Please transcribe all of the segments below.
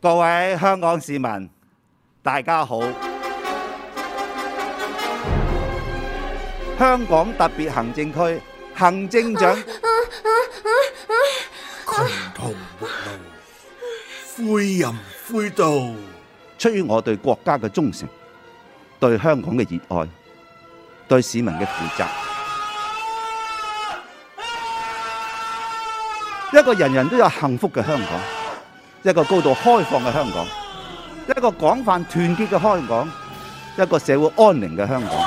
各位香港市民，大家好！香港特別行政區行政長，窮途末路，灰人灰道，啊、出於我對國家嘅忠誠，對香港嘅熱愛，對市民嘅負責，啊啊、一個人人都有幸福嘅香港。一個高度開放嘅香港，一個廣泛團結嘅香港，一個社會安寧嘅香港。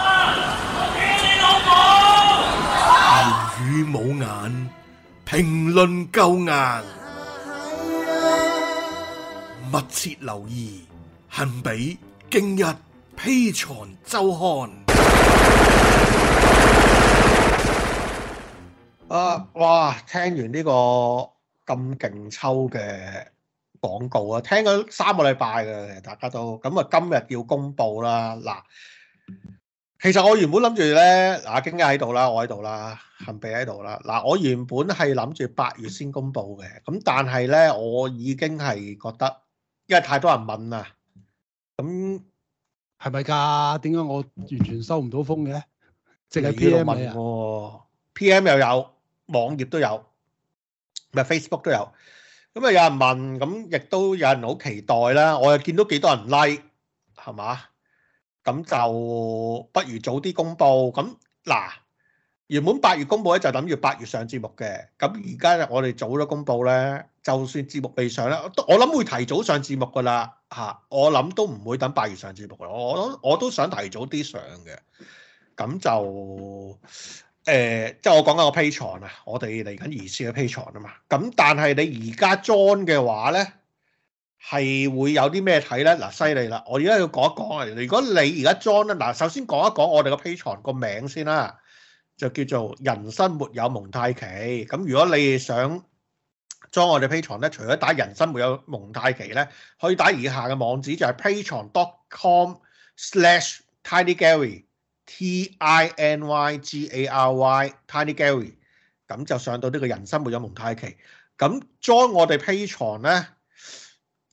啊、無語冇眼，評論夠硬，密切留意，幸比今日披床周刊。啊！哇！聽完呢個咁勁抽嘅～廣告啊，聽咗三個禮拜嘅，大家都咁啊，今日要公布啦。嗱，其實我原本諗住咧，嗱，經介喺度啦，我喺度啦，幸比喺度啦。嗱，我原本係諗住八月先公布嘅，咁但係咧，我已經係覺得因為太多人問啦，咁係咪㗎？點解我完全收唔到風嘅？即係 PM 啊，PM 又有網頁都有，咪、嗯、Facebook 都有。咁啊，有人問，咁亦都有人好期待啦。我又見到幾多人 like，係嘛？咁就不如早啲公佈。咁嗱，原本八月公佈咧，就諗住八月上節目嘅。咁而家我哋早咗公佈咧，就算節目未上咧，我諗會提早上節目㗎喇。嚇，我諗都唔會等八月上節目嘅。我我都想提早啲上嘅，咁就。誒、呃，即係我講緊個 P 床啊，我哋嚟緊二線嘅 P 床啊嘛。咁但係你而家裝嘅話咧，係會有啲咩睇咧？嗱，犀利啦！我而家要講一講啊。如果你而家裝咧，嗱，首先講一講我哋個 P 床個名先啦，就叫做人生沒有蒙太奇。咁如果你想裝我哋 P 床咧，除咗打人生沒有蒙太奇咧，可以打以下嘅網址就係 P 床 .com/slash/tidygary。T-I-N-Y-G-A-R-Y、Tiny Gary，咁就上到呢個人生沒有蒙太奇。咁 John，我哋 Patreon 呢，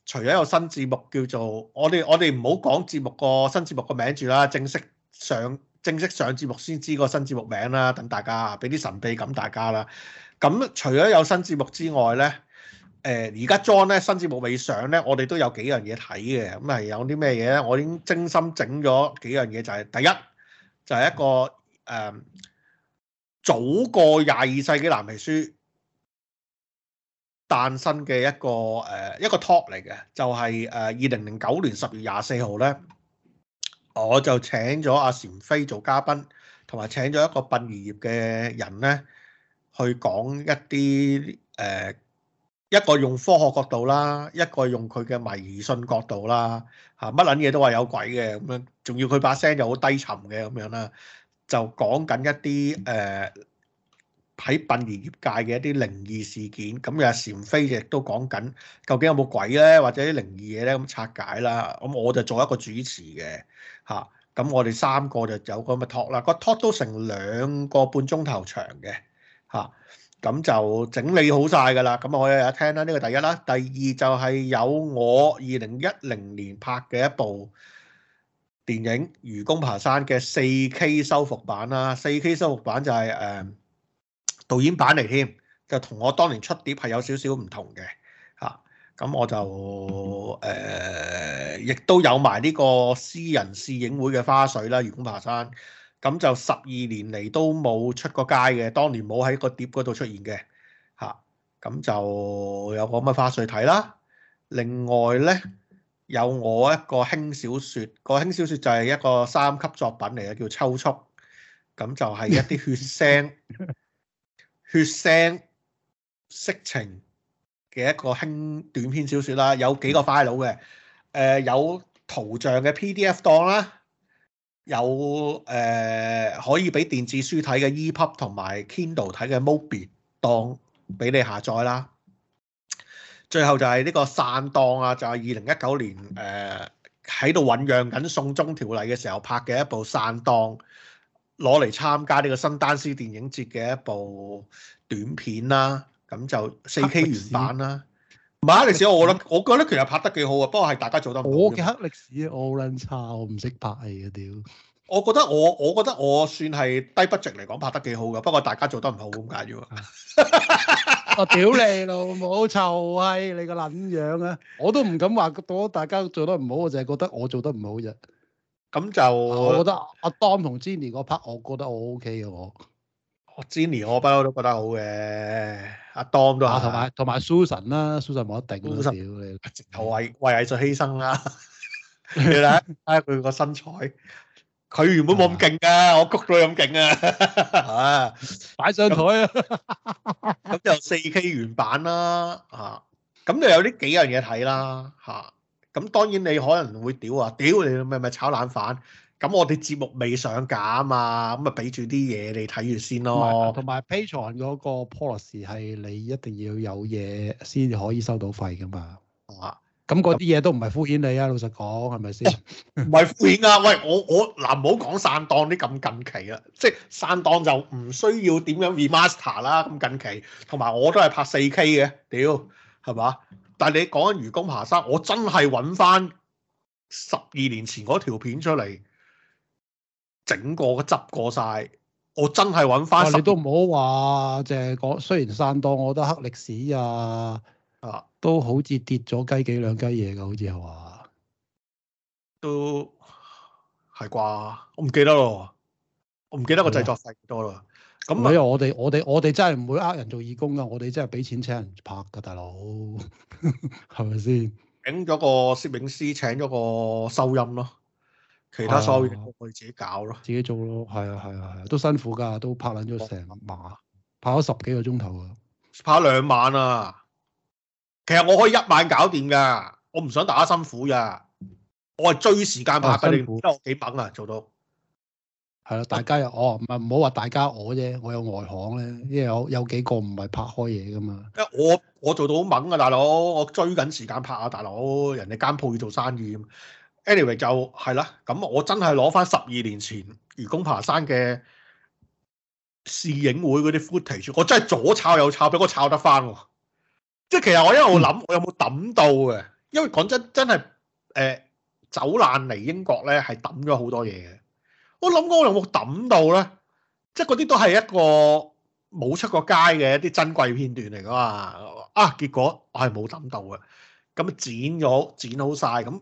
除咗有新節目叫做，我哋我哋唔好講節目個新節目個名住啦，正式上正式上節目先知個新節目名啦，等大家俾啲神秘感大家啦。咁除咗有新節目之外呢，誒而家 John 咧新節目未上呢，我哋都有幾樣嘢睇嘅。咁係有啲咩嘢呢？我已經精心整咗幾樣嘢，就係、是、第一。就係一個誒、嗯、早過廿二世紀藍皮書誕生嘅一個誒、呃、一個 talk 嚟嘅，就係誒二零零九年十月廿四號咧，我就請咗阿禪飛做嘉賓，同埋請咗一個殯儀業嘅人咧去講一啲誒。呃一個用科學角度啦，一個用佢嘅迷信角度啦，吓乜捻嘢都話有鬼嘅咁樣，仲要佢把聲又好低沉嘅咁樣啦，就講緊一啲誒喺殯儀業界嘅一啲靈異事件，咁阿禪飛亦都講緊究竟有冇鬼咧，或者啲靈異嘢咧咁拆解啦，咁我就做一個主持嘅吓，咁、啊、我哋三個就有個咁嘅 talk 啦，個 talk 都成兩個半鐘頭長嘅吓。啊咁就整理好晒㗎啦，咁我又有聽啦，呢個第一啦，第二就係有我二零一零年拍嘅一部電影《愚公爬山》嘅四 K 修復版啦，四 K 修復版就係、是、誒、呃、導演版嚟添，就同我當年出碟係有少少唔同嘅嚇，咁、啊、我就誒亦、呃、都有埋呢個私人試影會嘅花絮啦，《愚公爬山》。咁就十二年嚟都冇出過街嘅，當年冇喺個碟嗰度出現嘅，嚇、啊、咁就有個乜花絮睇啦。另外呢，有我一個輕小說，個輕小說就係一個三級作品嚟嘅，叫抽搐。咁就係一啲血腥、 血腥、色情嘅一個輕短篇小説啦，有幾個 file 嘅，誒、呃、有圖像嘅 PDF 檔啦。啊有誒、呃、可以俾電子書睇嘅 EPUB 同埋 Kindle 睇嘅 MOBI 檔俾你下載啦。最後就係呢個散檔啊，就係二零一九年誒喺度醖釀緊《送中條例》嘅時候拍嘅一部散檔，攞嚟參加呢個新丹斯電影節嘅一部短片啦、啊，咁就四 K 原版啦、啊。唔係黑歷史，我諗我覺得其實拍得幾好啊，不過係大家做得唔好。我嘅黑歷史，我捻差，我唔識拍啊。屌。我覺得我，我覺得我算係低不值嚟講拍得幾好噶，不過大家做得唔好咁解啫。我屌你老母臭閪，你個捻樣啊！我都唔敢話，我大家做得唔好，我淨係覺得我做得唔好啫。咁就我覺得阿當同 j 妮個 part，我覺得我 OK 嘅。我 Jenny 我不嬲都覺得好嘅，阿 Dom 都係，同埋同埋 Susan 啦，Susan 冇得頂。Susan、啊、Susan、啊啊、直頭為為藝術犧牲啦。你睇睇佢個身材，佢原本冇咁勁噶，我谷到咁勁啊！擺上台啊，咁就四 k 原版啦，嚇、啊，咁就有呢幾樣嘢睇啦，嚇、啊，咁當然你可能會屌啊，屌你係咪，咪咪炒冷飯。咁我哋節目未上架啊嘛，咁啊俾住啲嘢你睇住先咯。同埋、嗯、Patreon 嗰個 policy 係你一定要有嘢先至可以收到費噶嘛，嚇、嗯？咁嗰啲嘢都唔係敷衍你啊，老實講係咪先？唔係、哦、敷衍啊，喂！我我嗱唔好講散檔啲咁近期啊，即係散檔就唔需要點樣 remaster 啦。咁近期同埋我都係拍四 K 嘅，屌係嘛？但係你講緊愚公爬山，我真係揾翻十二年前嗰條片出嚟。整過、執過晒，我真係揾翻。你都唔好話，即係我雖然散檔，我都黑歷史啊，啊都好似跌咗雞幾兩雞嘢噶，好似係話？都係啩？我唔記得咯，我唔記得的個製作費幾多啦。咁啊，因為我哋我哋我哋真係唔會呃人做義工噶，我哋真係俾錢請人拍噶，大佬係咪先？請 咗的個攝影師，請咗個收音咯。其他收嘢我哋自己搞咯、啊，自己做咯，係啊係啊係、啊，都辛苦噶，都拍捻咗成晚，拍咗十幾個鐘頭啊，拍兩晚啊。其實我可以一晚搞掂噶，我唔想大家辛苦呀，我係追時間拍噶，你都幾猛啊，做到。係啦、啊，大家又、啊、哦唔係唔好話大家我啫，我有外行咧，因為有有幾個唔係拍開嘢噶嘛。啊，我我做到好猛啊，大佬，我追緊時間拍啊，大佬，人哋間鋪要做生意。Anyway 就係啦，咁我真係攞翻十二年前愚公爬山嘅試映會嗰啲 footage，我真係左抄右抄，畀我抄得翻喎。即係其實我一路我諗，我有冇抌到嘅，因為講真真係誒、呃、走難嚟英國咧，係抌咗好多嘢嘅。我諗我有冇抌到咧，即係嗰啲都係一個冇出過街嘅一啲珍貴片段嚟噶嘛。啊，結果我係冇抌到嘅。咁剪咗剪，剪好晒。咁。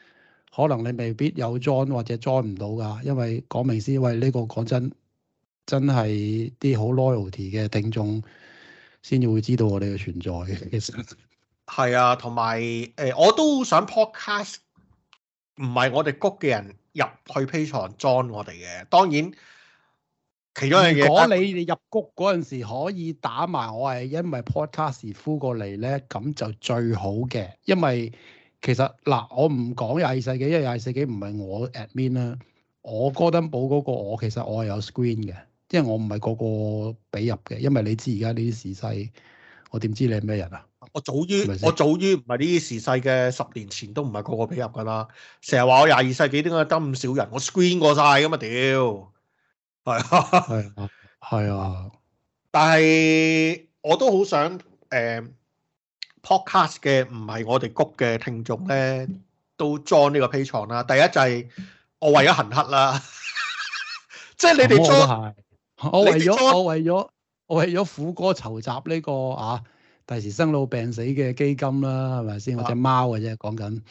可能你未必有 join 或者 join 唔到噶，因為講明先，喂呢個講真，真係啲好 loyalty 嘅聽眾先至會知道我哋嘅存在嘅。其實，係啊，同埋誒，我都想 podcast 唔係我哋谷嘅人入去 pay 牆 join 我哋嘅。當然，其中一樣嘢，如果你哋入谷嗰陣時，可以打埋我係因為 podcast 呼過嚟咧，咁就最好嘅，因為。其實嗱，我唔講廿二世紀，因為廿二世紀唔係我 admin 啦。我哥登堡嗰個我，其實我係有 screen 嘅，即係我唔係個個俾入嘅，因為你知而家呢啲時勢，我點知你係咩人啊？我早於係係我早於唔係呢啲時勢嘅十年前都唔係個個俾入噶啦。成日話我廿二世紀點解得咁少人？我 screen 過晒噶嘛屌，係係 啊，啊 啊但係我都好想誒。呃 Podcast 嘅唔係我哋谷嘅聽眾咧，都裝呢個 P 倉啦。第一就係我為咗行乞啦，即係你哋裝，我為咗、 嗯、我，我為咗我為咗苦歌籌集呢、這個啊，第時生老病死嘅基金啦，係咪先？我隻貓嘅啫，講緊，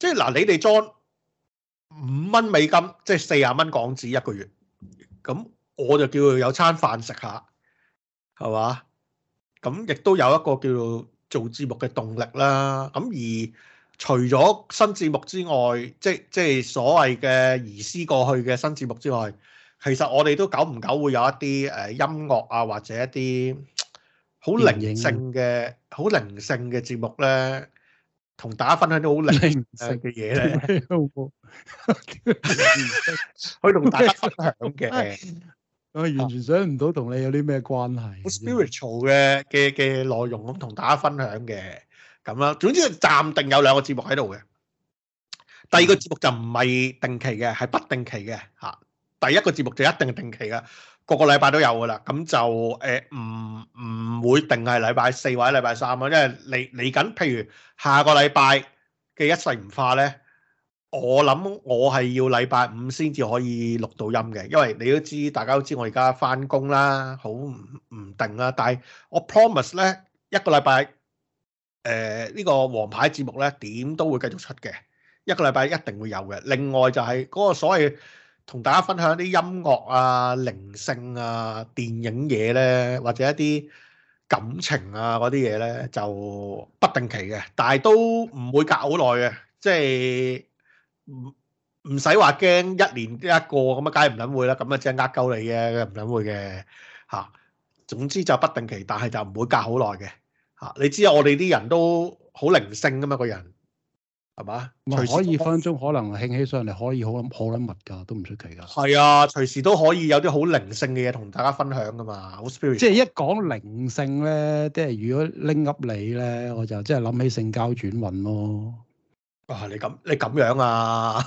即係嗱，你哋裝五蚊美金，即係四啊蚊港紙一個月，咁我就叫佢有餐飯食下，係嘛？咁亦都有一個叫做做節目嘅動力啦，咁而除咗新節目之外，即即係所謂嘅移師過去嘅新節目之外，其實我哋都久唔久會有一啲誒音樂啊，或者一啲好靈性嘅好靈性嘅節目咧，同大家分享啲好靈性嘅嘢咧，可以同大家分享嘅。我完全想唔到同你有啲咩關係。啊、spiritual 嘅嘅嘅內容，咁同大家分享嘅咁啦。總之暫定有兩個節目喺度嘅。第二個節目就唔係定期嘅，係不定期嘅嚇、啊。第一個節目就一定定期嘅，個個禮拜都有噶啦。咁就誒唔唔會定係禮拜四或者禮拜三啦，因為嚟嚟緊，譬如下個禮拜嘅一世唔化咧。我諗我係要禮拜五先至可以錄到音嘅，因為你都知，大家都知我而家翻工啦，好唔唔定啦。但係我 promise 呢一個禮拜誒呢個王牌節目呢點都會繼續出嘅，一個禮拜一定會有嘅。另外就係嗰個所謂同大家分享啲音樂啊、靈性啊、電影嘢呢，或者一啲感情啊嗰啲嘢呢，就不定期嘅，但係都唔會隔好耐嘅，即係。唔唔使話驚一年一個咁啊，梗係唔諗會啦。咁啊，真係呃鳩你嘅，唔諗會嘅吓。總之就不定期，但係就唔會隔好耐嘅吓。你知我哋啲人都好靈性噶嘛，個人係嘛？可以分鐘可能興起上嚟，可以好諗好諗物噶，都唔出奇噶。係啊，隨時都可以有啲好靈性嘅嘢同大家分享噶嘛。好 spirit。即係一講靈性咧，即係如果拎 up 你咧，我就即係諗起性交轉運咯。哇！你咁你咁樣啊？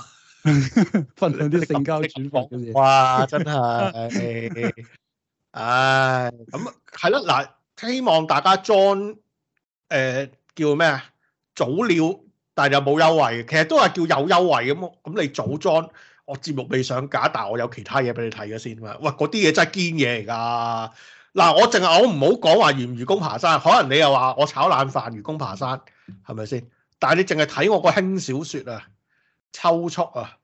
分享啲性交轉房嘅嘢？哇、啊！真係，唉、哎，咁係咯嗱，希望大家 join，誒、呃、叫咩啊？早料，但係又冇優惠，其實都係叫有優惠咁。咁你早裝，我節目未上架，但係我有其他嘢俾你睇咗先嘛。喂，嗰啲嘢真係堅嘢嚟噶。嗱，我淨係我唔好講話嫌愚公爬山，可能你又話我炒冷飯愚公爬山，係咪先？但係你淨係睇我個輕小說啊，抽搐啊，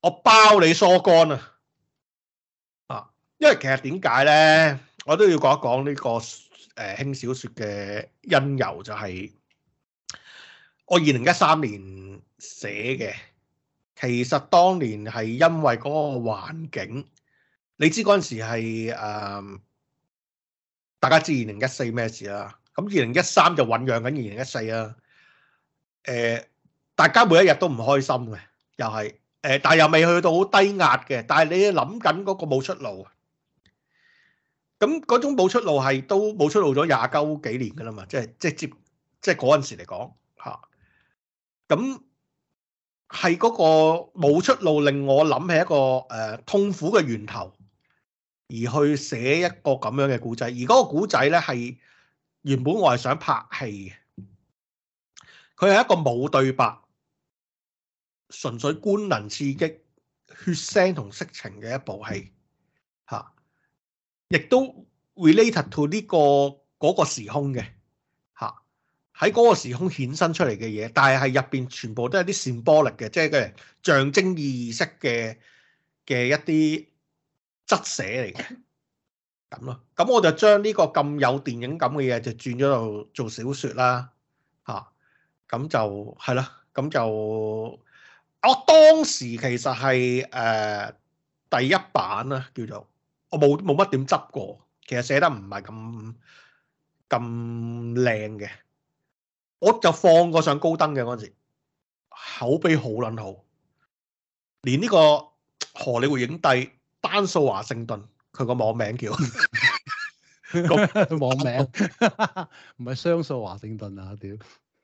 我包你疏肝啊，啊！因為其實點解咧，我都要講一講呢、這個誒輕、呃、小說嘅因由、就是，就係我二零一三年寫嘅，其實當年係因為嗰個環境，你知嗰陣時係誒、呃，大家知二零一四咩事啦，咁二零一三就醞釀緊二零一四啦。誒，大家每一日都唔開心嘅，又係誒，但係又未去到好低壓嘅。但係你諗緊嗰個冇出路，咁嗰種冇出路係都冇出路咗廿鳩幾年㗎喇嘛，即係即接即係嗰陣時嚟講吓。咁係嗰個冇出路令我諗起一個誒痛苦嘅源頭，而去寫一個咁樣嘅古仔。而嗰個古仔咧係原本我係想拍戲嘅。佢係一個冇對白、純粹官能刺激、血腥同色情嘅一部戲，嚇、啊！亦都 related to 呢、這個嗰、這個時空嘅嚇，喺、啊、嗰個時空衍生出嚟嘅嘢，但係入邊全部都係啲 symbolic 嘅，即係佢象徵意識嘅嘅一啲質寫嚟嘅咁咯。咁我就將呢個咁有電影感嘅嘢就轉咗做做小說啦，嚇、啊！咁 就係啦，咁就我當時其實係誒、呃、第一版啦，叫做我冇冇乜點執過，其實寫得唔係咁咁靚嘅，我就放過上高登嘅嗰陣時，口碑好撚好，連呢個荷里活影帝單數華盛頓佢個網名叫 個 網名唔係雙數華盛頓啊，屌！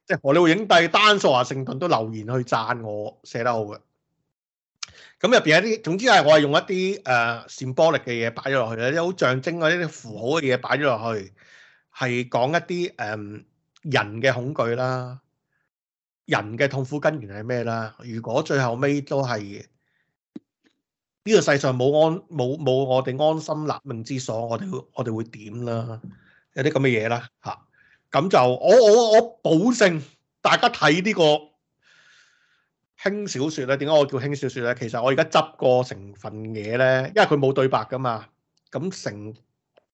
即係荷里活影帝，丹素華盛頓都留言去贊我寫得好嘅。咁入邊有啲，總之係我係用一啲誒 symbolic 嘅嘢擺咗落去啦，一啲好象徵嗰啲符號嘅嘢擺咗落去，係講一啲誒、um，人嘅恐懼啦，人嘅痛苦根源係咩啦？如果最後尾都係呢、這個世上冇安冇冇我哋安心立命之所，我哋會我哋會點啦？有啲咁嘅嘢啦，吓。咁就我我我保證大家睇呢個輕小說咧，點解我叫輕小說咧？其實我而家執個成份嘢咧，因為佢冇對白噶嘛。咁成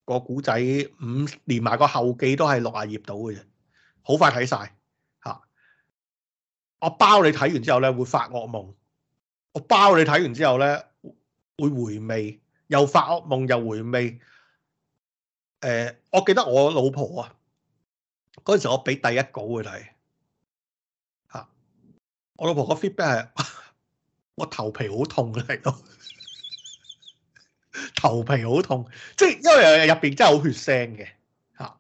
個古仔五連埋個後記都係六啊頁到嘅啫，好快睇晒吓。我包你睇完之後咧會發噩夢，我包你睇完之後咧會回味，又發噩夢又回味。誒、呃，我記得我老婆啊～嗰陣時我俾第一稿佢睇，吓，我老婆個 feedback 係我頭皮好痛嘅嚟到，頭皮好痛，即係因為入邊真係好血腥嘅，吓，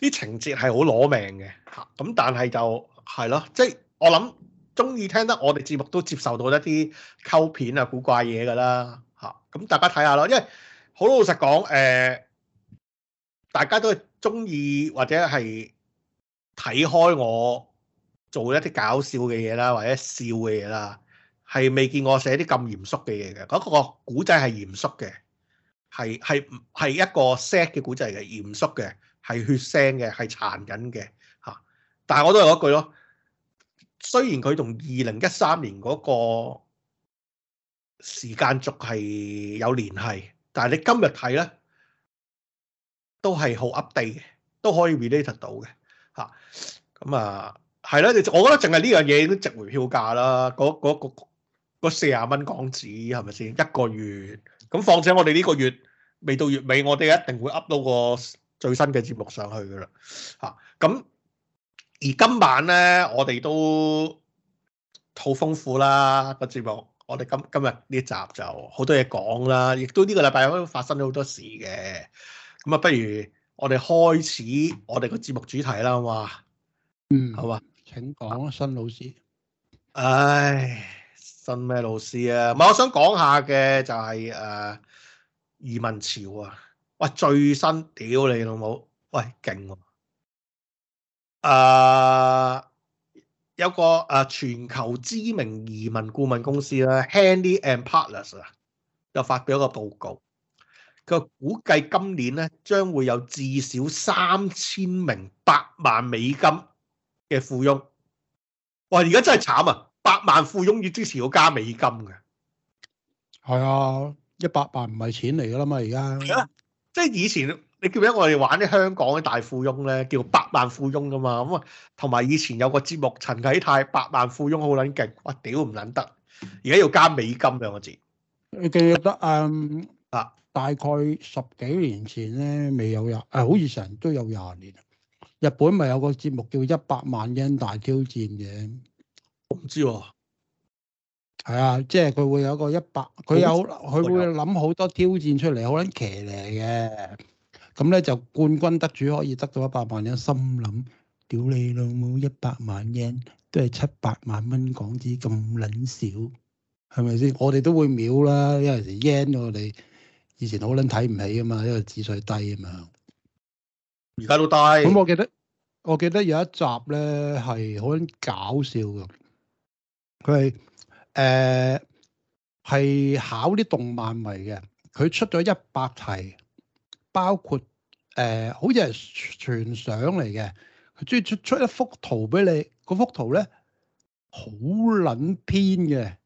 啲情節係好攞命嘅，吓，咁但係就係咯，即係我諗中意聽得我哋節目都接受到一啲溝片啊古怪嘢噶啦，吓，咁大家睇下咯，因為好老實講，誒、呃、大家都係中意或者係。睇開我做一啲搞笑嘅嘢啦，或者笑嘅嘢啦，係未見我寫啲咁嚴肅嘅嘢嘅。嗰個古仔係嚴肅嘅，係係係一個 set 嘅古仔嚟嘅，嚴肅嘅，係血腥嘅，係殘忍嘅嚇。但係我都係嗰句咯。雖然佢同二零一三年嗰個時間軸係有聯繫，但係你今日睇咧都係好 update 嘅，都可以 relate 到嘅。嚇咁啊，係啦，我覺得淨係呢樣嘢都值回票價啦。嗰四十蚊港紙係咪先一個月？咁況且我哋呢個月未到月尾，我哋一定會 up 到個最新嘅節目上去噶啦。嚇、啊、咁、啊、而今晚咧，我哋都好豐富啦。個節目我哋今今日呢集就好多嘢講啦，亦都呢個禮拜都發生咗好多事嘅。咁啊，不如～我哋開始我哋個節目主題啦，好嘛？嗯，好嘛？請講啊，新老師。唉，新咩老師啊？唔係，我想講下嘅就係誒移民潮啊！喂，最新屌你老母！喂，勁喎！有個誒全球知名移民顧問公司啦，Handy and Partners 啊，就發表一個報告。佢估計今年咧將會有至少三千名百萬美金嘅富翁。喂，而家真係慘啊！百萬富翁要之前要加美金嘅。係啊，一百萬唔係錢嚟㗎啦嘛，而家。即係以前你記唔記得我哋玩啲香港嘅大富翁咧叫百萬富翁㗎嘛？咁啊，同埋以前有個節目陳啟泰，百萬富翁好撚勁。我屌唔撚得，而家要加美金兩個字。你記得嗯？Um 大概十幾年前咧，未有廿，誒，好似成日都有廿年。日本咪有個節目叫《一百萬 yen 大挑戰》嘅，我唔知喎。係啊，即係佢會有個一百，佢有佢會諗好多挑戰出嚟，好撚騎呢嘅。咁咧就冠軍得主可以得到一百萬 yen，心諗：屌你老母，一百萬 yen 都係七八萬蚊港紙咁撚少，係咪先？我哋都會秒啦，有陣時 yen 我哋。以前好撚睇唔起啊嘛，因為指數低啊嘛。而家都低。咁我記得，我記得有一集咧係好撚搞笑嘅。佢係誒係考啲動漫迷嘅。佢出咗一百題，包括誒、呃、好似係全相嚟嘅。佢中意出出一幅圖俾你，嗰幅圖咧好撚偏嘅。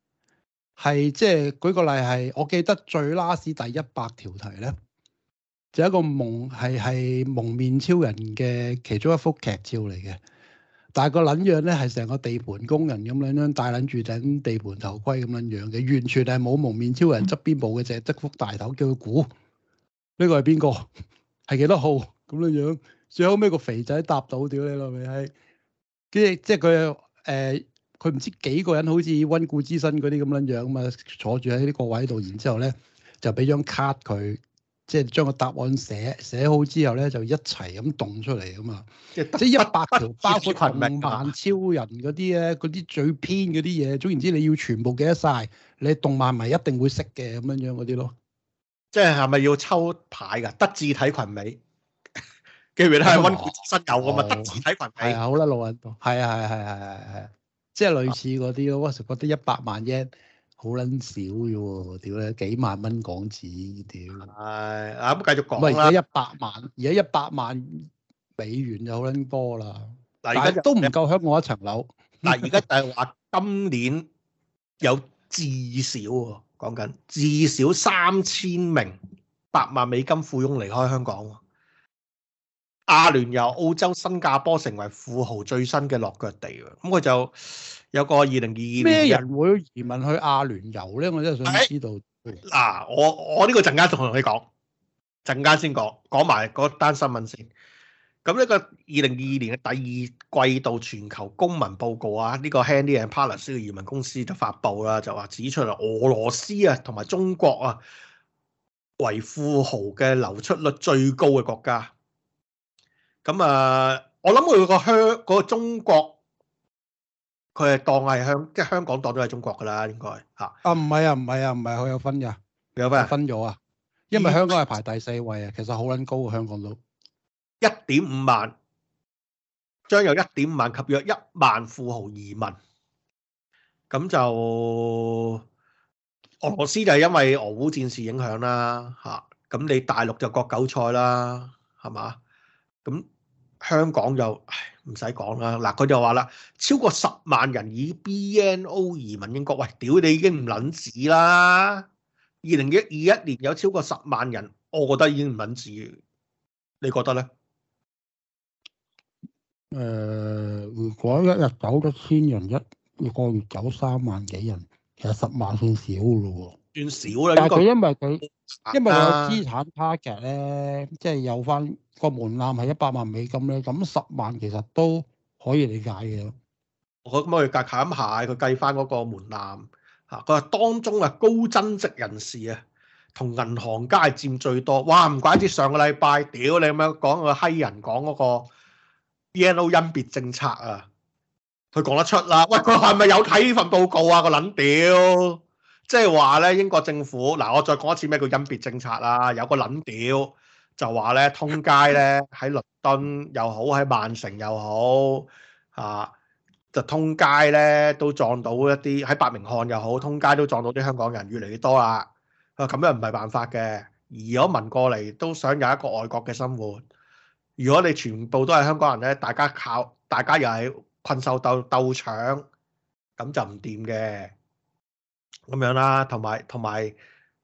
係即係，舉個例係，我記得最 last 第一百條題咧，就係、一個蒙係係蒙面超人嘅其中一幅劇照嚟嘅。但係個撚樣咧係成個地盤工人咁樣樣戴撚住頂地盤頭盔咁樣樣嘅，完全係冇蒙面超人側邊部嘅，就係得幅大頭，叫佢估呢個係邊個係幾多號咁樣樣。最後尾個肥仔搭到，屌你老味係，啲即係佢誒。呃佢唔知幾個人好似溫故知新嗰啲咁樣樣啊嘛，坐住喺呢個位度，然之後咧就俾張卡佢，即係將個答案寫寫好之後咧就一齊咁動出嚟啊嘛！即係一百條，包括動漫超人嗰啲咧，嗰啲最偏嗰啲嘢，總言之你要全部記得晒。你動漫咪一定會識嘅咁樣樣嗰啲咯。即係係咪要抽牌㗎？德智體群美」，記唔記得？溫故知新舊啊嘛，德智體群美。係啊，好啦，老韻，係啊，係係係係係。即係類似嗰啲咯，我成覺得一百萬日圓好撚少嘅喎，屌咧幾萬蚊港紙，屌！唉，啊，咁繼續講啦。而家一百萬，而家一百萬美元就好撚多啦。但係都唔夠香港一層樓。但係而家就係話今年有至少講緊 至少三千名百萬美金富翁離開香港。亞聯酋、澳洲、新加坡成為富豪最新嘅落腳地。咁佢就有個二零二二咩人會移民去亞聯酋咧？我真係想知道。嗱，我我呢個陣間再同你講，陣間先講講埋嗰單新聞先。咁呢個二零二二年嘅第二季度全球公民報告啊，呢個 Handy and Palace 嘅移民公司就發布啦，就話指出啦，俄羅斯啊同埋中國啊為富豪嘅流出率最高嘅國家。咁啊，我諗佢個香，嗰個中國，佢係當係香，即係香港當都係中國噶啦，應該吓。啊，唔係啊，唔係啊，唔係佢有分噶，有分啊，分咗啊，因為香港係排第四位啊，其實好撚高啊，香港都一點五萬，將有一點五萬及約一萬富豪移民。咁就俄羅斯就係因為俄烏戰事影響啦，吓，咁你大陸就割韭菜啦，係嘛？咁、嗯、香港就唔使講啦，嗱佢就話啦，超過十萬人以 BNO 移民英國，喂，屌你已經唔撚子啦！二零一二一年有超過十萬人，我覺得已經唔撚子，你覺得咧？誒、呃，如果一日走一千人，一一個月走三萬幾人，其實十萬算少咯喎。算少啦，但佢因為佢、啊、因為有資產 target 咧，即係有翻個門檻係一百萬美金咧，咁十萬其實都可以理解嘅咯。我咁我哋解解諗下，佢計翻嗰個門檻吓，佢話當中啊高增值人士啊，同銀行家係佔最多。哇，唔怪之上個禮拜屌你咁樣講個閪人講嗰個 BNO 甄別政策啊，佢講得出啦。喂，佢係咪有睇份報告啊？個撚屌！即係話咧，英國政府嗱，我再講一次咩叫甄別政策啦，有個撚屌就話咧，通街咧，喺倫敦又好，喺曼城又好啊，就通街咧都撞到一啲，喺伯明翰又好，通街都撞到啲香港人越嚟越多啦。佢、啊、咁樣唔係辦法嘅，而家移民過嚟都想有一個外國嘅生活。如果你全部都係香港人咧，大家靠，大家又係困獸鬥鬥搶，咁就唔掂嘅。咁樣啦，同埋同埋，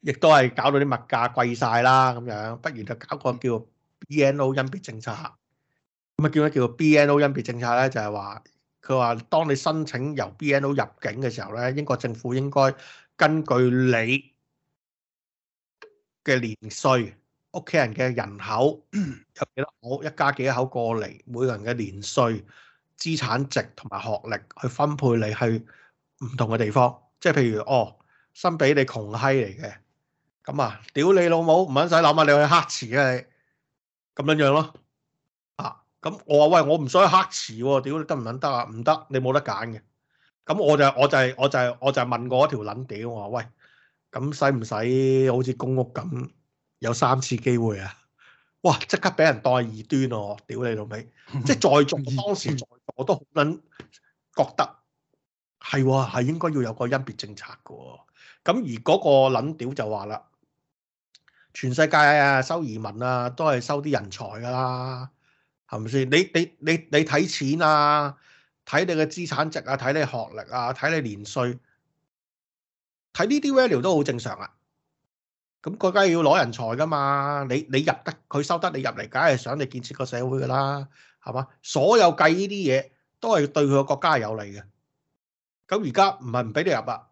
亦都係搞到啲物價貴晒啦。咁樣，不如就搞個叫 BNO 甄別政策。咁啊，叫咩叫做 BNO 甄別政策咧？就係話佢話，當你申請由 BNO 入境嘅時候咧，英國政府應該根據你嘅年歲、屋企人嘅人口有幾多口，一家幾多口過嚟，每個人嘅年歲、資產值同埋學歷去分配你去唔同嘅地方。即係譬如哦，新比你窮嗨嚟嘅，咁啊，屌你老母，唔肯使諗啊，你去黑池啊，你咁樣樣、啊、咯，啊，咁、嗯、我話喂，我唔想去黑池喎，屌你得唔撚得啊？唔得，你冇得揀嘅，咁、嗯、我就是、我就係、是、我就係、是、我就係問過我一條撚屌我話喂，咁使唔使好似公屋咁有三次機會啊？哇！即刻俾人當異端哦、啊，屌你老味。即係在座 當時在座我都好撚覺得。係喎，係應該要有個甄別政策嘅。咁而嗰個撚屌就話啦，全世界啊收移民啊都係收啲人才㗎啦，係咪先？你你你你睇錢啊，睇你嘅資產值啊，睇你學歷啊，睇你年歲，睇呢啲 value 都好正常啊。咁國家要攞人才㗎嘛？你你入得佢收得你入嚟，梗係想你建設個社會㗎啦，係嘛？所有計呢啲嘢都係對佢個國家係有利嘅。咁而家唔係唔俾你入啊，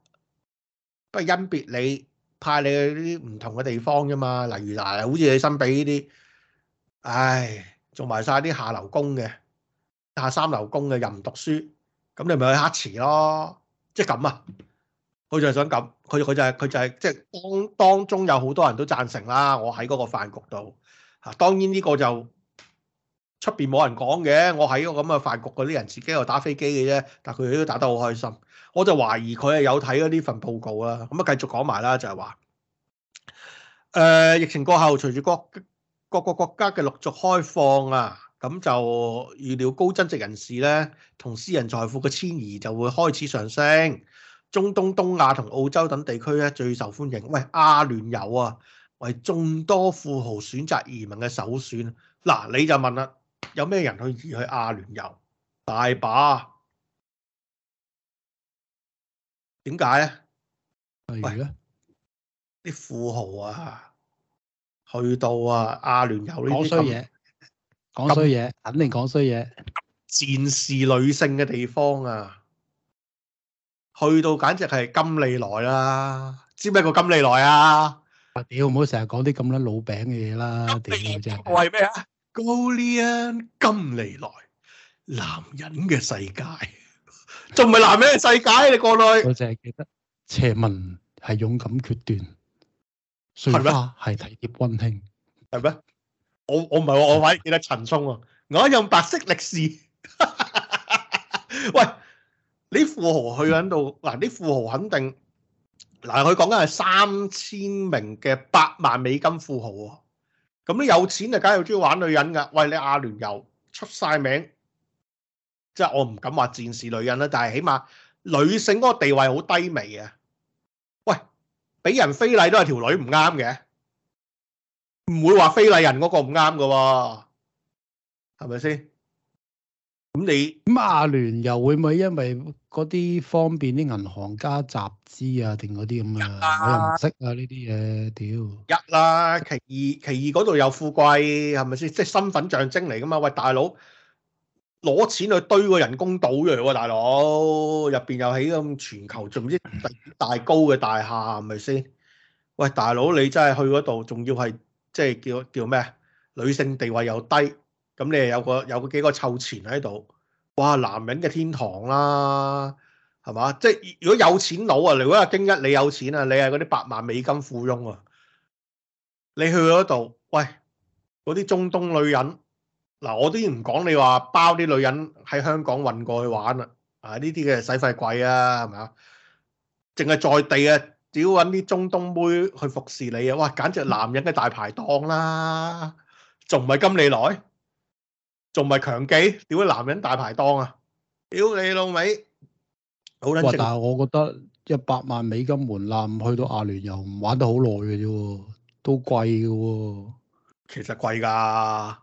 不因別你派你去啲唔同嘅地方啫嘛。例如嗱，好似你身比呢啲，唉，做埋晒啲下流工嘅，下三流工嘅又唔讀書，咁你咪去黑池咯，即係咁啊。佢就係想咁，佢佢就係，佢就係即係當當中有好多人都贊成啦。我喺嗰個飯局度嚇，當然呢個就。出邊冇人講嘅，我喺個咁嘅飯局，嗰啲人自己又打飛機嘅啫，但佢哋都打得好開心。我就懷疑佢係有睇咗呢份報告啦。咁、嗯、啊，繼續講埋啦，就係、是、話，誒、呃、疫情過後，隨住各，各各個國家嘅陸續開放啊，咁就預料高增值人士呢同私人財富嘅遷移就會開始上升。中東、東亞同澳洲等地區咧最受歡迎。喂，阿聯酋啊，為眾多富豪選擇移民嘅首選。嗱，你就問啦。有咩人去移去阿聯酋？大把。點解咧？喂，啲富豪啊，去到啊阿聯酋呢啲講衰嘢，講衰嘢，肯定講衰嘢。戰士女性嘅地方啊，去到簡直係金利來啦！知唔知個金利來啊？我屌唔好成日講啲咁撚老餅嘅嘢啦！屌真係為咩啊？高利安金利來，男人嘅世界，仲唔係男人嘅世界？你過去，我淨係記得斜紋係勇敢決斷，碎花係體貼溫馨，係咩？我我唔係我反而記得陳松啊，我用白色歷史。喂，啲富豪去喺度嗱，啲富豪肯定嗱，佢講緊係三千名嘅百萬美金富豪啊。咁你有錢就梗係要中意玩女人噶，喂，你阿聯酋出晒名，即係我唔敢話戰士女人啦，但係起碼女性嗰個地位好低微啊！喂，俾人非禮都係條女唔啱嘅，唔會話非禮人嗰個唔啱嘅喎，係咪先？咁你咁阿聯又會唔會因為嗰啲方便啲銀行加集資啊？定嗰啲咁啊？我唔識啊呢啲嘢，屌！一啦，其二，其二嗰度又富貴，係咪先？即係身份象徵嚟噶嘛？喂，大佬攞錢去堆個人工島嘅大佬，入邊又起咁全球仲唔知大高嘅大廈，係咪先？喂，大佬你真係去嗰度，仲要係即係叫叫咩？女性地位又低。咁你又有個有幾個臭錢喺度，哇！男人嘅天堂啦，係嘛？即係如果有錢佬啊，你如果阿京一你有錢啊，你係嗰啲百萬美金富翁啊，你去嗰度，喂，嗰啲中東女人嗱，我都唔講你話包啲女人喺香港運過去玩啦，啊呢啲嘅使費貴啊，係咪啊？淨係在地啊，屌搵啲中東妹去服侍你啊，哇！簡直男人嘅大排檔啦，仲唔係金利來？仲咪強記屌啲男人大排檔啊！屌你老味！好撚但係我覺得一百萬美金門檻去到阿聯又唔玩得好耐嘅啫，都貴嘅喎。其實貴㗎。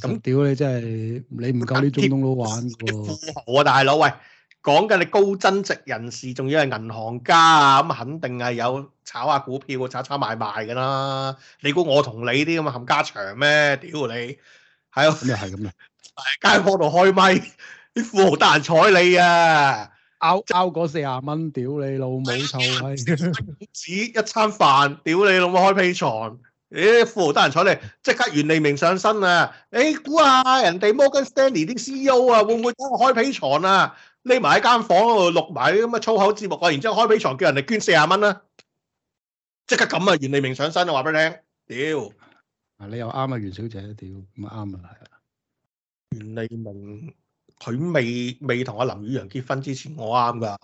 咁屌你真係你唔夠啲中東佬玩㗎。富豪啊，大佬喂，講緊你高增值人士，仲要係銀行家啊，咁肯定係有炒下股票、炒炒賣賣㗎啦。你估我同你啲咁嘅冚家鏟咩？屌你係咯。咁又係咁嘅。大街度開咪，啲富豪得人睬你啊！拗交嗰四啊蚊，屌你老母臭閪！紙一餐飯，屌你老母開屁床！咦，富豪得人睬你，即刻袁利明上身啦！誒，估下人哋 Morgan Stanley 啲 C E O 啊，會唔會開屁床啊？匿埋喺間房度錄埋啲咁嘅粗口節目啊！然之後開屁床叫人哋捐四啊蚊啦！即刻咁啊，袁利明上身就話俾你聽，屌！啊，你又啱啊，袁小姐，屌唔啱啊，係。袁利明佢未未同阿林宇陽結婚之前，我啱噶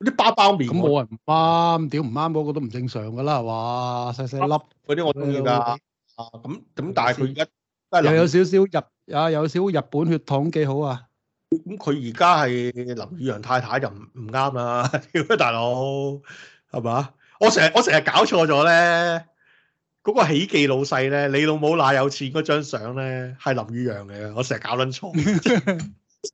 啲包包面咁冇人唔啱，屌唔啱嗰個都唔正常噶啦，係嘛，細細粒嗰啲我中意噶。咁咁、哎呦啊、但係佢而家又有少少日啊，有少日本血統幾好啊。咁佢而家係林宇陽太太就唔唔啱啦， 大佬係嘛？我成日我成日搞錯咗咧。嗰個喜記老細咧，你老母乸有錢嗰張相咧，係林宇陽嘅，我成日搞撚錯，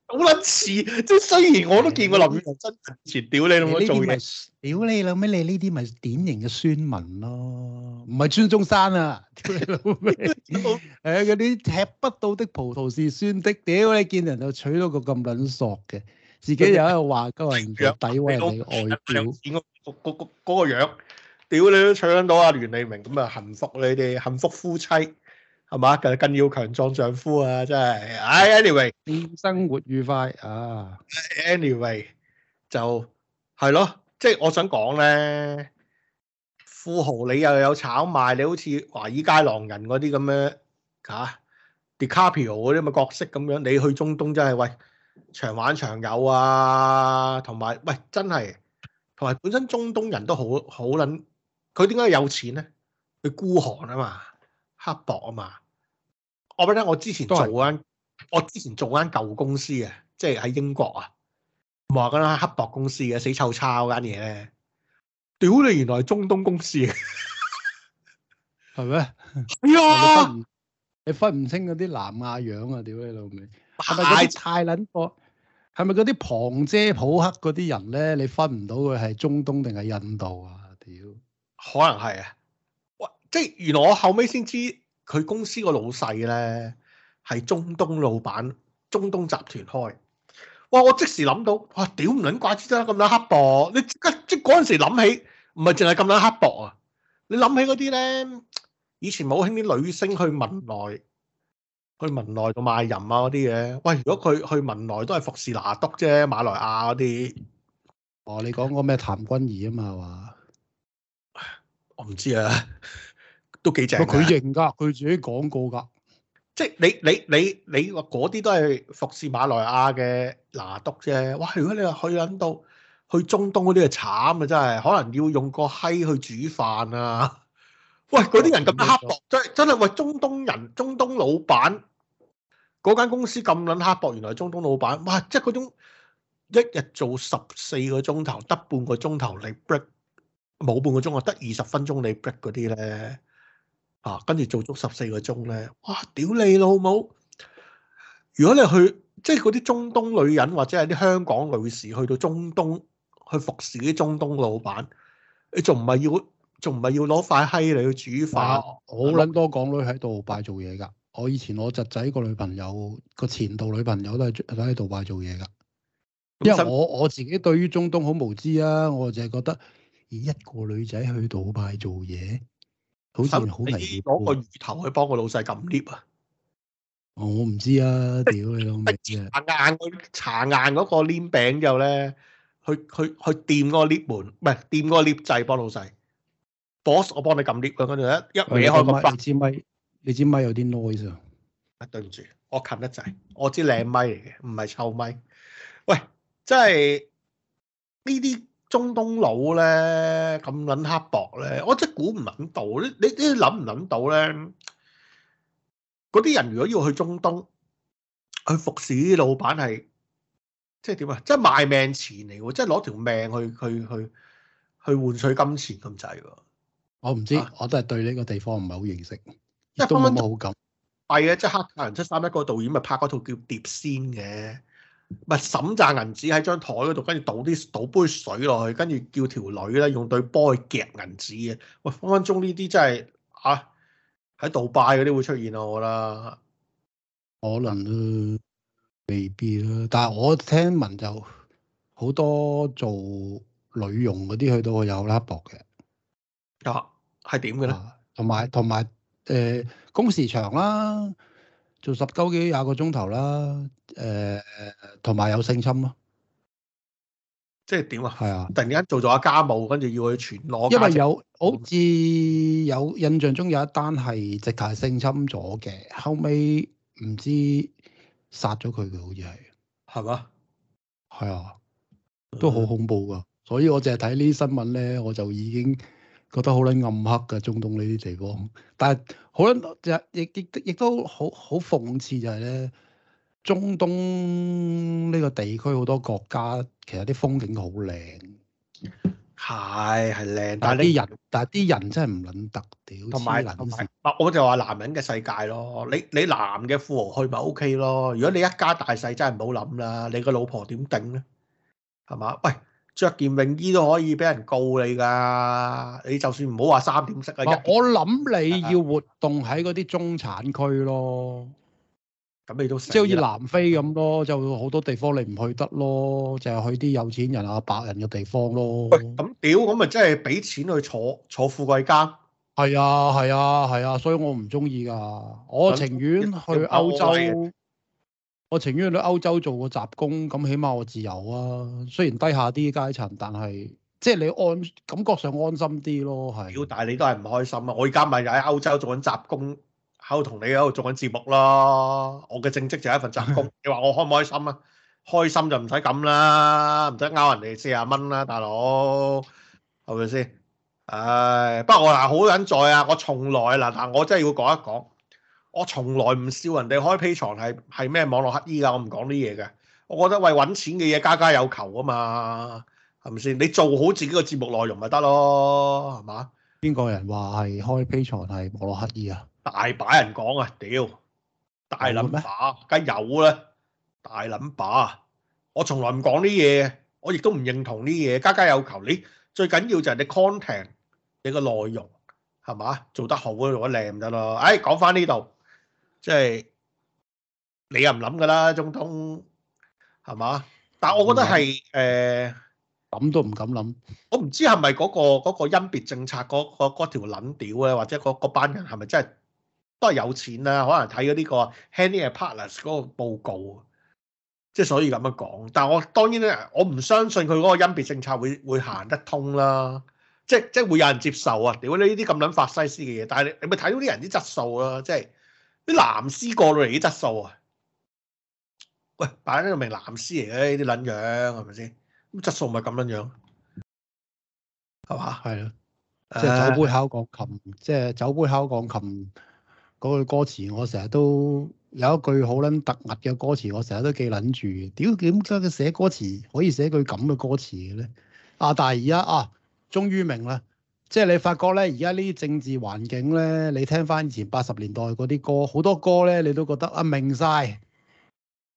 好撚似，即係雖然我都見過林宇陽真似，屌你老母做嘢，屌你老咩？你呢啲咪典型嘅孫文咯，唔係孫中山啊，屌你老啊，嗰啲踢不到的葡萄是酸的，屌你見人就娶到個咁撚索嘅，自己又喺度話人又底毀你外表，嗰嗰嗰個樣。屌你都搶到啊！袁麗明咁啊，幸福你哋幸福夫妻係嘛？其實更要強壯丈夫啊！真係，唉，anyway，生活愉快啊！anyway 就係咯，即係我想講咧，富豪你又有炒賣，你好似華爾街狼人嗰啲咁樣嚇，DiCaprio 嗰啲咁嘅角色咁樣，你去中東真係喂長玩長有啊！同埋喂真係，同埋本身中東人都好好撚。佢點解有錢咧？佢孤寒啊嘛，刻薄啊嘛。我唔記得我之前做間，是我之前做間舊公司啊，即係喺英國啊，唔係嗰間刻薄公司嘅死臭叉嗰間嘢咧。屌你，原來係中東公司，係咩？哎呀！你分唔清嗰啲南亞樣啊！屌你老味，係咪嗰啲太撚貨？係咪嗰啲旁遮普克嗰啲人咧？你分唔到佢係中東定係印度啊？可能係啊，哇！即係原來我後尾先知佢公司個老細咧係中東老闆，中東集團開。哇！我即時諗到，哇！屌唔撚怪之得咁多黑博，你刻即刻即嗰陣時諗起，唔係淨係咁撚黑博啊！你諗起嗰啲咧，以前冇好興啲女星去文萊、去文萊度賣淫啊嗰啲嘢。喂，如果佢去文萊都係服侍拿督啫，馬來亞嗰啲。哦，你講個咩譚君怡啊嘛話？唔知啊，都幾正。佢認噶，佢自己講過㗎。即係你你你你話嗰啲都係服侍馬來亞嘅拿督啫。哇！如果你話去揾到去中東嗰啲，就慘啊！真係可能要用個閪去煮飯啊！喂，嗰啲人咁刻薄，真真係喂，中東人、中東老闆嗰間公司咁撚刻薄，原來中東老闆。哇！即係嗰種一日做十四個鐘頭，得半個鐘頭你 break。冇半個鐘啊，得二十分鐘你 break 嗰啲咧啊，跟住做足十四個鐘咧，哇！屌你老母！如果你去即係嗰啲中東女人或者係啲香港女士去到中東去服侍啲中東老闆，你仲唔係要仲唔係要攞塊閪嚟去煮飯？我諗多港女喺杜拜做嘢㗎。我以前我侄仔個女朋友個前度女朋友都係喺杜拜做嘢㗎。因為我不行 我自己對於中東好無知啊，我就係覺得。一個女仔去杜拜做嘢，好似好得意，攞個魚頭去幫個老細撳 lift 啊！我唔知啊，屌你老味啊！硬去搽硬嗰個粘餅之後咧，去去去掂嗰個 lift 門，唔係掂嗰個 lift 掣幫老細。boss，我幫你撳 lift 啊！嗰度一、嗯、一歪開個麥，你知你支米有啲 noise 啊！啊，對唔住，我撳得滯，我支靚米嚟嘅，唔係臭米。喂，即係呢啲。中東佬咧，咁撚刻薄咧，我真估唔撚到，你你你諗唔諗到咧？嗰啲人如果要去中東去服侍啲老闆，係即係點啊？即係賣命錢嚟喎，即係攞條命去去去去換取金錢咁滯喎。我唔知，我都係對呢個地方唔係好認識，亦都冇乜好感。係啊，即係黑人七三一個導演咪拍嗰套叫《碟仙》嘅。唔係，審掙銀紙喺張台嗰度，跟住倒啲倒杯水落去，跟住叫條女咧用對波去夾銀紙嘅。喂、哎，分分鐘呢啲真係啊，喺杜拜嗰啲會出現啊，我覺得。可能都、呃、未必啦，但係我聽聞就好多做女用嗰啲去到有拉博嘅。啊，係點嘅咧？同埋同埋誒，工、呃、時長啦、啊。做十,十、九、呃、幾廿個鐘頭啦，誒，同埋有性侵咯，即係點啊？係啊！啊突然間做咗下家務，跟住要去全裸。因為有，好似有印象中有一單係直頭係性侵咗嘅，後尾唔知殺咗佢嘅，好似係，係嘛嗎？係啊，都好恐怖㗎，所以我淨係睇呢啲新聞咧，我就已經。覺得好撚暗黑㗎，中東呢啲地方。但係好撚就亦亦亦都好好諷刺就係、是、咧，中東呢個地區好多國家其實啲風景好靚，係係靚，但係啲人但係啲人真係唔撚得，屌，同埋嗱我就話男人嘅世界咯，你你男嘅富豪去咪 OK 咯。如果你一家大細真係唔好諗啦，你個老婆點頂咧？係嘛？喂！着件泳衣都可以俾人告你噶，你就算唔好話三點式啊！1 我諗你要活動喺嗰啲中產區咯，咁你都即係好似南非咁咯，就好多地方你唔去得咯，就係去啲有錢人啊白人嘅地方咯。咁屌，咁咪即係俾錢去坐坐富貴家？係啊，係啊，係啊，啊，所以我唔中意噶，我情願去歐洲。我情願去歐洲做個雜工，咁起碼我自由啊。雖然低下啲階層，但係即係你安感覺上安心啲咯。係，但係你都係唔開心啊。我而家咪喺歐洲做緊雜工，喺度同你喺度做緊節目咯。我嘅正職就係一份雜工。你話我開唔開心啊？開心就唔使咁啦，唔使呃人哋四啊蚊啦，大佬係咪先？唉，不過我嗱好緊在啊，我從來嗱嗱，我真係要講一講。我從來唔笑人哋開 Patreon 係係咩網絡乞衣㗎，我唔講呢嘢嘅。我覺得為揾錢嘅嘢家家有求啊嘛，係咪先？你做好自己個節目內容咪得咯，係嘛？邊個人話係開 Patreon 係網絡乞衣啊？大把人講啊，屌大撚把梗有啦，大撚把。我從來唔講呢嘢，我亦都唔認同呢嘢，家家有求。你最緊要就係你 content 你個內容係嘛？做得好啊，做得靚得咯。誒，講翻呢度。即係、就是、你又唔諗㗎啦，中東係嘛？但我覺得係誒諗都唔敢諗。我唔知係咪嗰個陰、那個別政策嗰、那個條撚屌咧，或者嗰班人係咪真係都係有錢啦、啊？可能睇咗呢個 Henry and Partners 嗰個報告，即、就、係、是、所以咁樣講。但係我當然咧，我唔相信佢嗰個陰別政策會會行得通啦。即係即係會有人接受啊？屌你呢啲咁撚法西斯嘅嘢！但係你你咪睇到啲人啲質素啦、啊，即、就、係、是。啲藍絲過到嚟啲質素啊！喂，擺喺度咪藍絲嚟嘅呢啲撚樣係咪先？咁質素咪咁撚樣係嘛？係啊，即係酒杯敲鋼琴，即係酒杯敲鋼琴嗰句歌詞我，我成日都有一句好撚突兀嘅歌詞，我成日都記撚住。屌點解佢寫歌詞可以寫句咁嘅歌詞嘅咧？啊！但係而家啊，終於明啦～即係你發覺咧，而家呢啲政治環境咧，你聽翻以前八十年代嗰啲歌，好多歌咧，你都覺得啊明晒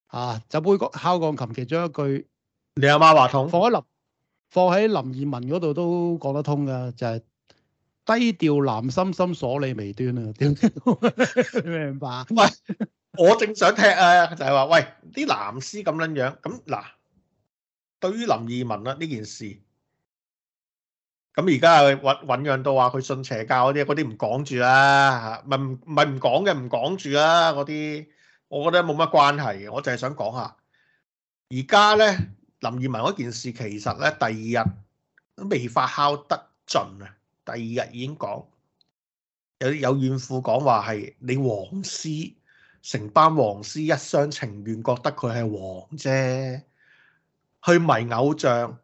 啊，就杯敲鋼琴其中一句。你阿媽話通。放喺林放喺林二汶嗰度都講得通噶，就係、是、低調男心心鎖你眉端啊，點知？明白。喂， 我正想踢啊，就係、是、話喂啲男司咁樣樣咁嗱，對於林二汶啊呢件事。咁而家又醞醞釀到話佢信邪教嗰啲，嗰啲唔講住啦，咪咪唔講嘅，唔講住啦嗰啲，我覺得冇乜關係嘅，我就係想講下，而家咧林二汶嗰件事其實咧第二日都未發酵得盡啊，第二日已經講有有怨婦講話係你黃絲，成班黃絲一廂情願覺得佢係黃啫，去迷偶像。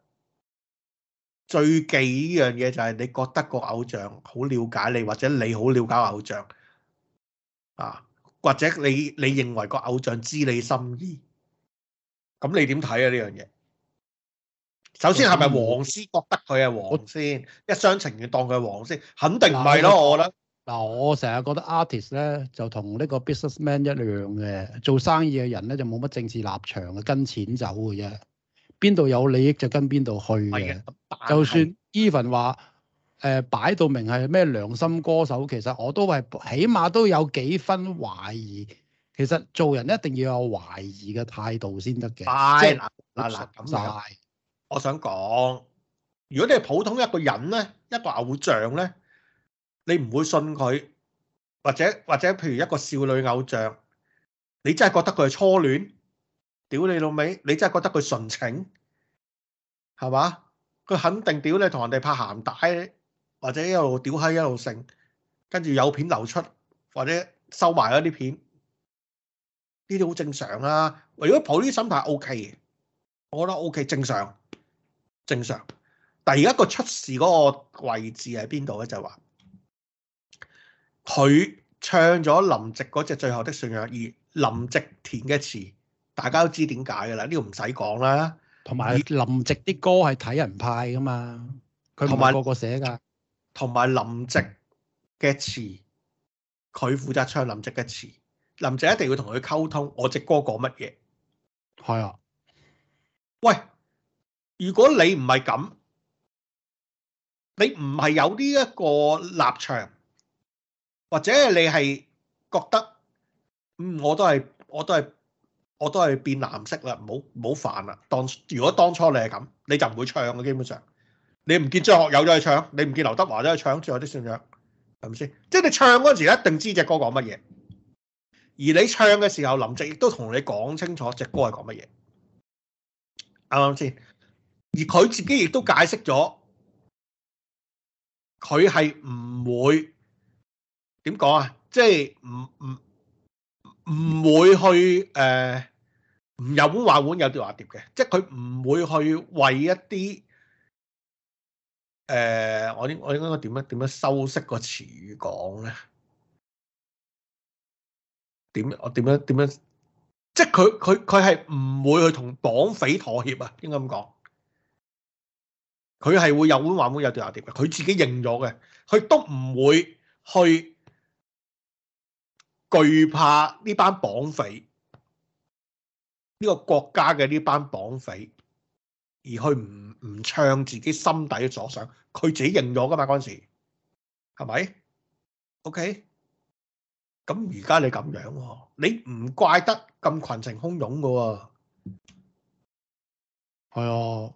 最忌依樣嘢就係你覺得個偶像好了解你，或者你好了解偶像啊，或者你你認為個偶像知你心意，咁你點睇啊呢樣嘢？首先係咪黃絲覺得佢係黃先我一廂情願當佢係黃先？肯定唔係咯，是我，呢我覺得嗱，我成日覺得 artist 咧就同呢個 businessman 一樣嘅，做生意嘅人咧就冇乜政治立場嘅，跟錢走嘅啫。邊度有利益就跟邊度去嘅，就算 Even 話誒、呃、擺到明係咩良心歌手，其實我都係起碼都有幾分懷疑。其實做人一定要有懷疑嘅態度先得嘅，即係落實咁曬。我想講，如果你係普通一個人咧，一個偶像咧，你唔會信佢，或者或者譬如一個少女偶像，你真係覺得佢係初戀。屌你老味，你真係覺得佢純情係嘛？佢肯定屌你同人哋拍鹹帶，或者一路屌閪一路剩，跟住有片流出或者收埋嗰啲片，呢啲好正常啊！如果抱呢啲心態，OK，我覺得 OK，正常，正常。但而家個出事嗰個位置喺邊度咧？就係話佢唱咗林夕嗰隻《最後的信約》，而林夕填嘅詞。大家都知點解㗎啦，呢個唔使講啦。同埋林夕啲歌係睇人派㗎嘛，佢唔係個個寫㗎。同埋林夕嘅詞，佢負責唱林夕嘅詞。林夕一定要同佢溝通我，我隻歌講乜嘢。係啊。喂，如果你唔係咁，你唔係有呢一個立場，或者你係覺得，嗯，我都係，我都係。我都係變藍色啦，唔好唔好煩啦。當如果當初你係咁，你就唔會唱嘅。基本上，你唔見張學友都去唱，你唔見劉德華都去唱，仲有啲少少，係咪先？即係你唱嗰陣時，一定知隻歌講乜嘢。而你唱嘅時候，林夕亦都同你講清楚隻歌係講乜嘢，啱啱、嗯、先？而佢自己亦都解釋咗，佢係唔會點講啊？即係唔唔唔會去誒。呃唔有碗話碗，有碟話碟嘅，即係佢唔會去為一啲誒、呃，我應我應該點樣點樣修飾個詞語講咧？點我點樣點樣？即係佢佢佢係唔會去同綁匪妥協啊！應該咁講，佢係會有碗話碗，有，有碟話碟嘅。佢自己認咗嘅，佢都唔會去懼怕呢班綁匪。呢個國家嘅呢班綁匪，而去唔唔唱自己心底嘅所想，佢自己認咗噶嘛？嗰陣時係咪？OK？咁而家你咁樣，你唔怪得咁群情洶湧噶。係啊，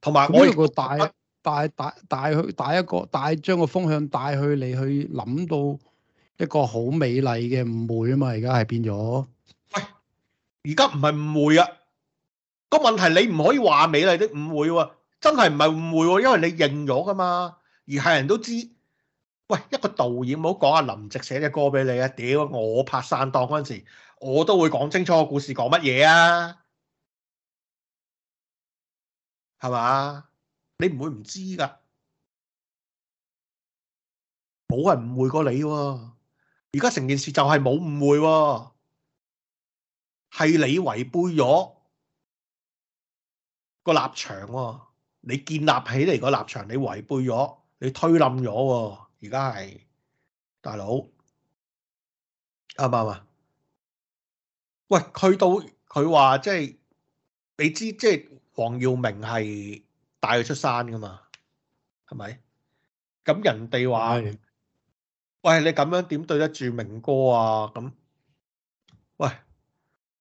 同埋我呢個帶帶帶帶去帶一個帶將個風向帶去你去諗到一個好美麗嘅誤會啊嘛！而家係變咗。而家唔係誤會啊！個問題你唔可以話美麗的誤會喎，真係唔係誤會喎，因為你認咗㗎嘛，而係人都知。喂，一個導演唔好講阿林夕寫嘅歌俾你啊！屌，我拍散檔嗰陣時，我都會講清楚個故事講乜嘢啊，係嘛？你唔會唔知㗎，冇人誤會過你喎。而家成件事就係冇誤會喎。係你違背咗個立場喎，你建立起嚟個立場，你違背咗，你推冧咗喎。而家係大佬啱唔啱啊？喂，去到佢話即係你知，即係黃耀明係帶佢出山噶嘛，係咪？咁人哋話，喂，你咁樣點對得住明哥啊？咁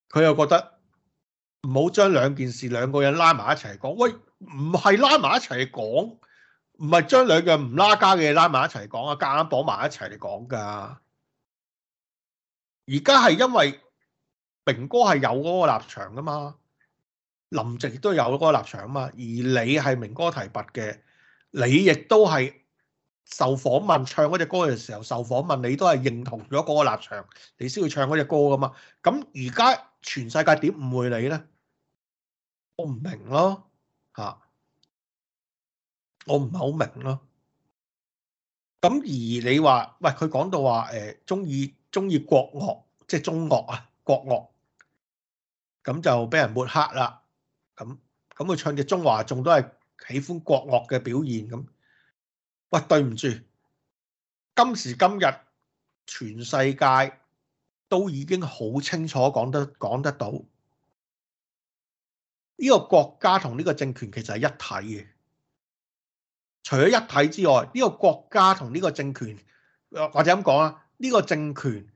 佢又覺得唔好將兩件事兩個人拉埋一齊講，喂，唔係拉埋一齊講，唔係將兩樣唔拉家嘅嘢，拉埋一齊講啊，夾硬綁埋一齊嚟講噶。而家係因為明哥係有嗰個立場噶嘛，林夕都有嗰個立場嘛，而你係明哥提拔嘅，你亦都係受訪問唱嗰隻歌嘅時候受訪問，你都係認同咗嗰個立場，你先會唱嗰隻歌噶嘛。咁而家。全世界點誤會你呢？我唔明咯，嚇、啊！我唔係好明咯。咁而你話喂，佢講到話誒，中意中意國樂即係、就是、中樂啊，國樂。咁就俾人抹黑啦。咁咁佢唱嘅《中華》仲都係喜歡國樂嘅表現。咁喂，對唔住，今時今日全世界。都已經好清楚講得講得到，呢個國家同呢個政權其實係一體嘅。除咗一體之外，呢個國家同呢個政權，或者咁講啊，呢個政權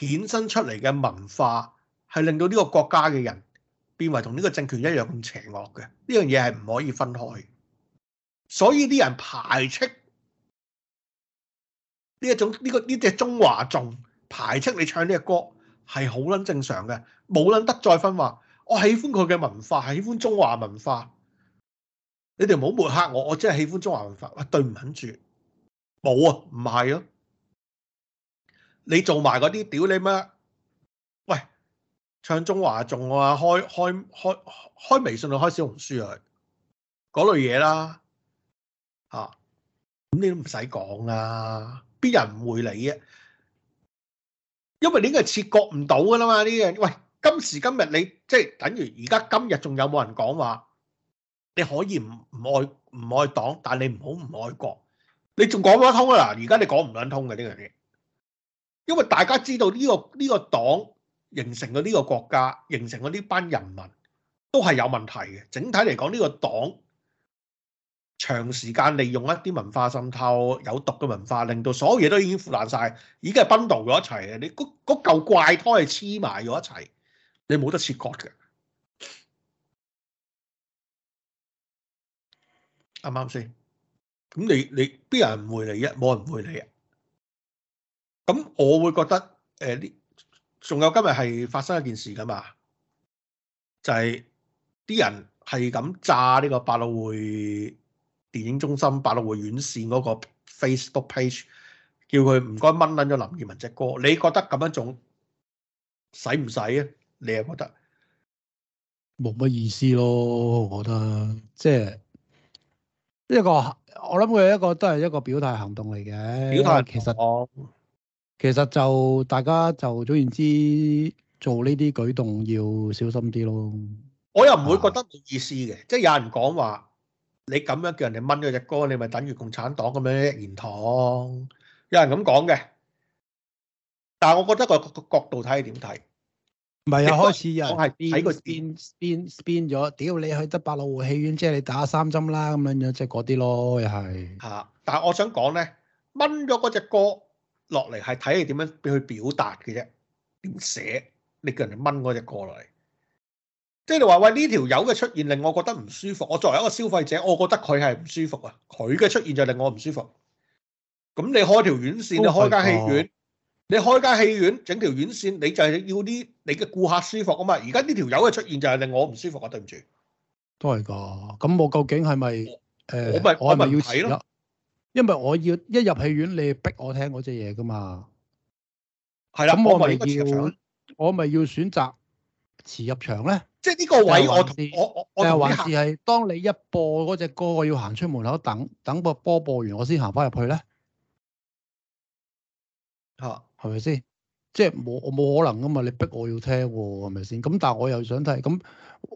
衍生出嚟嘅文化，係令到呢個國家嘅人變為同呢個政權一樣咁邪惡嘅。呢樣嘢係唔可以分開，所以啲人排斥呢一種呢個呢隻中華眾，排斥你唱呢個歌係好撚正常嘅，冇撚得再分話。我喜歡佢嘅文化，係喜歡中華文化。你哋唔好抹黑我，我真係喜歡中華文化。喂，對唔撚住，冇啊，唔係咯。你做埋嗰啲屌你咩？喂，唱中華仲話開開開開微信啊，開小紅書去啊，嗰類嘢啦，嚇，咁你都唔使講啊，邊人唔會理。啊？因為呢個切割唔到噶啦嘛，呢樣喂，今時今日你即係等於而家今日仲有冇人講話你可以唔唔愛唔愛黨，但你唔好唔愛國，你仲講得通啊？而家你講唔撚通嘅呢樣嘢，因為大家知道呢個呢個黨形成咗呢個國家，形成咗呢班人民都係有問題嘅。整體嚟講，呢個黨。長時間利用一啲文化滲透有毒嘅文化，令到所有嘢都已經腐爛晒。已經係崩倒咗一齊嘅。你嗰嚿怪胎係黐埋咗一齊，你冇得切割嘅。啱唔啱先？咁你你邊人唔會理一，冇人唔會理啊。咁我會覺得誒，呢、呃、仲有今日係發生一件事㗎嘛，就係、是、啲人係咁炸呢個百老匯電影中心百老匯院線嗰個 Facebook page，叫佢唔該掹撚咗林二汶隻歌，你覺得咁樣仲使唔使啊？你又覺得冇乜意思咯？我覺得即係呢、這個我諗佢係一個都係一個表態行動嚟嘅。表態其實其實就大家就總言之做呢啲舉動要小心啲咯。我又唔會覺得冇意思嘅，啊、即係有人講話。你咁樣叫人哋掹嗰隻歌，你咪等於共產黨咁樣一言堂，有人咁講嘅。但係我覺得個個角度睇係點睇，唔係又開始又睇個變變變變咗。屌你去得百老匯戲院，即係你打三針啦，咁樣樣即係嗰啲咯，又係吓。但係我想講咧，掹咗嗰隻歌落嚟係睇你點樣俾佢表達嘅啫，點寫你叫人哋掹嗰隻歌落嚟。即係你話喂，呢條友嘅出現令我覺得唔舒服，我作為一個消費者，我覺得佢係唔舒服啊！佢嘅出現就令我唔舒服。咁你開條院線，你開間戲院，你開間戲院，整條院線，你就係要啲你嘅顧客舒服啊嘛。而家呢條友嘅出現就係令我唔舒服，啊，對唔住。都係噶，咁我究竟係咪誒？我咪我咪要睇咯，因為我要一入戲院，你逼我聽嗰隻嘢噶嘛。係啦，咁我咪要我咪要選擇遲入場咧。即係呢個位，我我我我還是係當你一播嗰隻歌，我要行出門口等，等個波播完，我先行翻入去咧。嚇係咪先？即係冇冇可能噶嘛？你逼我要聽喎，係咪先？咁但係我又想睇咁，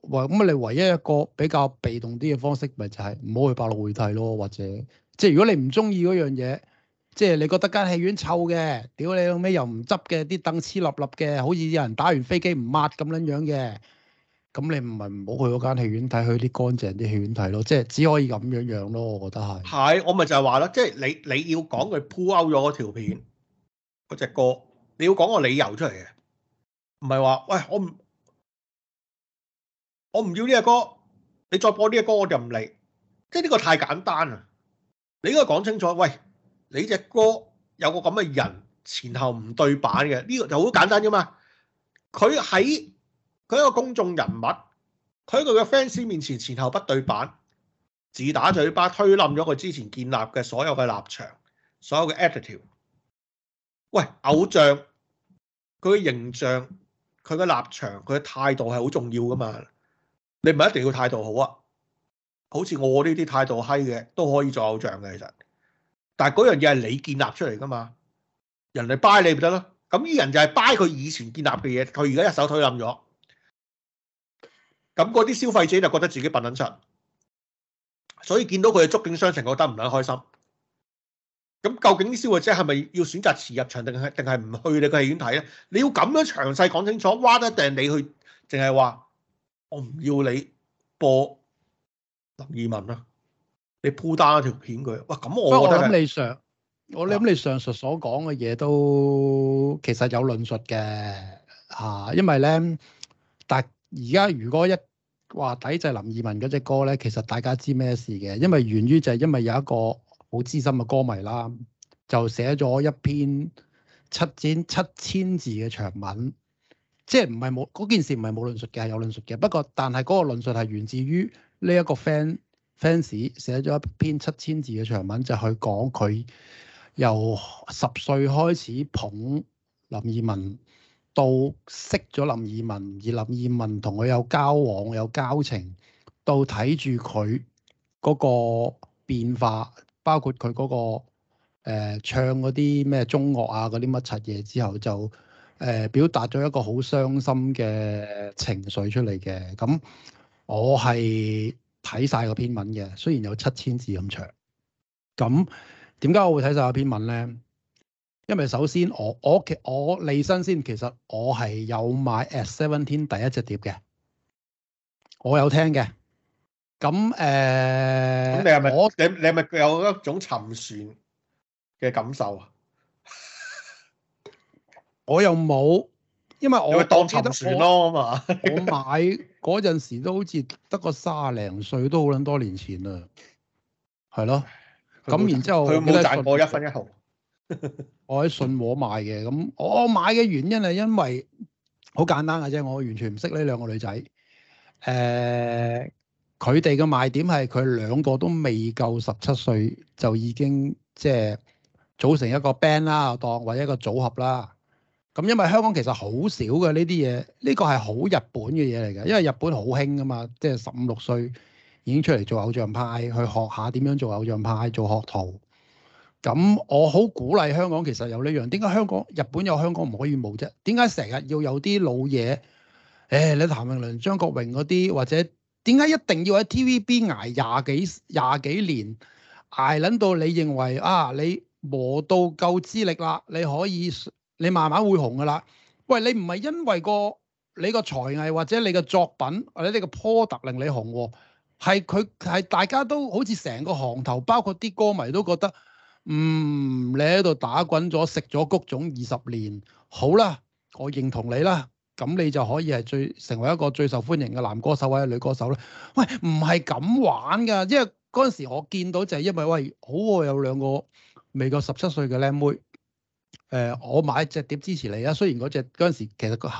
或咁咪你唯一一個比較被動啲嘅方式，咪就係唔好去百老匯睇咯，或者即係如果你唔中意嗰樣嘢，即係你覺得間戲院臭嘅，屌你老尾又唔執嘅，啲凳黐笠笠嘅，好似有人打完飛機唔抹咁樣樣嘅。咁你唔係唔好去嗰間戲院睇，去啲乾淨啲戲院睇咯，即係只可以咁樣樣咯，我覺得係。係，我咪就係話咯，即係你你要講佢鋪咗條片，嗰隻歌，你要講個理由出嚟嘅，唔係話喂，我唔我唔要呢隻歌，你再播呢隻歌我就唔嚟。即係呢個太簡單啦。你應該講清楚，喂，你隻歌有個咁嘅人，前後唔對版嘅，呢、呢個就好簡單啫嘛。佢喺。佢一個公眾人物，佢喺佢嘅 fans 面前，前前後不對板，自打嘴巴推冧咗佢之前建立嘅所有嘅立場，所有嘅 attitude。喂，偶像佢嘅形象、佢嘅立場、佢嘅態度係好重要噶嘛？你唔係一定要態度好啊，好似我呢啲態度閪嘅都可以做偶像嘅，其實。但係嗰樣嘢係你建立出嚟噶嘛？人哋 buy 你咪得咯。咁呢人就係 buy 佢以前建立嘅嘢，佢而家一手推冧咗。咁嗰啲消費者就覺得自己笨撚柒，所以見到佢嘅觸景傷情，覺得唔撚開心。咁究竟啲消費者係咪要選擇遲入場定係定係唔去你個戲院睇咧？你要咁樣詳細講清楚，或者定你去，淨係話我唔要你播林二汶啦，你鋪單一條片佢。哇！咁我覺得我諗你上，我諗你上述所講嘅嘢都其實有論述嘅嚇，因為咧，但而家如果一話抵制林二汶嗰隻歌咧，其實大家知咩事嘅？因為源於就係因為有一個好資深嘅歌迷啦，就寫咗一篇七千七千字嘅長文，即係唔係冇嗰件事唔係冇論述嘅，係有論述嘅。不過但係嗰個論述係源自於呢一個 fan fans 寫咗一篇七千字嘅長文，就去講佢由十歲開始捧林二汶。到識咗林二汶，而林二汶同佢有交往有交情，到睇住佢嗰個變化，包括佢嗰、那個、呃、唱嗰啲咩中樂啊嗰啲乜柒嘢之後，就誒、呃、表達咗一個好傷心嘅情緒出嚟嘅。咁我係睇晒個篇文嘅，雖然有七千字咁長。咁點解我會睇晒個篇文咧？因為首先我我其我李新先其實我係有買 At Seventeen 第一隻碟嘅，我有聽嘅。咁誒、咁、呃、你係咪？我你你係咪有一種沉船嘅感受啊？我又冇，因為我因為當沉船咯嘛。我買嗰陣時都好似得個卅零歲，都好撚多年前啦。係咯，咁然之後佢冇賺過一分一毫。 我喺信和買嘅，咁我買嘅原因係因為好簡單嘅啫，我完全唔識呢兩個女仔。誒、呃，佢哋嘅賣點係佢兩個都未夠十七歲就已經即係、就是、組成一個 band 啦，當或者一個組合啦。咁因為香港其實好少嘅呢啲嘢，呢個係好日本嘅嘢嚟嘅，因為日本好興㗎嘛，即係十五六歲已經出嚟做偶像派，去學下點樣做偶像派，做學徒。咁我好鼓勵香港，其實有呢樣。點解香港日本有香港唔可以冇啫？點解成日要有啲老嘢？誒、哎，你譚詠麟、張國榮嗰啲，或者點解一定要喺 TVB 挨廿幾廿幾年，挨撚到你認為啊，你磨到夠資歷啦，你可以你慢慢會紅噶啦。喂，你唔係因為、個你個才藝或者你個作品或者你個波特令你紅，係佢係大家都好似成個行頭，包括啲歌迷都覺得。嗯，你喺度打滾咗、食咗谷種二十年，好啦，我認同你啦，咁你就可以係最成為一個最受歡迎嘅男歌手或者女歌手咧。喂，唔係咁玩㗎，因為嗰陣時我見到就係因為喂，好、啊，有兩個未夠十七歲嘅靚妹，誒、呃，我買隻碟支持你啦。雖然嗰隻嗰陣時其實個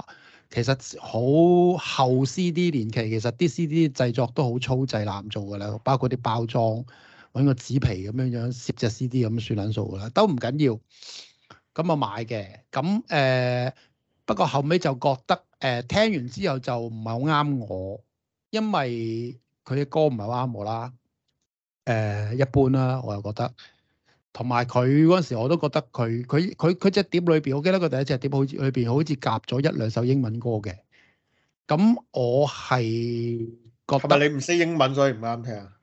其實好後 C D 年期，其實啲 C D 製作都好粗製濫做㗎啦，包括啲包裝。搵個紙皮咁樣樣，攝隻 CD 咁算撚數㗎啦，都唔緊要。咁啊買嘅，咁誒、呃、不過後尾就覺得誒、呃、聽完之後就唔係好啱我，因為佢啲歌唔係好啱我啦。誒、呃、一般啦，我又覺得。同埋佢嗰陣時我都覺得佢佢佢佢隻碟裏邊，我記得佢第一隻碟裡面好似裏邊好似夾咗一兩首英文歌嘅。咁我係覺得係咪你唔識英文所以唔啱聽啊？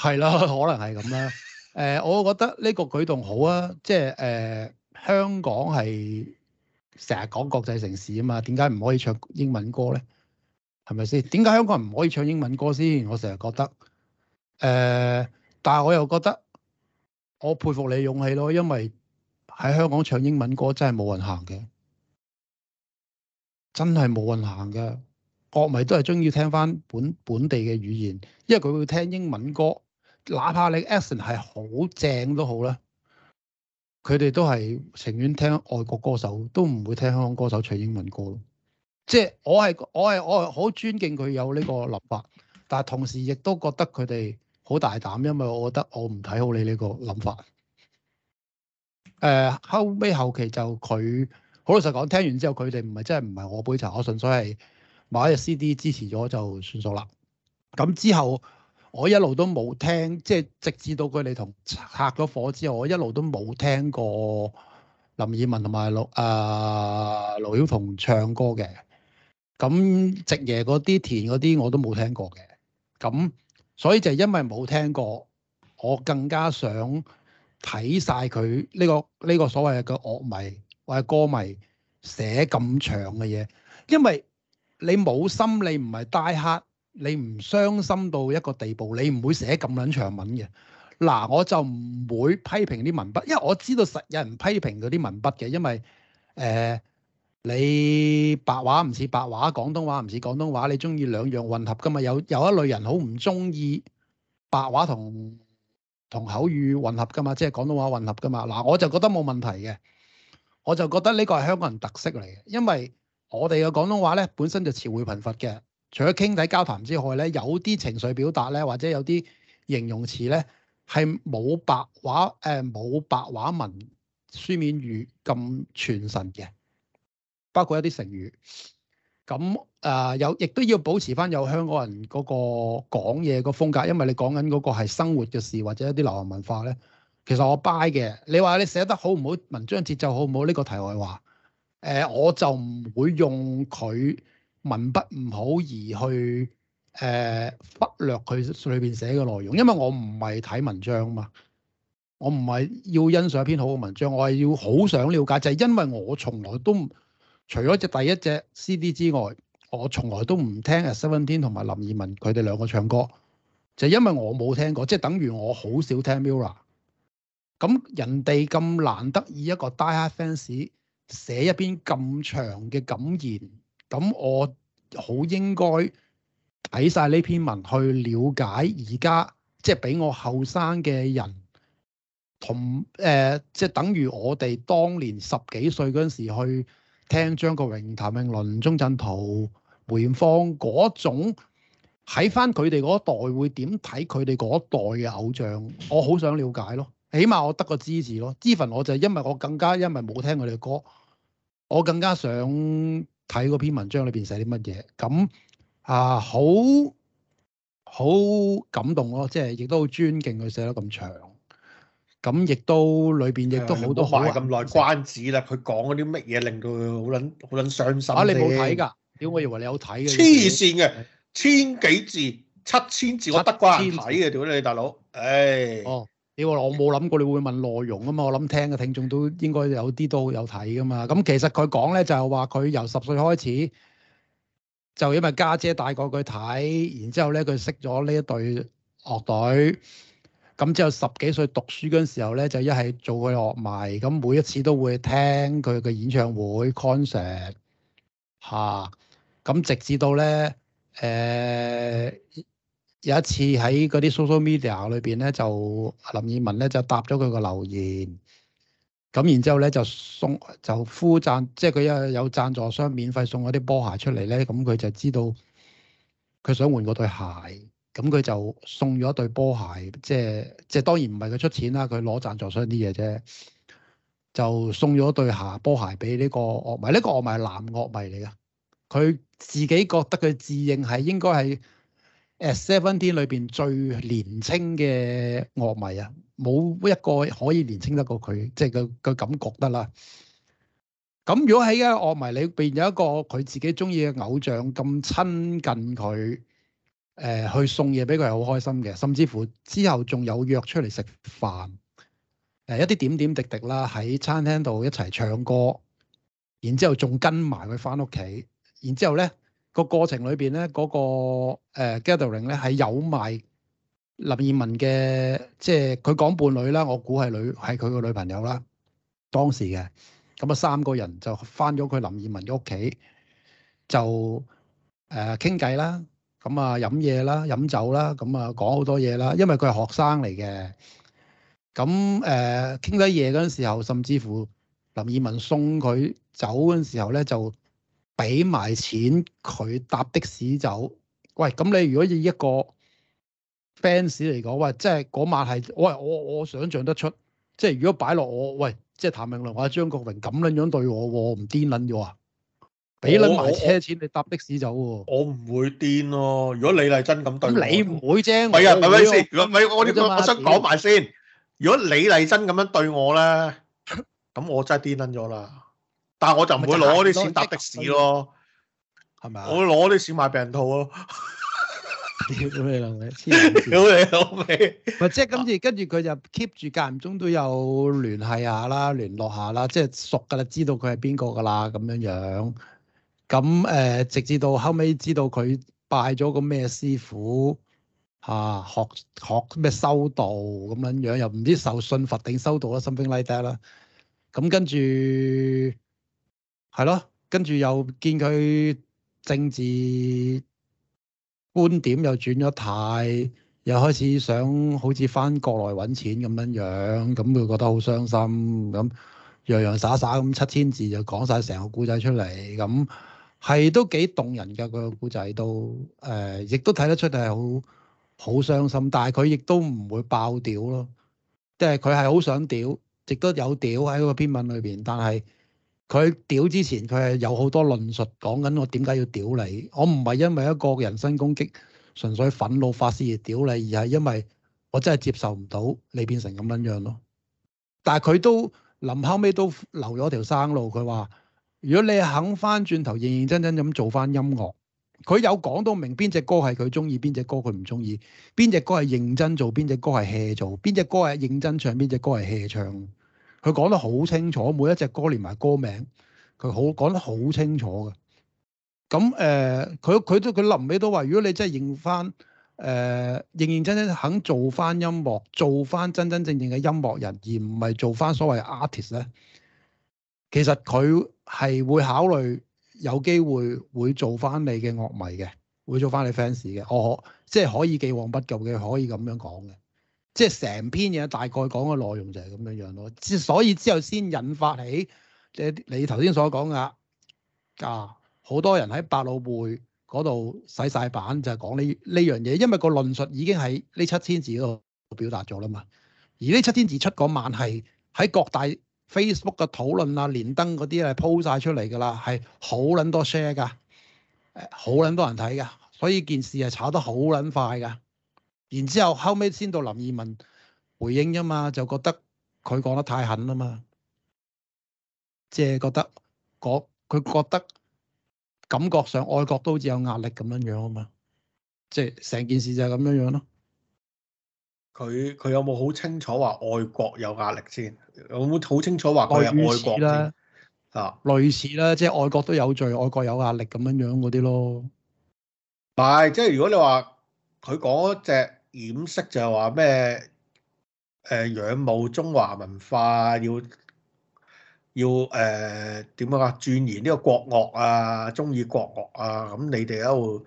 係啦，可能係咁啦。誒、呃，我覺得呢個舉動好啊，即係誒、呃、香港係成日講國際城市啊嘛，點解唔可以唱英文歌咧？係咪先？點解香港人唔可以唱英文歌先？我成日覺得誒、呃，但係我又覺得我佩服你勇氣咯，因為喺香港唱英文歌真係冇人行嘅，真係冇人行嘅。國迷都係中意聽翻本本地嘅語言，因為佢會聽英文歌。哪怕你 accent 係好正都好啦，佢哋都係情願聽外國歌手，都唔會聽香港歌手唱英文歌。即係我係我係我係好尊敬佢有呢個諗法，但係同時亦都覺得佢哋好大膽，因為我覺得我唔睇好你呢個諗法。誒、呃、後尾後期就佢好老實講，聽完之後佢哋唔係真係唔係我杯茶，我純粹係買一張 CD 支持咗就算數啦。咁之後。我一路都冇聽，即係直至到佢哋同拆咗夥之後，我一路都冇聽過林二汶同埋盧啊、呃、盧曉彤唱歌嘅。咁夕爺嗰啲填嗰啲我都冇聽過嘅。咁所以就因為冇聽過，我更加想睇晒佢呢個呢、呢個所謂嘅樂迷或者歌迷寫咁長嘅嘢，因為你冇心，你唔係 die hard。你唔傷心到一個地步，你唔會寫咁撚長文嘅。嗱，我就唔會批評啲文筆，因為我知道實有人批評嗰啲文筆嘅，因為誒、呃、你白話唔似白話，廣東話唔似廣東話，你中意兩樣混合㗎嘛？有有一類人好唔中意白話同同口語混合㗎嘛，即係廣東話混合㗎嘛。嗱，我就覺得冇問題嘅，我就覺得呢個係香港人特色嚟嘅，因為我哋嘅廣東話咧本身就詞彙貧乏嘅。除咗傾偈、交談之外咧，有啲情緒表達咧，或者有啲形容詞咧，係冇白話誒冇、呃、白話文書面語咁傳神嘅，包括一啲成語。咁誒、呃、有，亦都要保持翻有香港人嗰個講嘢個風格，因為你講緊嗰個係生活嘅事，或者一啲流行文化咧，其實我 buy 嘅。你話你寫得好唔好，文章節奏好唔好呢、呢個題外話。誒、呃，我就唔會用佢。文筆唔好而去誒、呃、忽略佢裏邊寫嘅內容，因為我唔係睇文章啊嘛，我唔係要欣賞一篇好嘅文章，我係要好想了解，就係、是、因為我從來都除咗隻第一隻 CD 之外，我從來都唔聽啊 at17 同埋林二汶佢哋兩個唱歌。就係、是、因為我冇聽過，即、就、係、是、等於我好少聽 Mirror。咁人哋咁難得以一個 Die Hard Fans 寫一篇咁長嘅感言。咁、嗯、我好應該睇晒呢篇文去了解而家即係俾我後生嘅人同誒，即係、呃、等於我哋當年十幾歲嗰陣時去聽張國榮、譚詠麟、鍾鎮濤、梅艷芳嗰種，睇返佢哋嗰代會點睇佢哋嗰代嘅偶像，我好想了解咯。起碼我得個支持咯，even 我就因為我更加因為冇聽佢哋嘅歌，我更加想睇嗰篇文章裏邊寫啲乜嘢，咁啊好好感動咯，即係亦都好尊敬佢寫得咁長，咁亦都裏邊亦都好多。我擺咁耐關子啦，佢講嗰啲乜嘢令到佢好撚好撚傷心。啊，啊你冇睇㗎？屌，啊、我以為你有睇嘅。黐線嘅，千幾字，七千字，千字我得啩。人睇嘅，屌你大佬，唉、哦。你我冇諗過你會問內容啊嘛？我諗聽嘅聽眾都應該有啲都有睇噶嘛。咁其實佢講咧，就係話佢由十歲開始就因為家姐帶過佢睇，然之後咧佢識咗呢一隊樂隊。咁之後十幾歲讀書嗰陣時候咧，就一係做佢樂迷，咁每一次都會聽佢嘅演唱會 concert 嚇。咁直至到咧誒。有一次喺嗰啲 social media 裏邊咧，就林二汶咧就答咗佢個留言，咁然之後咧就送就呼讚，即係佢有有贊助商免費送嗰啲波鞋出嚟咧，咁佢就知道佢想換嗰對鞋，咁佢就送咗對波鞋，即係即係當然唔係佢出錢啦，佢攞贊助商啲嘢啫，就送咗對鞋波鞋俾呢個樂迷，呢、這個樂迷係男樂迷嚟噶，佢自己覺得佢自認係應該係。誒 Seventeen 裏邊最年青嘅樂迷啊，冇一個可以年青得過佢，即係個個感覺得啦。咁如果喺一個樂迷裏邊有一個佢自己中意嘅偶像咁親近佢，誒、呃、去送嘢俾佢係好開心嘅，甚至乎之後仲有約出嚟食飯，誒、呃、一啲點點滴滴啦，喺餐廳度一齊唱歌，然之後仲跟埋佢翻屋企，然之後咧。個過程裏邊咧，嗰、那個 gathering 咧係有賣林二汶嘅，即係佢講伴侶啦，我估係女係佢個女朋友啦，當時嘅咁啊三個人就返咗佢林二汶嘅屋企，就誒傾偈啦，咁啊飲嘢啦、飲酒啦，咁啊講好多嘢啦，因為佢係學生嚟嘅，咁誒傾得嘢嗰陣時候，甚至乎林二汶送佢走嗰陣時候咧就。俾埋錢佢搭的士走，喂！咁你如果以一個 fans 嚟講，喂，即係嗰晚係，喂，我我想象得出，即係如果擺落我，喂，即係譚詠麟或者張國榮咁撚樣對我喎，唔癲撚咗啊！俾撚埋車錢你搭的士走喎，我唔會癲咯、啊。如果李麗珍咁對，咁你唔會啫。唔係就啊，唔係我喂先，唔係我我想講埋先。如果李麗珍咁樣對我咧，咁我，我真係癲撚咗啦。 但係我就唔會攞啲錢搭的士咯的，係咪啊？我會攞啲錢買避孕套咯 事。屌你老味！屌你老味！唔係即係跟住跟住佢就 keep 住間唔中都有聯繫下啦、聯絡下啦，即係熟噶啦，知道佢係邊個噶啦咁樣樣。咁誒，直至到後尾知道佢拜咗個咩師傅吓、啊，學學咩修道咁樣樣，又唔知受信佛定修道啦，something like that 啦。咁跟住。係咯，跟住又見佢政治觀點又轉咗態，又開始想好似翻國內搵錢咁樣樣，樣樣灑灑，咁佢覺得好傷心，咁洋洋灑灑咁七千字就講晒成個故仔出嚟，咁係都幾動人噶、那個故仔都，誒、呃，亦都睇得出係好好傷心，但係佢亦都唔會爆屌咯，即係佢係好想屌，亦都有屌喺個篇文裏邊，但係。佢屌之前，佢係有好多論述講緊我點解要屌你。我唔係因為一個人身攻擊，純粹憤怒發泄而屌你，而係因為我真係接受唔到你變成咁樣樣咯。但係佢都臨後尾都留咗條生路。佢話：如果你肯翻轉頭，認認真真咁做翻音樂，佢有講到明邊隻歌係佢中意，邊隻歌佢唔中意，邊隻歌係認真做，邊隻歌係 hea 做，邊隻歌係認真唱，邊隻歌係 hea 唱。佢講得好清楚，每一隻歌連埋歌名，佢好講得好清楚嘅。咁誒，佢、呃、佢都佢臨尾都話，如果你真係認翻誒、呃、認認真真肯做翻音樂，做翻真真正正嘅音樂人，而唔係做翻所謂 artist 咧，其實佢係會考慮有機會會做翻你嘅樂迷嘅，會做翻你 fans 嘅，我可即係可以既往不咎嘅，可以咁樣講嘅。即係成篇嘢大概講嘅內容就係咁樣樣咯，之所以之後先引發起即係你頭先所講㗎，啊好多人喺百老匯嗰度洗晒版就係講呢呢樣嘢，因為個論述已經喺呢七千字嗰度表達咗啦嘛。而呢七千字出嗰晚係喺各大 Facebook 嘅討論啊、連登嗰啲係鋪晒出嚟㗎啦，係好撚多 share 㗎，誒好撚多人睇㗎，所以件事係炒得好撚快㗎。然之後後尾先到林二汶回應呀嘛，就覺得佢講得太狠啦嘛，即係覺得，佢覺得感覺上愛國都好似有壓力咁樣樣啊嘛，即係成件事就係咁樣樣咯。佢佢有冇好清楚話愛國有壓力先？有冇好清楚話佢有愛國先？啊，類似啦，即係，啊，愛國都有罪，愛國有壓力咁樣樣嗰啲咯。唔係，即係如果你話佢講嗰隻。掩飾就係話咩？誒、呃、仰慕中華文化，要要誒點樣啊？鑽、呃、研呢個國樂啊，中意國樂啊，咁你哋喺度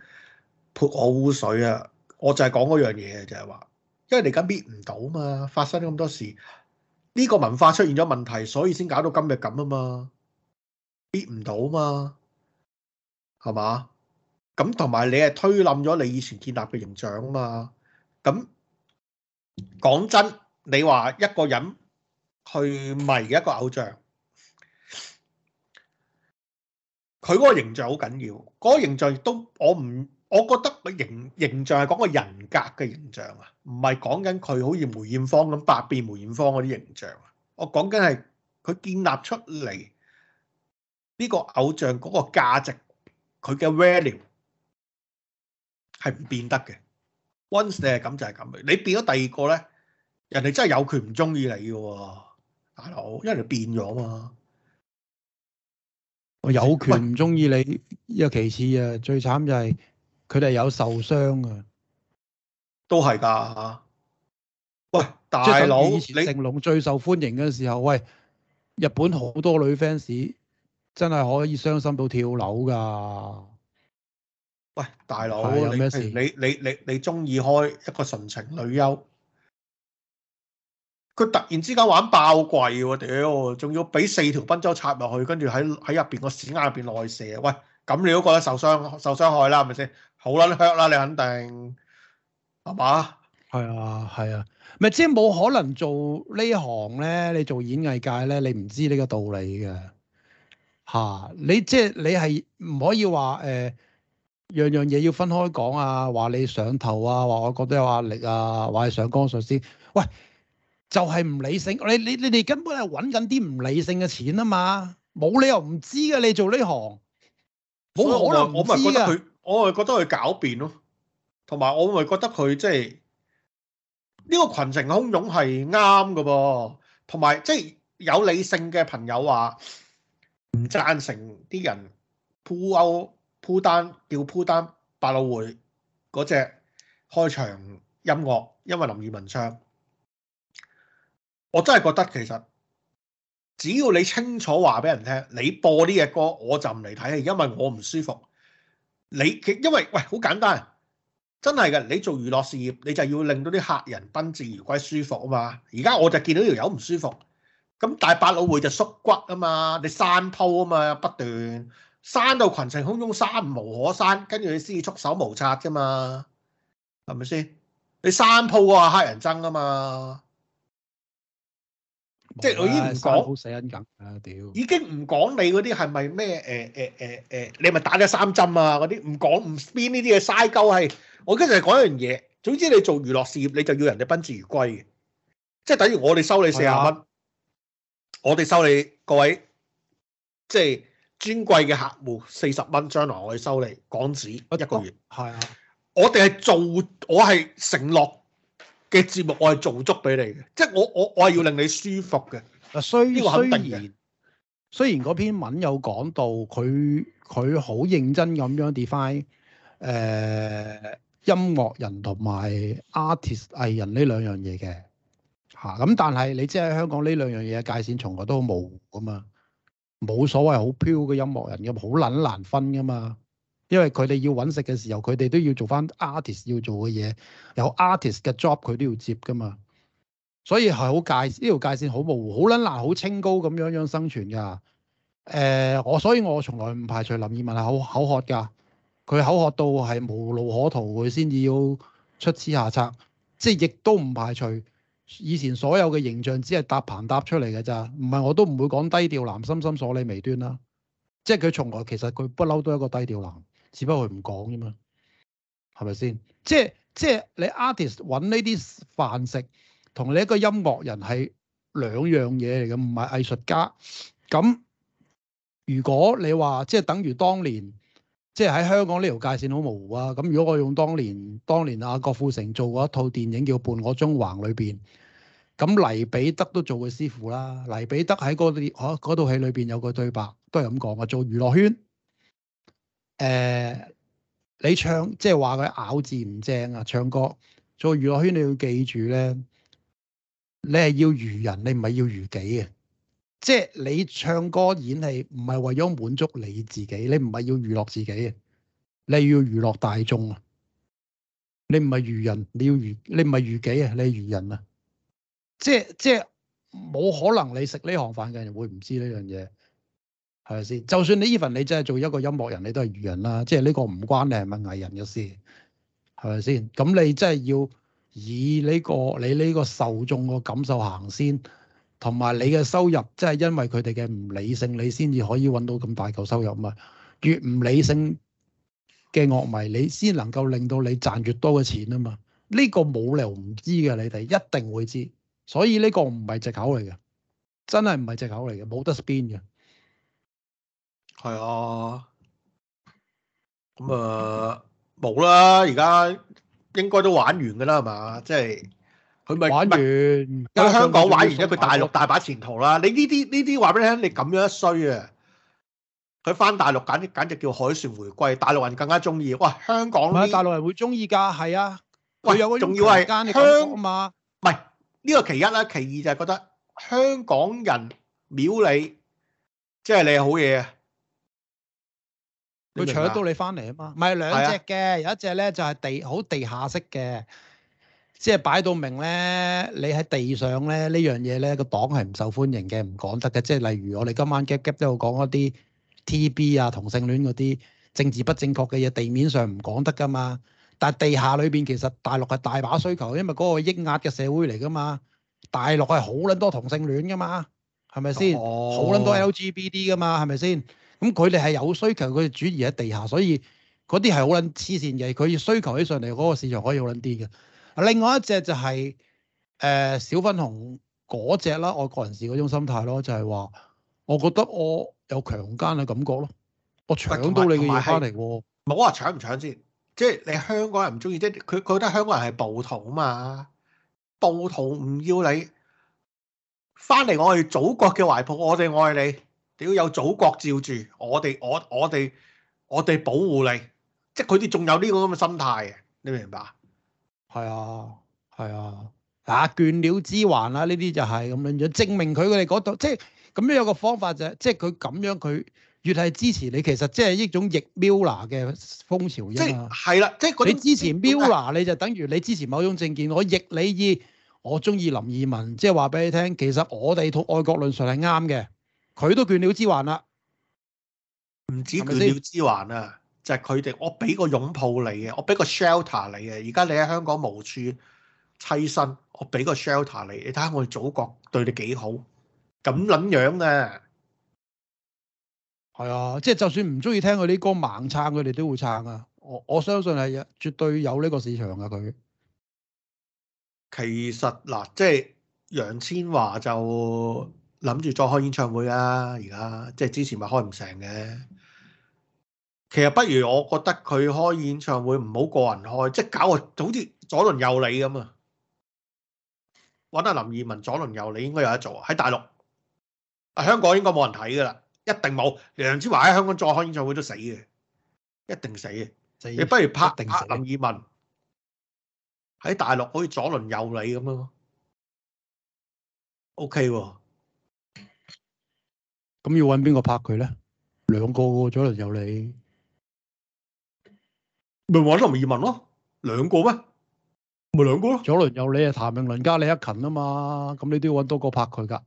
潑我污水啊！我就係講嗰樣嘢，就係話，因為你而家搣唔到嘛，發生咁多事，呢、呢個文化出現咗問題，所以先搞到今日咁啊嘛，搣唔到嘛，係嘛？咁同埋你係推冧咗你以前建立嘅形象啊嘛！咁講真，你話一個人去迷嘅一個偶像，佢嗰個形象好緊要。嗰個形象亦都我唔，我覺得個形形象係講個人格嘅形象啊，唔係講緊佢好似梅艷芳咁百變梅艷芳嗰啲形象啊。我講緊係佢建立出嚟呢個偶像嗰個價值，佢嘅 value 係唔變得嘅。once 咧，咁就係咁，你變咗第二個咧，人哋真係有權唔中意你嘅，大佬，因為你變咗啊嘛。我有權唔中意你。又其次啊，最慘就係佢哋有受傷啊，都係㗎。喂，大佬， 以前成龍最受歡迎嘅時候，喂，日本好多女 fans 真係可以傷心到跳樓㗎。喂，大佬，啊，你你你你你中意開一個純情女優，佢突然之間玩爆貴喎，啊，屌，仲要俾四條賓周插入去，跟住喺喺入邊個屎眼入邊內射，喂，咁你都覺得受傷受傷害啦，係咪先？好撚 hurt 啦，你肯定係嘛？係啊，係啊，咪即係冇可能做呢行咧？你做演藝界咧，你唔知呢個道理嘅吓，啊？你即係，就是、你係唔可以話誒？呃樣樣嘢要分開講啊！話你上頭啊，話我覺得有壓力啊，話你上江水先。喂，就係唔理性。你你你哋根本係揾緊啲唔理性嘅錢啊嘛，冇理由唔知㗎。你做呢行好可能我咪覺得佢，我係覺得佢狡辯咯。同埋我咪覺得佢即係呢個群情洶湧係啱㗎噃。同埋即係有理性嘅朋友話唔贊成啲人鋪歐。鋪單叫鋪單，百老匯嗰隻開場音樂，因為林二汶唱，我真係覺得其實只要你清楚話俾人聽，你播呢隻歌我就唔嚟睇，因為我唔舒服。你因為喂好簡單，真係嘅，你做娛樂事業，你就要令到啲客人賓至如歸舒服啊嘛。而家我就見到條友唔舒服，咁大百老匯就縮骨啊嘛，你閂鋪啊嘛，不斷。刪到群情洶湧，刪無可刪，跟住你先至束手無策啫嘛，係咪先？你三鋪啊，黑人憎啊嘛，即係我已經唔講，好死緊梗啊屌！已經唔講你嗰啲係咪咩？誒誒誒誒，你咪打咗三針啊嗰啲，唔講唔邊呢啲嘢，嘥鳩氣！我跟住講一樣嘢，總之你做娛樂事業，你就要人哋賓至如歸嘅，即係等於我哋收你四廿蚊，我哋收你各位，即係。尊貴嘅客戶四十蚊，將來我會收你港紙一個月。係啊，哦、啊我哋係做，我係承諾嘅節目，我係做足俾你嘅。即係我我我係要令你舒服嘅。嗱、嗯、雖然雖然嗰篇文有講到佢佢好認真咁樣 define 誒、呃、音樂人同埋 artist 藝人呢兩樣嘢嘅嚇咁，但係你知喺香港呢兩樣嘢嘅界線從來都好模糊㗎嘛。冇所謂好 pure 嘅音樂人咁，好撚難分噶嘛。因為佢哋要揾食嘅時候，佢哋都要做翻 artist 要做嘅嘢，有 artist 嘅 job 佢都要接噶嘛。所以係好界呢條、這個、界線好模糊，好撚難，好清高咁樣樣生存㗎。誒、呃，我所以我從來唔排除林二汶係好口渴㗎。佢口渴到係無路可逃，佢先至要出此下策。即係亦都唔排除。以前所有嘅形象只係搭棚搭出嚟嘅咋，唔係我都唔會講低調男心心所禮微端啦，即係佢從來其實佢不嬲都係一個低調男，只不過佢唔講啫嘛，係咪先？即係即係你 artist 揾呢啲飯食，同你一個音樂人係兩樣嘢嚟嘅，唔係藝術家。咁如果你話即係等於當年。即係喺香港呢條界線好模糊啊！咁如果我用當年當年阿郭富城做過一套電影叫《伴我縱橫》裏邊，咁黎彼得都做過師傅啦。黎彼得喺嗰啲套戲裏邊有個對白，都係咁講話：做娛樂圈，誒、呃、你唱即係話佢咬字唔正啊！唱歌做娛樂圈你要記住咧，你係要娛人，你唔係要娛己。」嘅。即係你唱歌演戲唔係為咗滿足你自己，你唔係要娛樂自己嘅，你要娛樂大眾啊！你唔係娛人，你要娛，你唔係娛己啊！你係娛人啊！即係即係冇可能你食呢行飯嘅人會唔知呢樣嘢，係咪先？就算你 even 你真係做一個音樂人，你都係娛人啦！即係呢個唔關你係咪藝人嘅事，係咪先？咁你真係要以呢個你呢個受眾嘅感受行先。同埋你嘅收入，即係因為佢哋嘅唔理性，你先至可以揾到咁大嚿收入啊嘛！越唔理性嘅樂迷，你先能夠令到你賺越多嘅錢啊嘛！呢、呢個冇理由唔知嘅，你哋一定會知，所以呢個唔係藉口嚟嘅，真係唔係藉口嚟嘅，冇得 spin 嘅。係啊，咁啊冇啦，而、呃、家應該都玩完㗎啦，係嘛？即係。佢咪玩完？喺加上 香港玩完，而家佢大陸大把前途啦、嗯。你呢啲呢啲話俾你聽？你咁樣衰啊！佢翻大陸，簡直簡直叫海船回歸。大陸人更加中意。哇！香港、啊，大陸人會中意噶，係啊。喂，仲要係香港？唔係呢個其一啦、啊，其二就係覺得香港人秒、就是、你，即係你係好嘢啊！佢搶到你翻嚟啊嘛！唔係兩隻嘅，有一隻咧就係地好地下式嘅。即係擺到明咧，你喺地上咧呢樣嘢咧，個黨係唔受歡迎嘅，唔講得嘅。即係例如我哋今晚 gap gap 都有講一啲 T B 啊同性戀嗰啲政治不正確嘅嘢，地面上唔講得噶嘛。但係地下裏邊其實大陸係大把需求，因為嗰個抑壓嘅社會嚟噶嘛。大陸係好撚多同性戀噶嘛，係咪先？好撚、oh. 多 L G B D 噶嘛，係咪先？咁佢哋係有需求，佢哋轉移喺地下，所以嗰啲係好撚黐線嘅。佢要需求起上嚟，嗰、嗰個市場可以好撚啲嘅。另外一隻就係誒小粉紅嗰隻啦，愛國人士嗰種心態咯，就係話：我覺得我有強姦嘅感覺咯，我搶到你嘅嘢翻嚟喎。唔好話搶唔搶先，即係你香港人唔中意，即係佢佢覺得香港人係暴徒啊嘛，暴徒唔要你翻嚟我哋祖國嘅懷抱，我哋愛你，你要有祖國照住，我哋我我哋我哋保護你，即係佢哋仲有呢個咁嘅心態嘅，你明唔明白？係啊，係啊，嗱、啊，倦鳥之環啊。呢啲就係咁樣樣，證明佢哋嗰度即係咁樣有個方法就係、是，即係佢咁樣佢越係支持你，其實即係一種逆 Mirror 嘅風潮啫。即係係啦，啊、即係你支持 Mirror，你就等於你支持某種政見。我逆你意，我中意林二汶，即係話俾你聽，其實我哋同愛國論述係啱嘅。佢都倦鳥之環啦，唔止倦鳥之環啊！就係佢哋，我俾個擁抱你嘅，我俾個 shelter 你嘅。而家你喺香港無處棲身，我俾個 shelter 你。你睇下我哋祖國對你幾好，咁撚樣嘅。係啊，即係、啊就是、就算唔中意聽佢啲歌，猛撐佢哋都會撐啊。我我相信係絕對有呢個市場嘅佢。其實嗱，即、啊、係、就是、楊千嬅就諗住再開演唱會啊。而家即係之前咪開唔成嘅。其實不如我覺得佢開演唱會唔好個人開，即係搞個好似左鄰右里咁啊！揾阿林二汶。左鄰右里應該有得做喺大陸，啊香港應該冇人睇噶啦，一定冇。梁思華喺香港再開演唱會都死嘅，一定死嘅。是你不如拍定拍林二汶喺大陸可以左鄰右里咁咯，OK 喎。咁要揾邊個拍佢咧？兩個左鄰右里。咪玩林二汶咯，兩個咩？咪兩個咯，左輪右李啊，譚詠麟加李克勤啊嘛，咁你都要揾多個拍佢噶。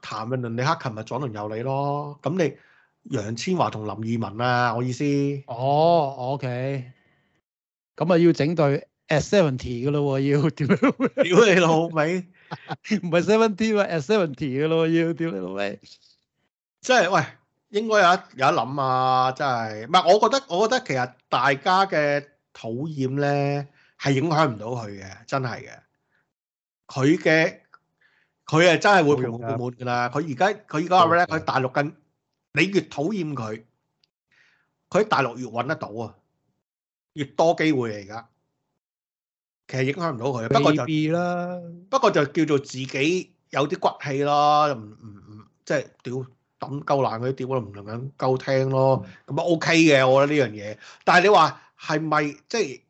譚詠麟、李克勤咪左輪右李咯，咁你楊千嬅同林二汶啊，我意思。哦，OK，咁啊要整對 At Seventy 噶咯，要屌你老味！唔係 Seventy 啊，At Seventy 噶咯，要屌你老味！即係、就是、喂。應該有得有得諗啊！真係唔係我覺得，我覺得其實大家嘅討厭咧係影響唔到佢嘅，真係嘅。佢嘅佢係真係會盤滿缽滿㗎啦。佢而家佢而家話咧，佢、嗯、大陸緊，你越討厭佢，佢喺大陸越揾得到啊，越多機會嚟噶。其實影響唔到佢，不過就啦，不過就叫做自己有啲骨氣咯。唔唔唔，即係屌。咁夠爛嗰啲碟我都唔能夠聽咯，咁、嗯、啊 OK 嘅，我覺得呢樣嘢。但係你話係咪即係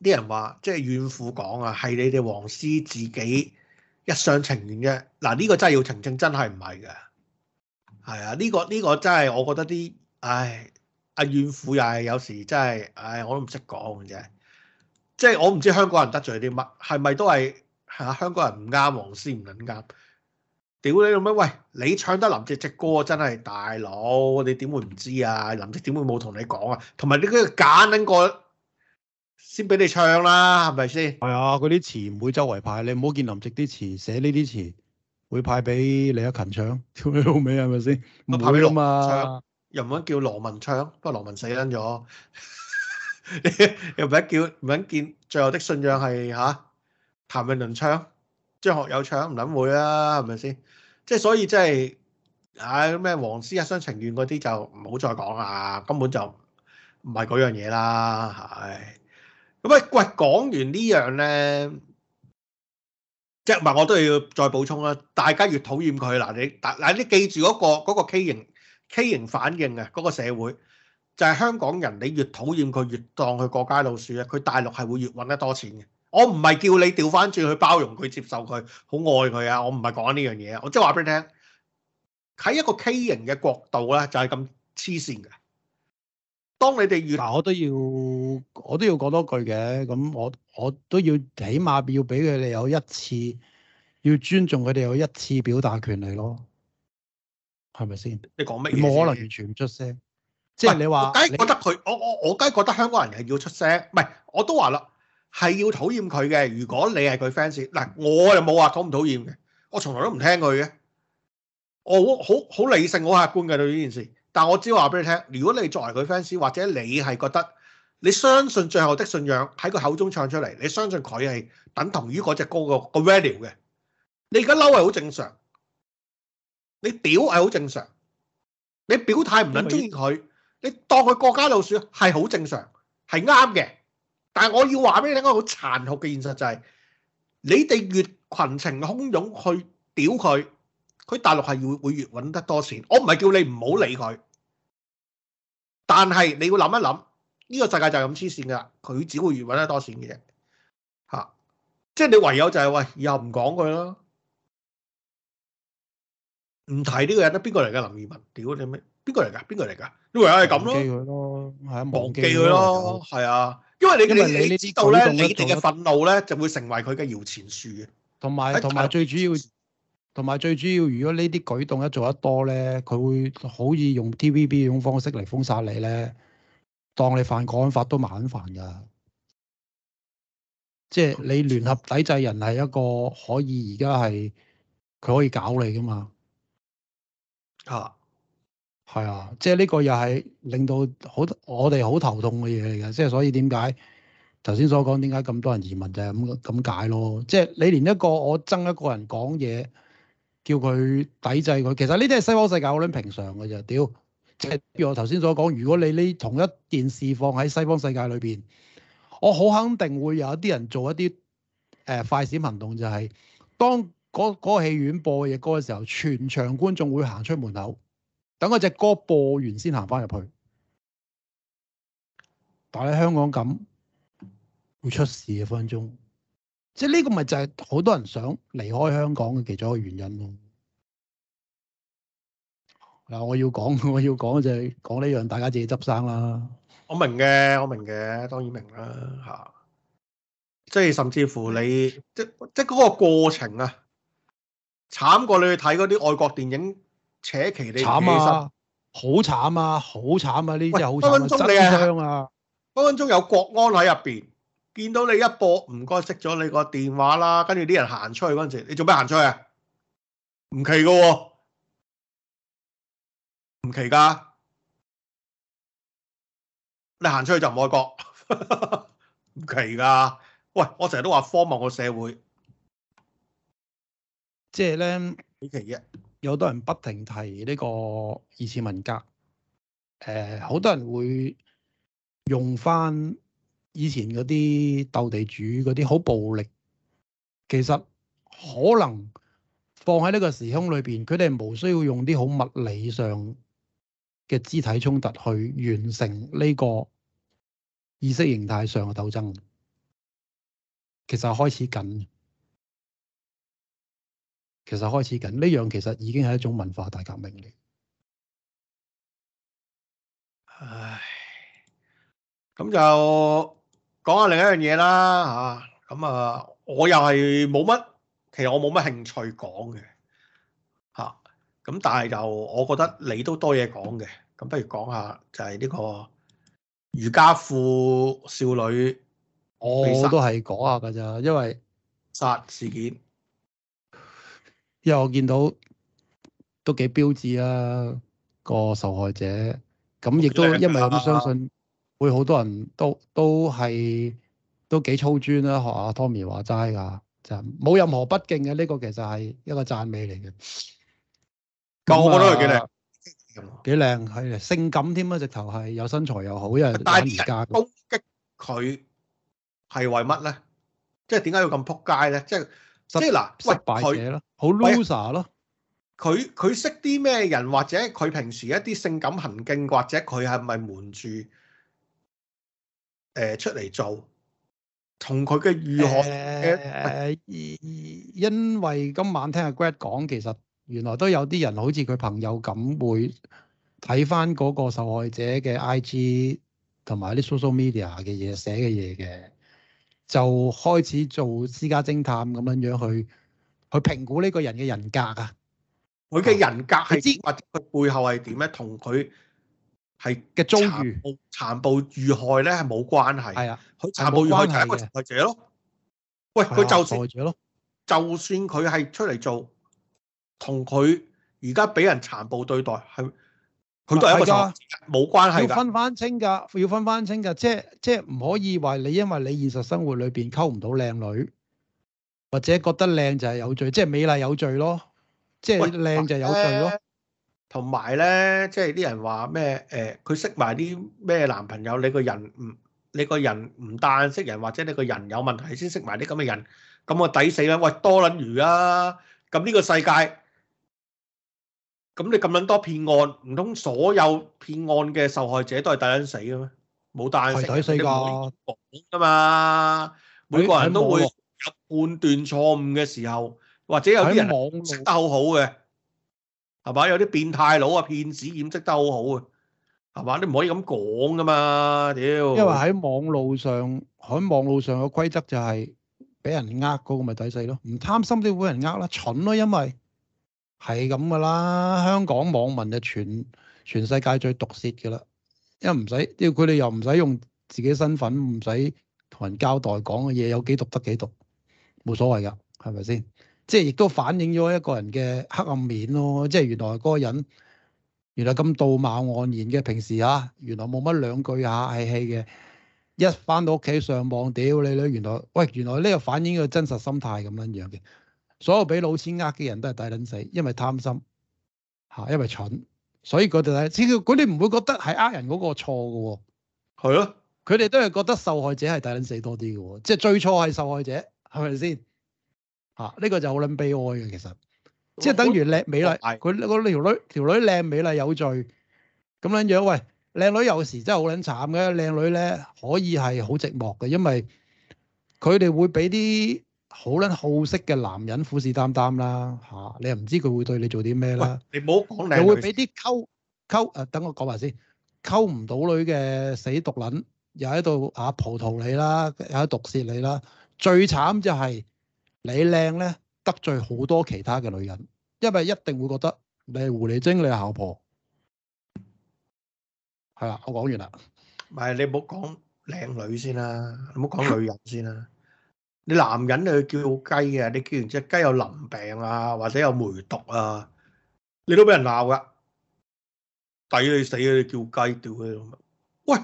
啲人話即係怨婦講啊？係你哋黃絲自己一廂情願嘅嗱？呢、啊呢個真係要澄清，真係唔係嘅。係啊，呢、呢個呢、呢個真係我覺得啲，唉，阿怨婦又係有時真係，唉，我都唔識講嘅啫。即係我唔知香港人得罪啲乜，係咪都係嚇、啊、香港人唔啱黃絲唔撚啱？屌你老味？喂，你唱得林夕隻歌真係大佬，你點會唔知啊？林夕點會冇同你講啊？同埋你嗰個揀緊個先俾你唱啦，係咪先？係啊，嗰啲詞唔會周圍派，你唔好見林夕啲詞寫呢啲詞會派俾李克勤唱，屌你老味，係咪先？咪派俾老啊唱？又唔肯叫羅文唱，不過羅文死撚咗， 又唔好叫唔肯見最後的信仰係吓譚詠麟唱，張學友唱唔諗會啊，係咪先？即係所以、就是，即係唉咩黃絲一、啊、廂情願嗰啲就唔好再講啦，根本就唔係嗰樣嘢啦，係咁喂。講完呢樣咧，即係唔係我都要再補充啦。大家越討厭佢嗱，你嗱你記住嗰、那個那個畸形畸形反應啊，嗰、那個社會就係、是、香港人，你越討厭佢，越當佢過街老鼠啊，佢大陸係會越搵得多錢嘅。我唔係叫你調翻轉去包容佢、接受佢、好愛佢啊！我唔係講呢樣嘢啊！我即係話俾你聽，喺一個畸形嘅角度咧，就係咁黐線嘅。當你哋越嗱，我都要我，我都要講多句嘅。咁我我都要起碼要俾佢哋有一次要尊重佢哋有一次表達權利咯，係咪先？你講乜嘢？冇可能完全唔出聲。即係你話你，我覺得佢，我我我，梗係覺得香港人係要出聲。唔係，我都話啦。係要討厭佢嘅，如果你係佢 fans，嗱，我又冇話討唔討厭嘅，我從來都唔聽佢嘅，我好好理性、好客觀嘅對呢件事。但我只話俾你聽，如果你作為佢 fans，或者你係覺得你相信最後的信仰喺佢口中唱出嚟，你相信佢係等同於嗰隻歌個個 value 嘅，你而家嬲係好正常，你屌係好正常，你表態唔撚中意佢，你當佢過街老鼠係好正常，係啱嘅。但係我要話俾你聽，一個好殘酷嘅現實就係，你哋越群情洶湧去屌佢，佢大陸係會會越揾得多錢。我唔係叫你唔好理佢，但係你要諗一諗，呢個世界就係咁黐線㗎，佢只會越揾得多錢嘅啫。嚇、啊！即係你唯有就係、是、喂，又唔講佢咯，唔提呢個人啦，邊個嚟嘅？林二汶？屌你咩？邊個嚟㗎？邊個嚟㗎？你唯有係咁咯，忘記佢咯，係啊，忘記佢咯，係啊。因為你嘅你知道咧，你哋嘅憤怒咧就會成為佢嘅搖錢樹嘅，同埋同埋最主要，同埋、嗯、最，最主要，如果呢啲舉動一做得多咧，佢會可以用 TVB 嗰種方式嚟封殺你咧，當你犯港法都麻煩噶，即係你聯合抵制人係一個可以而家係佢可以搞你噶嘛啊！係啊，即係呢個又係令到好我哋好頭痛嘅嘢嚟嘅，即係所以點解頭先所講點解咁多人移民就係咁咁解咯。即係你連一個我憎一個人講嘢，叫佢抵制佢，其實呢啲係西方世界好撚平常嘅就屌。即係我頭先所講，如果你呢同一件事放喺西方世界裏邊，我好肯定會有一啲人做一啲誒快閃行動，就係當嗰嗰戲院播嘅嘢嗰個時候，全場觀眾會行出門口。等嗰隻歌播完先行翻入去，但係喺香港咁會出事啊！分分鐘，即係呢個咪就係好多人想離開香港嘅其中一個原因咯。嗱，我要講，我要講就係講呢樣，大家自己執生啦。我明嘅，我明嘅，當然明啦吓。啊，即係甚至乎你即即嗰個過程啊，慘過你去睇嗰啲外國電影。扯旗你慘啊！好慘啊！好慘啊！呢啲真係好慘啊！分分鐘你啊，分分鐘有國安喺入邊，見到你一播唔該熄咗你個電話啦，跟住啲人行出去嗰陣，你做咩行出去啊？唔奇噶、啊，唔奇噶、啊，你行出去就唔愛國，唔 奇噶、啊。喂，我成日都話荒謬個社會，即係咧幾奇啊！有好多人不停提呢個二次文革，誒、呃、好多人會用返以前嗰啲鬥地主嗰啲好暴力，其實可能放喺呢個時空裏邊，佢哋無需要用啲好物理上嘅肢體衝突去完成呢個意識形態上嘅鬥爭，其實開始緊。其實開始緊呢樣，其實已經係一種文化大革命嚟。唉，咁就講下另一樣嘢啦，吓、啊、咁啊，我又係冇乜，其實我冇乜興趣講嘅，吓、啊、咁，但係就我覺得你都多嘢講嘅，咁不如講下就係呢個瑜伽褲少女，我其實都係講下噶咋，因為殺事件。又見到都幾標致啊個受害者，咁亦都因為我都相信，會好多人都都係都幾粗專啦。學阿 Tommy 話齋㗎，就冇任何不敬嘅，呢個其實係一個讚美嚟嘅。個了、啊、我都係幾靚，幾靚係啊，性感添啊，直頭係有身材又好，因為你而家攻擊佢係為乜咧？即係點解要咁撲街咧？即係。即係嗱，喂失敗者咯，他好 loser 咯喂。佢佢識啲咩人，或者佢平時一啲性感行徑，或者佢係咪瞞住誒、呃、出嚟做？同佢嘅如何誒因為今晚聽阿 Greg 講，其實原來都有啲人好似佢朋友咁，會睇翻嗰個受害者嘅 IG 同埋啲 social media 嘅嘢寫嘅嘢嘅。就開始做私家偵探咁樣樣去去評估呢個人嘅人格啊，佢嘅人格係知或者佢背後係點咧？同佢係嘅遭遇殘暴遇害咧係冇關係。係啊，佢殘暴遇害係一個受害者咯。喂，佢就受害者咯，就算佢係出嚟做，同佢而家俾人殘暴對待係。佢都係噶，冇關係。要分翻清噶，要分翻清噶，即係即係唔可以話你，因為你現實生活裏邊溝唔到靚女，或者覺得靚就係有罪，即係美麗有罪咯，即係靚就有罪咯。同埋咧，即係啲人話咩？誒，佢識埋啲咩男朋友？你個人唔你個人唔但識人，或者你個人有問題先識埋啲咁嘅人，咁我抵死啦！喂，多撚餘啊！咁呢個世界。咁你咁樣多騙案，唔通所有騙案嘅受害者都係抵撚死嘅咩？冇大成，你唔好講噶嘛。每個人都會有判斷錯誤嘅時候，或者有啲人識得好好嘅，係嘛？有啲變態佬啊，騙子掩飾得好好啊，係嘛？你唔可以咁講噶嘛，屌！因為喺網路上，喺網路上嘅規則就係俾人呃嗰咪抵死咯，唔貪心你會人呃啦，蠢咯，啊，因為。係咁噶啦，香港網民就全全世界最毒舌嘅啦，因為唔使，要佢哋又唔使用，用自己身份，唔使同人交代講嘅嘢有幾毒得幾毒，冇所謂噶，係咪先？即係亦都反映咗一個人嘅黑暗面咯，即係原來嗰個人原來咁道貌岸然嘅，平時啊，原來冇乜兩句下氣氣嘅，一返到屋企上網，屌你女，原來喂，原來呢個反映佢真實心態咁樣樣嘅。所有俾老千呃嘅人都係抵捻死，因為貪心，吓，因為蠢，所以佢哋啲，只要嗰啲唔會覺得係呃人嗰個錯嘅，係啊的，佢哋都係覺得受害者係抵捻死多啲嘅，即係最初係受害者，係咪先？吓、啊，呢、這個就好捻悲哀嘅，其實，即係等於靚美麗，佢嗰條女條女靚美麗有罪，咁樣樣，喂，靚女有時真係好捻慘嘅，靚女咧可以係好寂寞嘅，因為佢哋會俾啲。好撚好色嘅男人，虎視眈眈啦吓、啊，你又唔知佢會對你做啲咩啦。你唔好講靚女，佢會俾啲溝溝誒，等我講埋先，溝唔到女嘅死毒撚，又喺度啊葡萄你啦，又喺度毒舌你啦。最慘就係你靚咧得罪好多其他嘅女人，因為一定會覺得你係狐狸精，你係姣婆。係啦，我講完啦。唔係你唔好講靚女先啦，唔好講女人先啦。 你男人，你去叫雞嘅，你叫完隻雞有淋病啊，或者有梅毒啊，你都俾人鬧噶。抵你死啊！你叫雞屌佢！喂，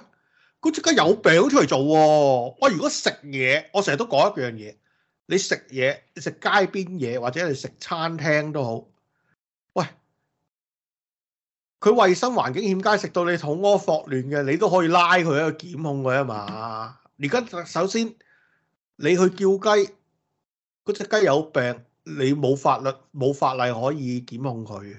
嗰隻雞有病都出嚟做喎。喂，如果食嘢，我成日都講一樣嘢，你食嘢食街邊嘢或者你食餐廳都好。喂，佢衞生環境欠佳，食到你肚屙霍亂嘅，你都可以拉佢去檢控佢啊嘛。而家首先。你去叫雞，嗰隻雞有病，你冇法律冇法例可以檢控佢。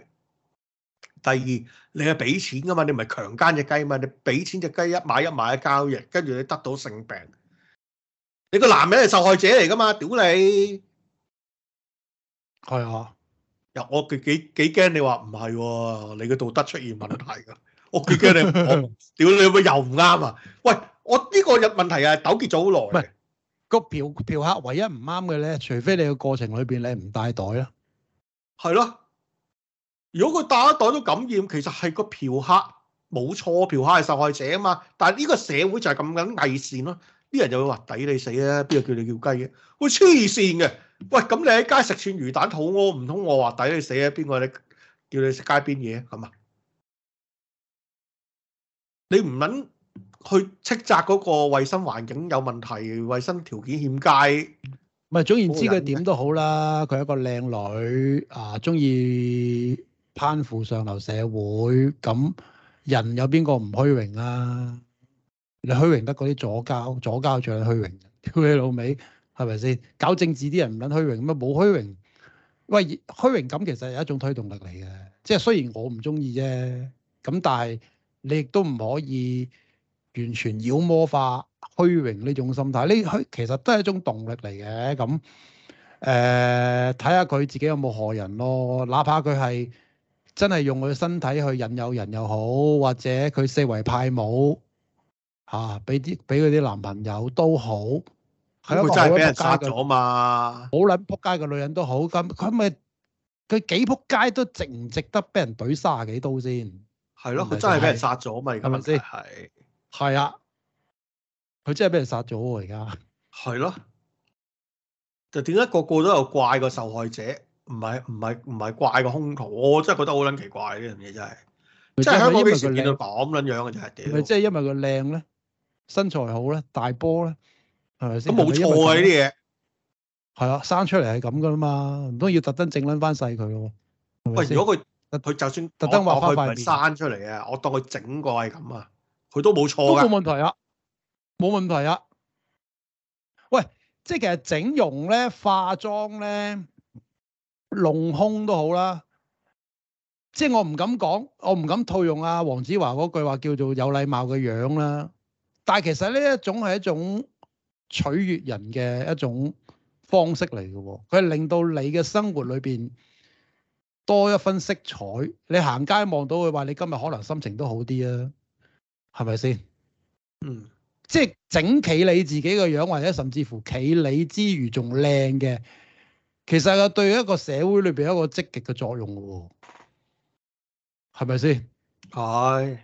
第二，你係俾錢噶嘛？你唔係強姦隻雞嘛？你俾錢隻雞一買一買嘅交易，跟住你得到性病，你個男人係受害者嚟噶嘛？屌你，係啊，又我幾幾幾驚你話唔係，你嘅道德出現問題噶，我幾驚你，我屌你咪又唔啱啊？喂，我呢個問題啊，糾結咗好耐。個嫖嫖客唯一唔啱嘅咧，除非你個過程裏邊你唔帶袋啦、啊，係咯。如果佢帶一袋都感染，其實係個嫖客冇錯，嫖客係受害者啊嘛。但係呢個社會就係咁樣偽善咯、啊，啲人就會話抵你死啊，邊個叫你叫雞嘅？會黐線嘅。喂，咁你喺街食串魚蛋肚屙，唔通我話抵你死啊？邊個你叫你食街邊嘢咁啊？你唔諗？去斥責嗰個衞生環境有問題、衞生條件欠佳，唔係總然之佢點都好啦。佢係一個靚女啊，中意攀附上流社會。咁人有邊個唔虛榮啊？你虛榮得嗰啲左膠，左膠最虛榮，屌你老味係咪先？搞政治啲人唔撚虛榮，咁啊冇虛榮。喂，虛榮感其實係一種推動力嚟嘅，即係雖然我唔中意啫，咁但係你亦都唔可以。完全妖魔化虛榮呢種心態，呢虛其實都係一種動力嚟嘅。咁誒，睇下佢自己有冇害人咯。哪怕佢係真係用佢身體去引誘人又好，或者佢四圍派舞嚇，俾啲俾佢啲男朋友都好。係咯，佢真係俾人殺咗嘛？好撚仆街嘅女人都好，咁佢咪佢幾仆街都值唔值得俾人懟三十幾刀先？係咯、嗯，佢、就是、真係俾人殺咗嘛？係咪先？係。係啊，佢真係俾人殺咗喎！而家係咯，就點解個個都有怪個受害者？唔係唔係唔係怪個凶徒。我真係覺得好捻奇怪呢樣嘢，真係。即係香港面前見到咁捻樣嘅，就係點！即係因為佢靚咧，身材好咧，大波咧，係咪先？都冇錯啊！呢啲嘢係啊，生出嚟係咁噶啦嘛，唔通要特登整捻翻細佢？喂，如果佢佢就算特登話佢唔生出嚟啊，我當佢整過係咁啊！佢都冇錯，都冇問題啊，冇問題啊。喂，即係其實整容咧、化妝咧、隆胸都好啦。即係我唔敢講，我唔敢套用阿、啊、黃子華嗰句話，叫做有禮貌嘅樣啦。但係其實呢一種係一種取悅人嘅一種方式嚟嘅、哦，佢係令到你嘅生活裏邊多一分色彩。你行街望到佢話，你今日可能心情都好啲啊。係咪先？是是嗯，即係整企理自己個樣，或者甚至乎企理之餘仲靚嘅，其實又對一個社會裏邊一個積極嘅作用嘅、哦，係咪先？係是，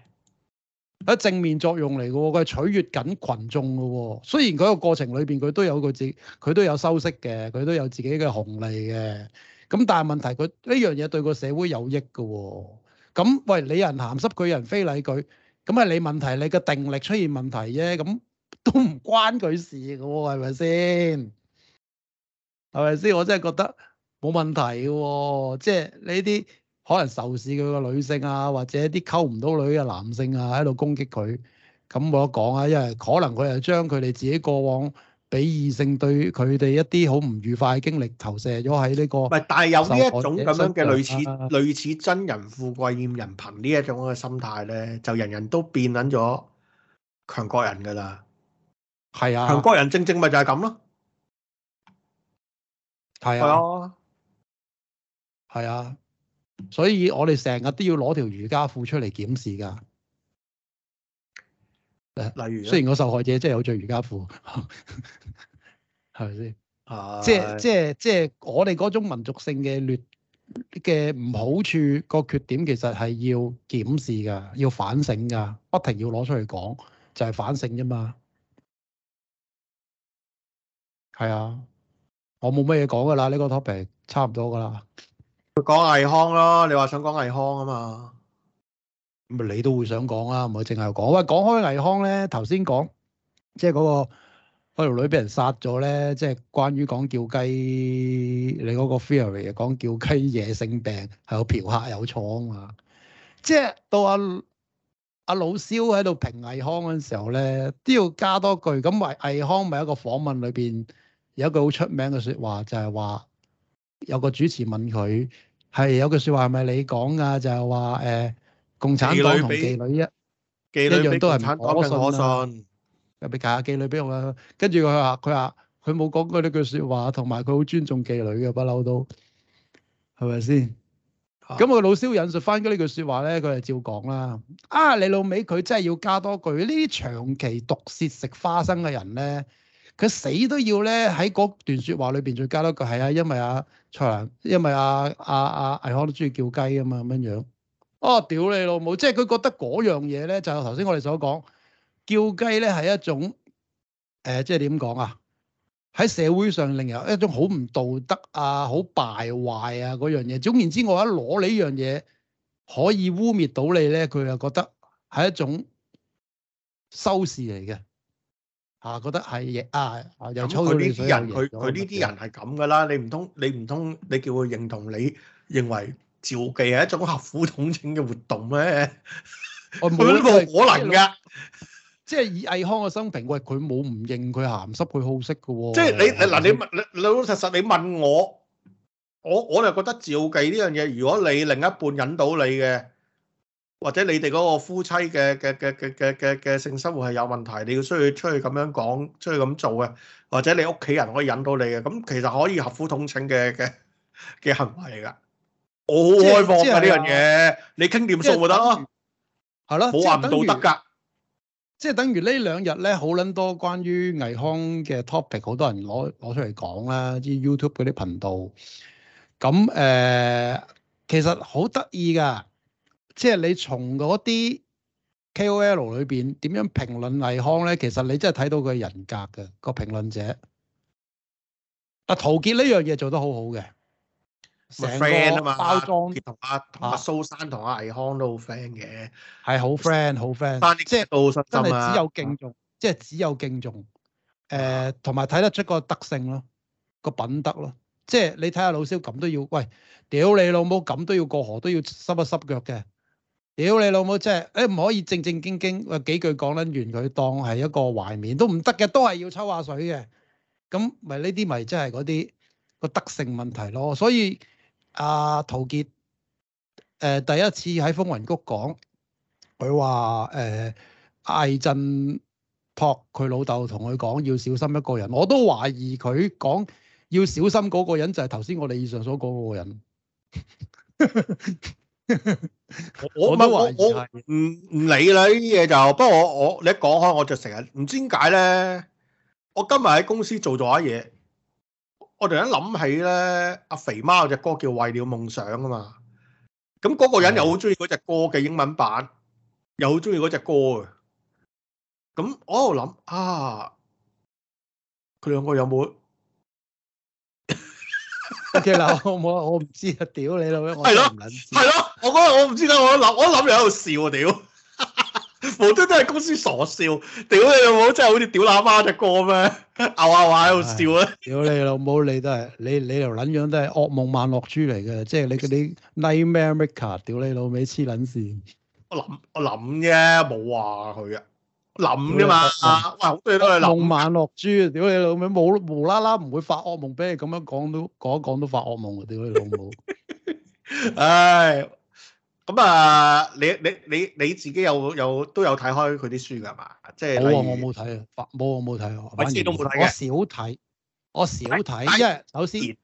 喺正面作用嚟嘅、哦，佢係取悅緊群眾嘅、哦。雖然嗰個過程裏邊佢都有個自己，佢都有修飾嘅，佢都有自己嘅紅利嘅。咁、嗯、但係問題，佢呢樣嘢對個社會有益嘅、哦。咁、嗯、喂，你人鹹濕，佢人非禮佢。咁係你問題，你個定力出現問題啫，咁都唔關佢事㗎喎，係咪先？係咪先？我真係覺得冇問題㗎喎，即係呢啲可能仇視佢嘅女性啊，或者啲溝唔到女嘅男性啊，喺度攻擊佢，咁冇得講啊，因為可能佢係將佢哋自己過往。俾異性對佢哋一啲好唔愉快嘅經歷投射咗喺呢個，唔係，但係有呢一種咁樣嘅類似類似真人富貴厭人貧呢一種嘅心態咧，就人人都變緊咗強國人㗎啦。係是啊，強國人正正咪就係咁咯。係啊，係啊，所以我哋成日都要攞條瑜伽褲出嚟檢視㗎。例如雖然個受害者真係好着瑜伽褲，係咪先？啊是，即係即係即係我哋嗰種民族性嘅劣嘅唔好處個缺點，其實係要檢視噶，要反省噶，不停要攞出嚟講，就係、是、反省啫嘛。係啊，我冇乜嘢講噶啦，呢、這個 topic 差唔多噶啦。佢講倪匡咯，你話想講倪匡啊嘛？咁你都會想講啦，唔係淨係講喂。講開倪匡咧，頭先講即係嗰、個嗰、條、女俾人殺咗咧，即係關於講叫雞，你嗰個 theory 講叫雞野性病係有嫖客有錯啊嘛。即係到阿、啊、阿、啊、老蕭喺度評倪匡嗰陣時候咧，都要加多句。咁倪倪匡咪一個訪問裏邊有一句好出名嘅説話，就係、係、話有個主持問佢係有句説話係咪你講啊？就係話誒。欸共產黨同妓女一一樣都係唔可信啊！俾假妓女俾我啦。跟住佢話：佢話佢冇講過呢句説話，同埋佢好尊重妓女嘅，不嬲都係咪先？咁我老蕭引述翻嘅呢句説話咧，佢係照講啦。啊，你老味，佢真係要加多句呢啲長期毒舌食花生嘅人咧，佢死都要咧喺嗰段説話裏邊再加多句。係啊，因為阿、啊、蔡瀾，因為阿阿阿倪匡都中意叫雞啊嘛，咁樣樣。哦，屌你老母！即係佢覺得嗰樣嘢咧，就係頭先我哋所講，叫雞咧係一種誒、呃，即係點講啊？喺社會上另有一種好唔道德啊、好敗壞啊嗰樣嘢。總言之，我一攞你呢樣嘢可以污蔑到你咧，佢又覺得係一種收視嚟嘅嚇，覺得係啊，又抽佢呢啲人，佢佢呢啲人係咁噶啦！你唔通你唔通你叫佢認同你認為？召妓係一種合府統請嘅活動咩？冇 可能噶，即係以倪匡嘅生平，喂，佢冇唔認佢鹹濕佢好色嘅、哦。即係你你嗱你老老實實，你問我，我我就覺得召妓呢樣嘢，如果你另一半引到你嘅，或者你哋嗰個夫妻嘅嘅嘅嘅嘅嘅嘅性生活係有問題，你要需要出去咁樣講，出去咁做嘅，或者你屋企人可以引到你嘅，咁其實可以合府統請嘅嘅嘅行為噶。我好開放噶呢樣嘢，你傾掂數就得咯，係咯，好話唔到得噶。即係等於呢兩日咧，好捻多關於倪匡嘅 topic，好多人攞攞出嚟講啦，啲 YouTube 嗰啲頻道。咁誒、呃，其實好得意噶，即係你從嗰啲 KOL 裏邊點樣評論倪匡咧，其實你真係睇到佢人格嘅、嗰個評論者。阿、啊、陶傑呢樣嘢做得好好嘅。成個包裝，同阿阿蘇生同阿倪匡都好 friend 嘅，係好 friend，好 friend。但係即係老實講，真係只有敬重，即係只有敬重。誒，同埋睇得出個德性咯，個品德咯。即係你睇下老蕭咁都要，喂，屌你老母咁都要過河都要濕一濕腳嘅，屌你老母即係，誒，唔可以正正經經誒，幾句講甩完佢當係一個懷緬都唔得嘅，都係要抽下水嘅。咁咪呢啲咪即係嗰啲個德性問題咯，所以。阿、啊、陶傑，誒、呃，第一次喺風雲谷講，佢話誒，艾震託佢老豆同佢講要小心一個人，我都懷疑佢講要小心嗰個人就係頭先我哋以上所講嗰個人。 我唔唔理啦，呢啲嘢就，不過我我你一講開我就成日唔知點解咧，我今日喺公司做咗一嘢。我突然間諗起呢，阿肥貓嗰隻歌叫《為了夢想》啊嘛，咁嗰個人又好中意嗰隻歌嘅英文版，又好中意嗰隻歌啊。咁、 okay, 我喺度諗啊，佢兩個有冇？O.K. 嗱，我冇，我唔知啊！屌你老味，我唔撚知。係咯，我嗰日我唔知啦，我諗，我諗又喺度笑啊屌！無端都喺公司傻笑，屌你老母，真係好似屌喇媽隻歌咩？牛阿華喺度笑啊！屌你老母，你都係你你條卵樣都係惡夢萬樂豬嚟嘅，即係你嗰啲 nightmare America，屌你老味黐卵線！我諗我諗啫，冇話佢嘅諗啫嘛。哇，好多嘢都係夢萬樂豬，屌你老味，冇無啦啦唔會發惡夢，俾你咁樣講都講一講都發惡夢，屌你老母！唉。咁啊、嗯，你你你你自己有有都有睇開佢啲書㗎嘛？即係冇啊，我冇睇啊，冇啊，冇睇，我少睇，我少睇，因為首先，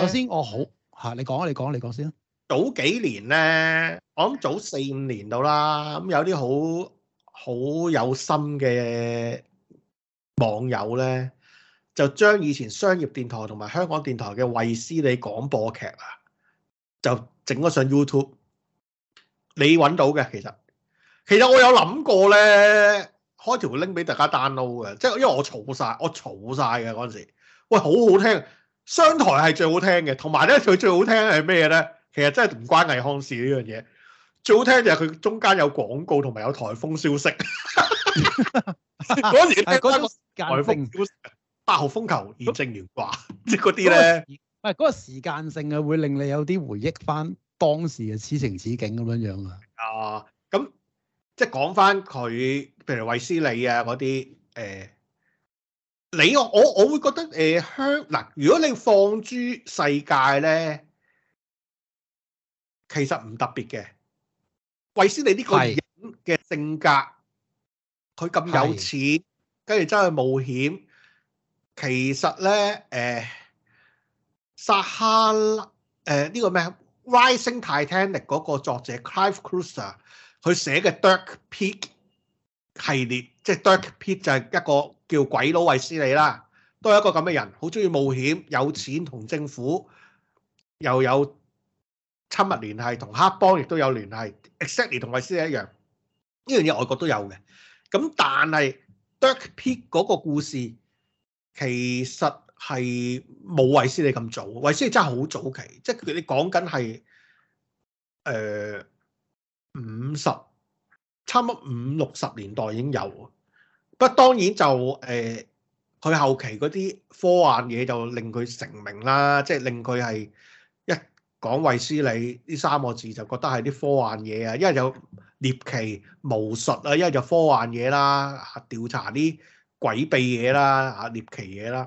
首先我好嚇，你講啊，你講，你講先啦。早幾年咧，我諗早四五年到啦，咁有啲好好有心嘅網友咧，就將以前商業電台同埋香港電台嘅衛斯理廣播劇啊，就整咗上 YouTube。你揾到嘅，其實其實我有諗過咧，開條 link 俾大家 download 嘅，即係因為我嘈晒，我嘈晒嘅嗰陣時，喂好好聽，商台係最好聽嘅，同埋咧佢最好聽係咩咧？其實真係唔關魏康事呢樣嘢，最好聽就係佢中間有廣告同埋有颱風消息。嗰 時係嗰陣時颱風消息八號風球，現正懸掛，即係嗰啲咧，喂，係嗰個時間性啊，會令你有啲回憶翻。當時嘅此情此景咁樣樣啊！啊，咁即係講翻佢，譬如衛斯理啊嗰啲，誒、呃，你我我我會覺得誒、呃、香嗱、呃，如果你放諸世界咧，其實唔特別嘅。衛斯理呢個人嘅性格，佢咁是有錢，跟住真係冒險，其實咧誒，撒、呃、哈拉呢、呃呢個咩？《Rising Titanic》嗰個作者 Clive Cussler 佢寫嘅《Dirk Pitt》系列，即係《Dirk Pitt》就係一個叫鬼佬衛斯理啦，都係一個咁嘅人，好中意冒險，有錢同政府又有親密聯繫，同黑幫亦都有聯繫。exactly 同衛斯理一樣，呢樣嘢外國都有嘅。咁但係《Dirk Pitt》嗰個故事其實係冇衛斯理咁早，衛斯理真係好早期，即係佢哋講緊係誒五十差唔多五六十年代已經有，不過當然就誒佢、呃、後期嗰啲科幻嘢就令佢成名啦，即係令佢係一講「衛斯理」呢三個字就覺得係啲科幻嘢啊，因為有獵奇巫術啊，一係就科幻嘢啦，調查啲詭秘嘢啦，啊獵奇嘢啦。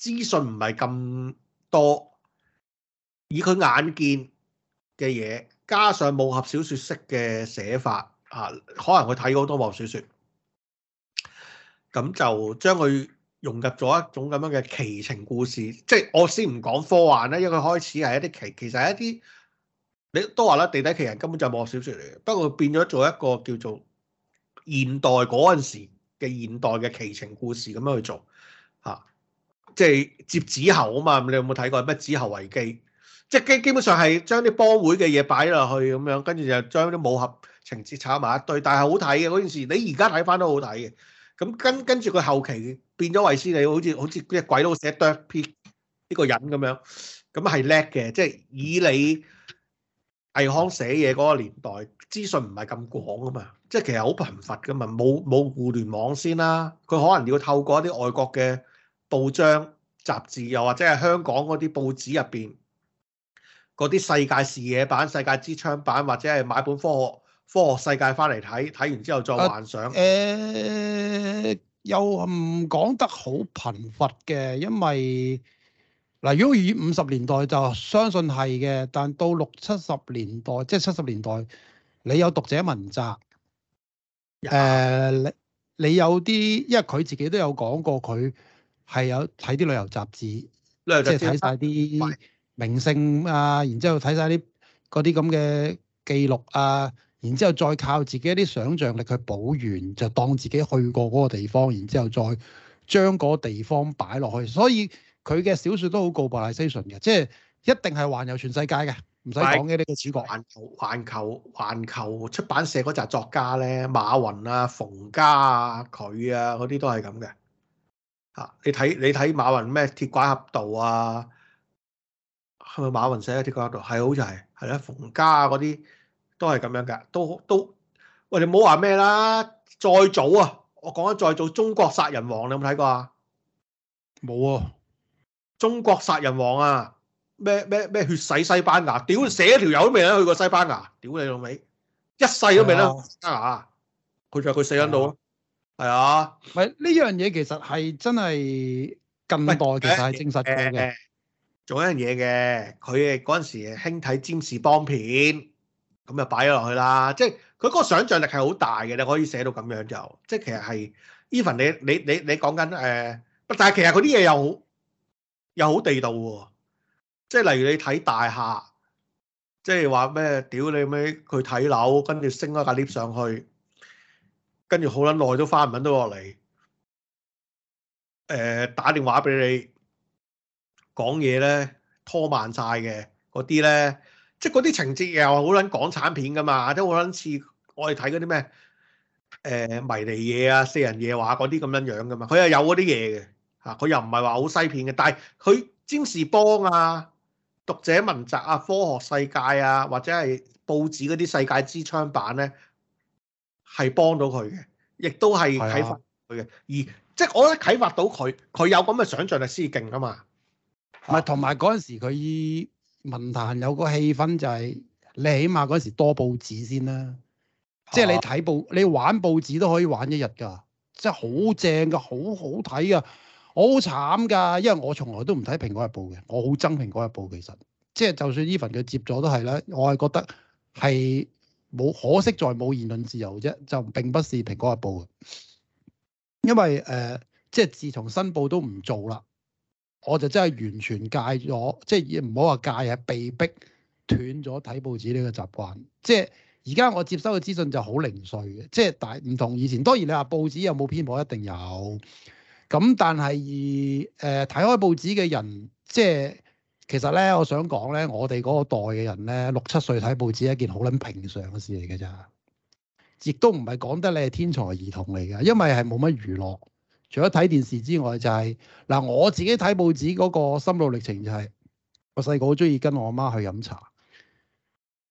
資訊唔係咁多，以佢眼見嘅嘢，加上武俠小説式嘅寫法啊，可能佢睇好多武俠小説，咁就將佢融入咗一種咁樣嘅奇情故事。即係我先唔講科幻咧，因為佢開始係一啲奇，其實係一啲你都話啦，《地底奇人》根本就係武俠小説嚟嘅，不過變咗做一個叫做現代嗰陣時嘅現代嘅奇情故事咁樣去做嚇。啊即係接子後啊嘛，你有冇睇過咩子後危機？即係基基本上係將啲幫會嘅嘢擺落去咁樣，跟住就將啲武俠情節炒埋一堆。但係好睇嘅嗰陣時，件事你而家睇翻都好睇嘅。咁跟跟住佢後期變咗衛斯理，好似好似啲鬼佬寫 Dirk Pitt 呢個人咁樣，咁係叻嘅。即係以你倪匡寫嘢嗰個年代，資訊唔係咁廣啊嘛，即係其實好貧乏噶嘛，冇冇互聯網先啦。佢可能要透過一啲外國嘅。報章、雜誌又或者係香港嗰啲報紙入邊嗰啲世界視野版、世界之窗版，或者係買本科學科學世界翻嚟睇，睇完之後再幻想。誒、啊呃，又唔講得好貧乏嘅，因為嗱，如果以五十年代就相信係嘅，但到六七十年代，即係七十年代，你有讀者文摘，誒 Yeah.、呃，你你有啲，因為佢自己都有講過佢。係有睇啲旅遊雜誌，雜誌即係睇晒啲名勝的啊，然之後睇晒啲嗰啲咁嘅記錄啊，然之後再靠自己一啲想像力去補完，就當自己去過嗰個地方，然之後再將個地方擺落去。所以佢嘅小說都好 globalization 嘅，即係一定係環遊全世界嘅，唔使講嘅呢啲主角。環球環球環球出版社嗰紮作家咧，馬雲啊、馮家啊、佢啊嗰啲都係咁嘅。你睇你睇馬雲咩鐵拐俠道啊？係咪馬雲寫嘅鐵拐俠道？係好似係，係啦、啊，馮家嗰啲都係咁樣嘅，都都，喂你唔好話咩啦！再早啊，我講緊再早，中國殺人王你有冇睇過啊？冇啊，中國殺人王啊！咩咩咩血洗西班牙？屌死，佢條友都未啦，去過西班牙？屌你老味，一世都未啦，西班牙，佢就佢死喺度咯。啊係啊，唔係呢樣嘢其實係真係咁代其實係證實咗嘅、呃。仲、呃、有一樣嘢嘅，佢誒嗰陣時興睇占士邦片，咁就擺咗落去啦。即係佢嗰個想像力係好大嘅，你可以寫到咁樣就，即係其實係。Even 你你你你講緊誒，但係其實嗰啲嘢又好又好地道喎。即係例如你睇大廈，即係話咩屌你咩？佢睇樓，跟住升咗架 lift 上去。跟住好撚耐都翻唔到落嚟，誒、呃、打電話俾你講嘢咧拖慢晒嘅嗰啲咧，即係嗰啲情節又好撚港產片噶嘛，即係好撚似我哋睇嗰啲咩誒迷離嘢啊、四人夜話嗰啲咁樣樣噶嘛，佢又有嗰啲嘢嘅嚇，佢又唔係話好西片嘅，但係佢《占士邦》啊、《讀者文集》啊、《科學世界》啊，或者係報紙嗰啲《世界之窗版》呢咧。係幫到佢嘅，亦都係啟發佢嘅。啊、而即係我覺得啟發到佢，佢有咁嘅想像力先勁㗎嘛。唔係、啊，同埋嗰陣時佢文壇有個氣氛就係、是，你起碼嗰陣時多報紙先啦。啊、即係你睇報，你玩報紙都可以玩一日㗎，真係好正㗎，好好睇㗎。我好慘㗎，因為我從來都唔睇《蘋果日報》嘅，我好憎《蘋果日報》其實。即係就算 Evan 佢接咗都係啦，我係覺得係。冇可惜在冇言論自由啫，就並不是蘋果日報啊，因為誒、呃，即係自從新報都唔做啦，我就真係完全戒咗，即係唔好話戒，係被逼斷咗睇報紙呢個習慣。即係而家我接收嘅資訊就好零碎嘅，即係大唔同以前。當然你話報紙有冇偏頗？一定有，咁但係而誒睇開報紙嘅人，即係。其實咧，我想講咧，我哋嗰代嘅人咧，六七歲睇報紙係一件好撚平常嘅事嚟嘅咋，亦都唔係講得你係天才兒童嚟嘅，因為係冇乜娛樂，除咗睇電視之外、就係，就係嗱我自己睇報紙嗰個心路歷程就係、係，我細個好中意跟我阿媽去飲茶，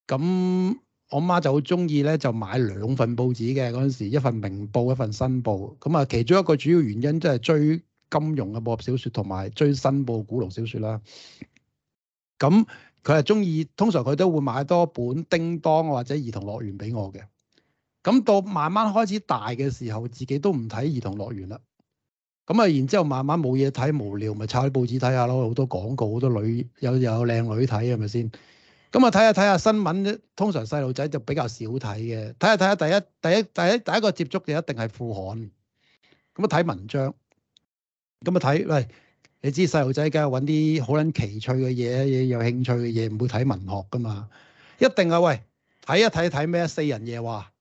咁我媽就好中意咧就買兩份報紙嘅嗰陣時，一份明報一份新報，咁啊其中一個主要原因即係追金庸嘅報紙小説同埋追新報古龍小説啦。咁佢係中意，通常佢都會買多本叮當或者兒童樂園俾我嘅。咁到慢慢開始大嘅時候，自己都唔睇兒童樂園啦。咁啊，然之後慢慢冇嘢睇，無聊咪拆啲報紙睇下咯。好多廣告，好多女有有靚女睇，係咪先？咁啊，睇下睇下新聞，通常細路仔就比較少睇嘅。睇下睇下，第一第一第一第一個接觸嘅一定係副刊。咁啊，睇文章。咁啊，睇、哎、喂。你知細路仔梗係揾啲好撚奇趣嘅嘢，嘢有興趣嘅嘢，唔會睇文學噶嘛，一定啊！喂，睇一睇睇咩四人夜話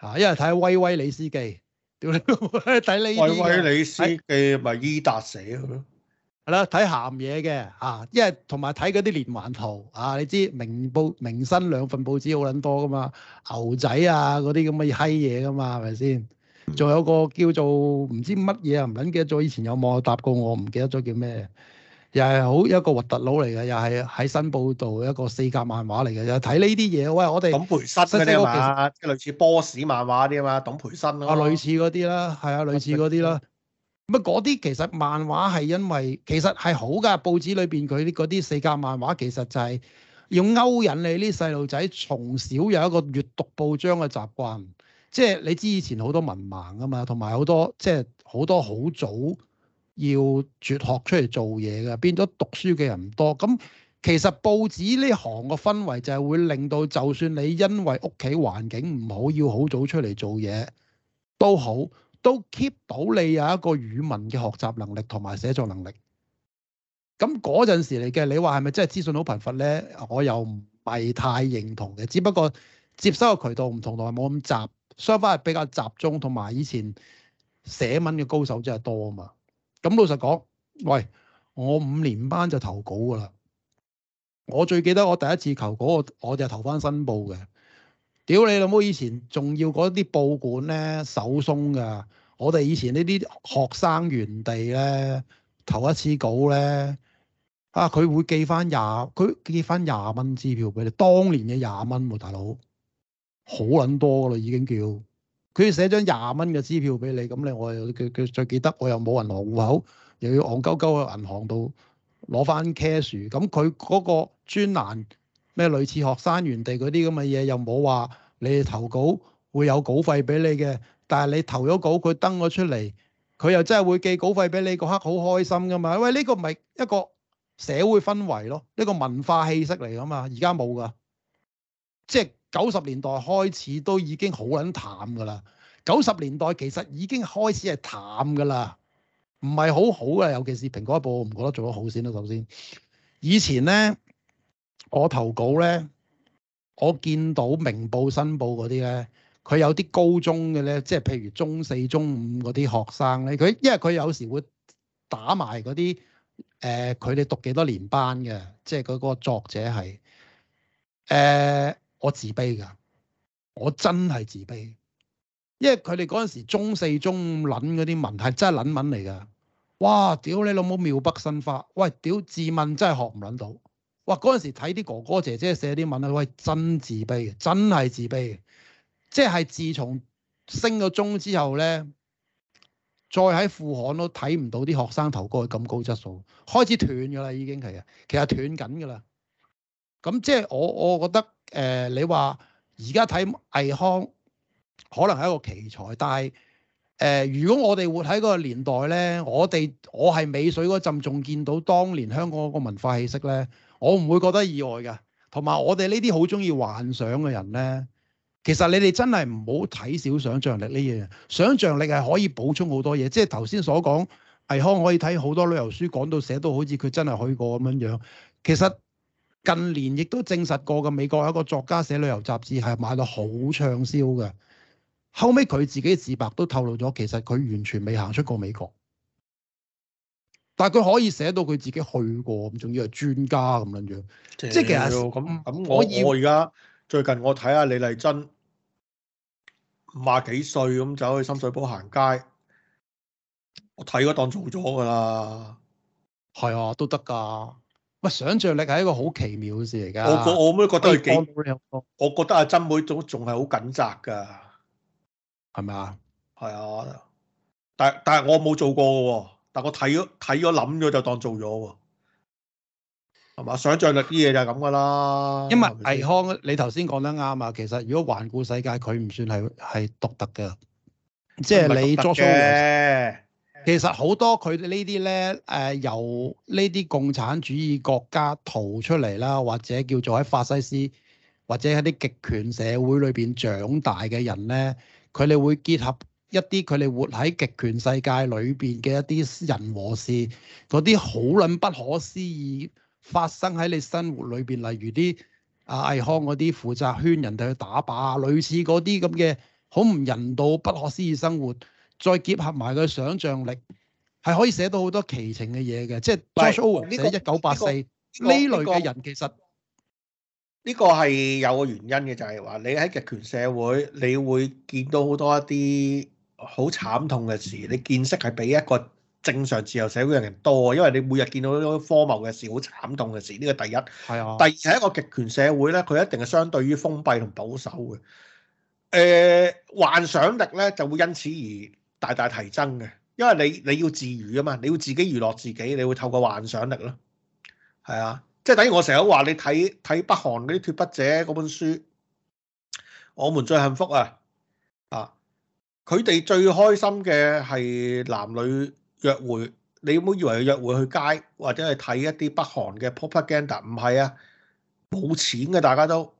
嚇，一係睇威威李斯記，屌 你睇呢威威李斯記咪、哎、伊達寫佢咯，係啦，睇鹹嘢嘅嚇，一係同埋睇嗰啲連環圖啊！你知明報、明新兩份報紙好撚多噶嘛，牛仔啊嗰啲咁嘅閪嘢噶嘛，係咪先？仲有個叫做唔知乜嘢啊，唔撚記得咗。以前有冇答過我？唔記得咗叫咩？又係好一個核突佬嚟嘅，又係喺新報度一個四格漫畫嚟嘅。又睇呢啲嘢喂，我哋董培新即啫嘛，實類似波士漫畫啲啊嘛，董培新啊，類似嗰啲啦，係啊、嗯，類似嗰啲啦。乜嗰啲其實漫畫係因為其實係好㗎，報紙裏邊佢啲嗰啲四格漫畫其實就係要勾引你啲細路仔，從小有一個閱讀報章嘅習慣。即係你知以前好多文盲啊嘛，同埋好多即係好多好早要輟學出嚟做嘢嘅，變咗讀書嘅人唔多。咁、嗯、其實報紙呢行個氛圍就係會令到，就算你因為屋企環境唔好，要好早出嚟做嘢都好，都 keep 到你有一個語文嘅學習能力同埋寫作能力。咁嗰陣時嚟嘅，你話係咪真係資訊好貧乏呢？我又唔係太認同嘅，只不過接收嘅渠道唔同，同埋冇咁雜。雙相係比較集中，同埋以前寫文嘅高手真係多啊嘛！咁老實講，喂，我五年班就投稿噶啦。我最記得我第一次求稿，我我就投翻新報嘅。屌你老母！以前仲要嗰啲報館咧手鬆㗎，我哋以前呢啲學生原地咧投一次稿咧，啊佢會寄翻廿，佢寄翻廿蚊支票俾你，當年嘅廿蚊喎，大佬。好撚多㗎啦，已經叫佢寫張廿蚊嘅支票俾你，咁你我又佢佢最記得，我又冇銀行戶口，嗯、又要戇鳩鳩去銀行度攞翻 cash。咁佢嗰個專欄咩類似學生園地嗰啲咁嘅嘢，又冇話你投稿會有稿費俾你嘅。但係你投咗稿，佢登咗出嚟，佢又真係會寄稿費俾你，嗰刻好開心噶嘛。因喂，呢、呢個唔係一個社會氛圍咯，一個文化氣息嚟噶嘛，而家冇㗎，即係。九十年代開始都已經好撚淡噶啦。九十年代其實已經開始係淡噶啦，唔係好好嘅。尤其是蘋果一報，我唔覺得做得好先啦。首先，以前咧，我投稿咧，我見到明報，申報、新報嗰啲咧，佢有啲高中嘅咧，即係譬如中四、中五嗰啲學生咧，佢因為佢有時會打埋嗰啲誒，佢、呃、哋讀幾多年班嘅，即係嗰個作者係誒。呃我自卑噶，我真係自卑，因為佢哋嗰陣時中四中五捻嗰啲文係真係捻文嚟噶，哇！屌你老母妙筆生花，喂！屌自問真係學唔捻到，哇！嗰陣時睇啲哥哥姐姐寫啲文啊，喂！真自卑，真係自卑，即係自從升咗中之後咧，再喺副刊都睇唔到啲學生投稿咁高質素，開始斷噶啦，已經係啊，其實斷緊噶啦，咁即係我我覺得。誒、呃，你話而家睇倪匡可能係一個奇才，但係誒、呃，如果我哋活喺嗰個年代咧，我哋我係尾水嗰陣仲見到當年香港嗰個文化氣息咧，我唔會覺得意外嘅。同埋我哋呢啲好中意幻想嘅人咧，其實你哋真係唔好睇少想象力呢樣嘢，想象力係可以補充好多嘢。即係頭先所講，倪匡可以睇好多旅遊書，講到寫到好似佢真係去過咁樣樣，其實。近年亦都證實過嘅，美國有一個作家寫旅遊雜誌，係賣到好暢銷嘅。後尾佢自己自白都透露咗，其實佢完全未行出過美國。但係佢可以寫到佢自己去過，咁仲要係專家咁樣樣，嗯、即係是其實咁咁樣我我而家最近我睇下李麗珍五廿幾歲咁走去深水埗行街，我睇嗰檔做咗㗎啦，係啊，都得㗎。喂，想象力係一個好奇妙嘅事嚟噶。我我我覺得幾， 我覺得阿珍妹都仲係好緊窄噶，係咪啊？係啊，但但係我冇做過噶，但係我睇咗睇咗諗咗就當做咗喎，係嘛？想像力啲嘢就係咁噶啦。因為倪匡，你頭先講得啱啊，其實如果環顧世界，佢唔算係係獨特嘅，即係你做嘅。其實好多佢呢啲咧，誒、呃、由呢啲共產主義國家逃出嚟啦，或者叫做喺法西斯或者喺啲極權社會裏邊長大嘅人咧，佢哋會結合一啲佢哋活喺極權世界裏邊嘅一啲人和事，嗰啲好撚不可思議發生喺你生活裏邊，例如啲阿艾康嗰啲負責圈人哋去打靶啊，類似嗰啲咁嘅好唔人道、不可思議生活。再結合埋佢嘅想像力，係可以寫到好多奇情嘅嘢嘅。即係 George Orwell 寫《一九八四》呢類嘅人，其實呢個係有個原因嘅，就係、是、話你喺極權社會，你會見到好多一啲好慘痛嘅事，你見識係比一個正常自由社會嘅人多。因為你每日見到啲荒謬嘅事、好慘痛嘅事，呢、這個第一。係啊的。第二係一個極權社會咧，佢一定係相對於封閉同保守嘅。誒、呃，幻想力咧就會因此而大大提增嘅，因為你你要自娛啊嘛，你要自己娛樂自己，你會透過幻想力咯，係啊，即係等於我成日都話你睇睇北韓嗰啲脫北者嗰本書，我們最幸福啊啊！佢哋最開心嘅係男女約會，你唔好以為約會去街或者係睇一啲北韓嘅 propaganda？唔係啊，冇錢嘅大家都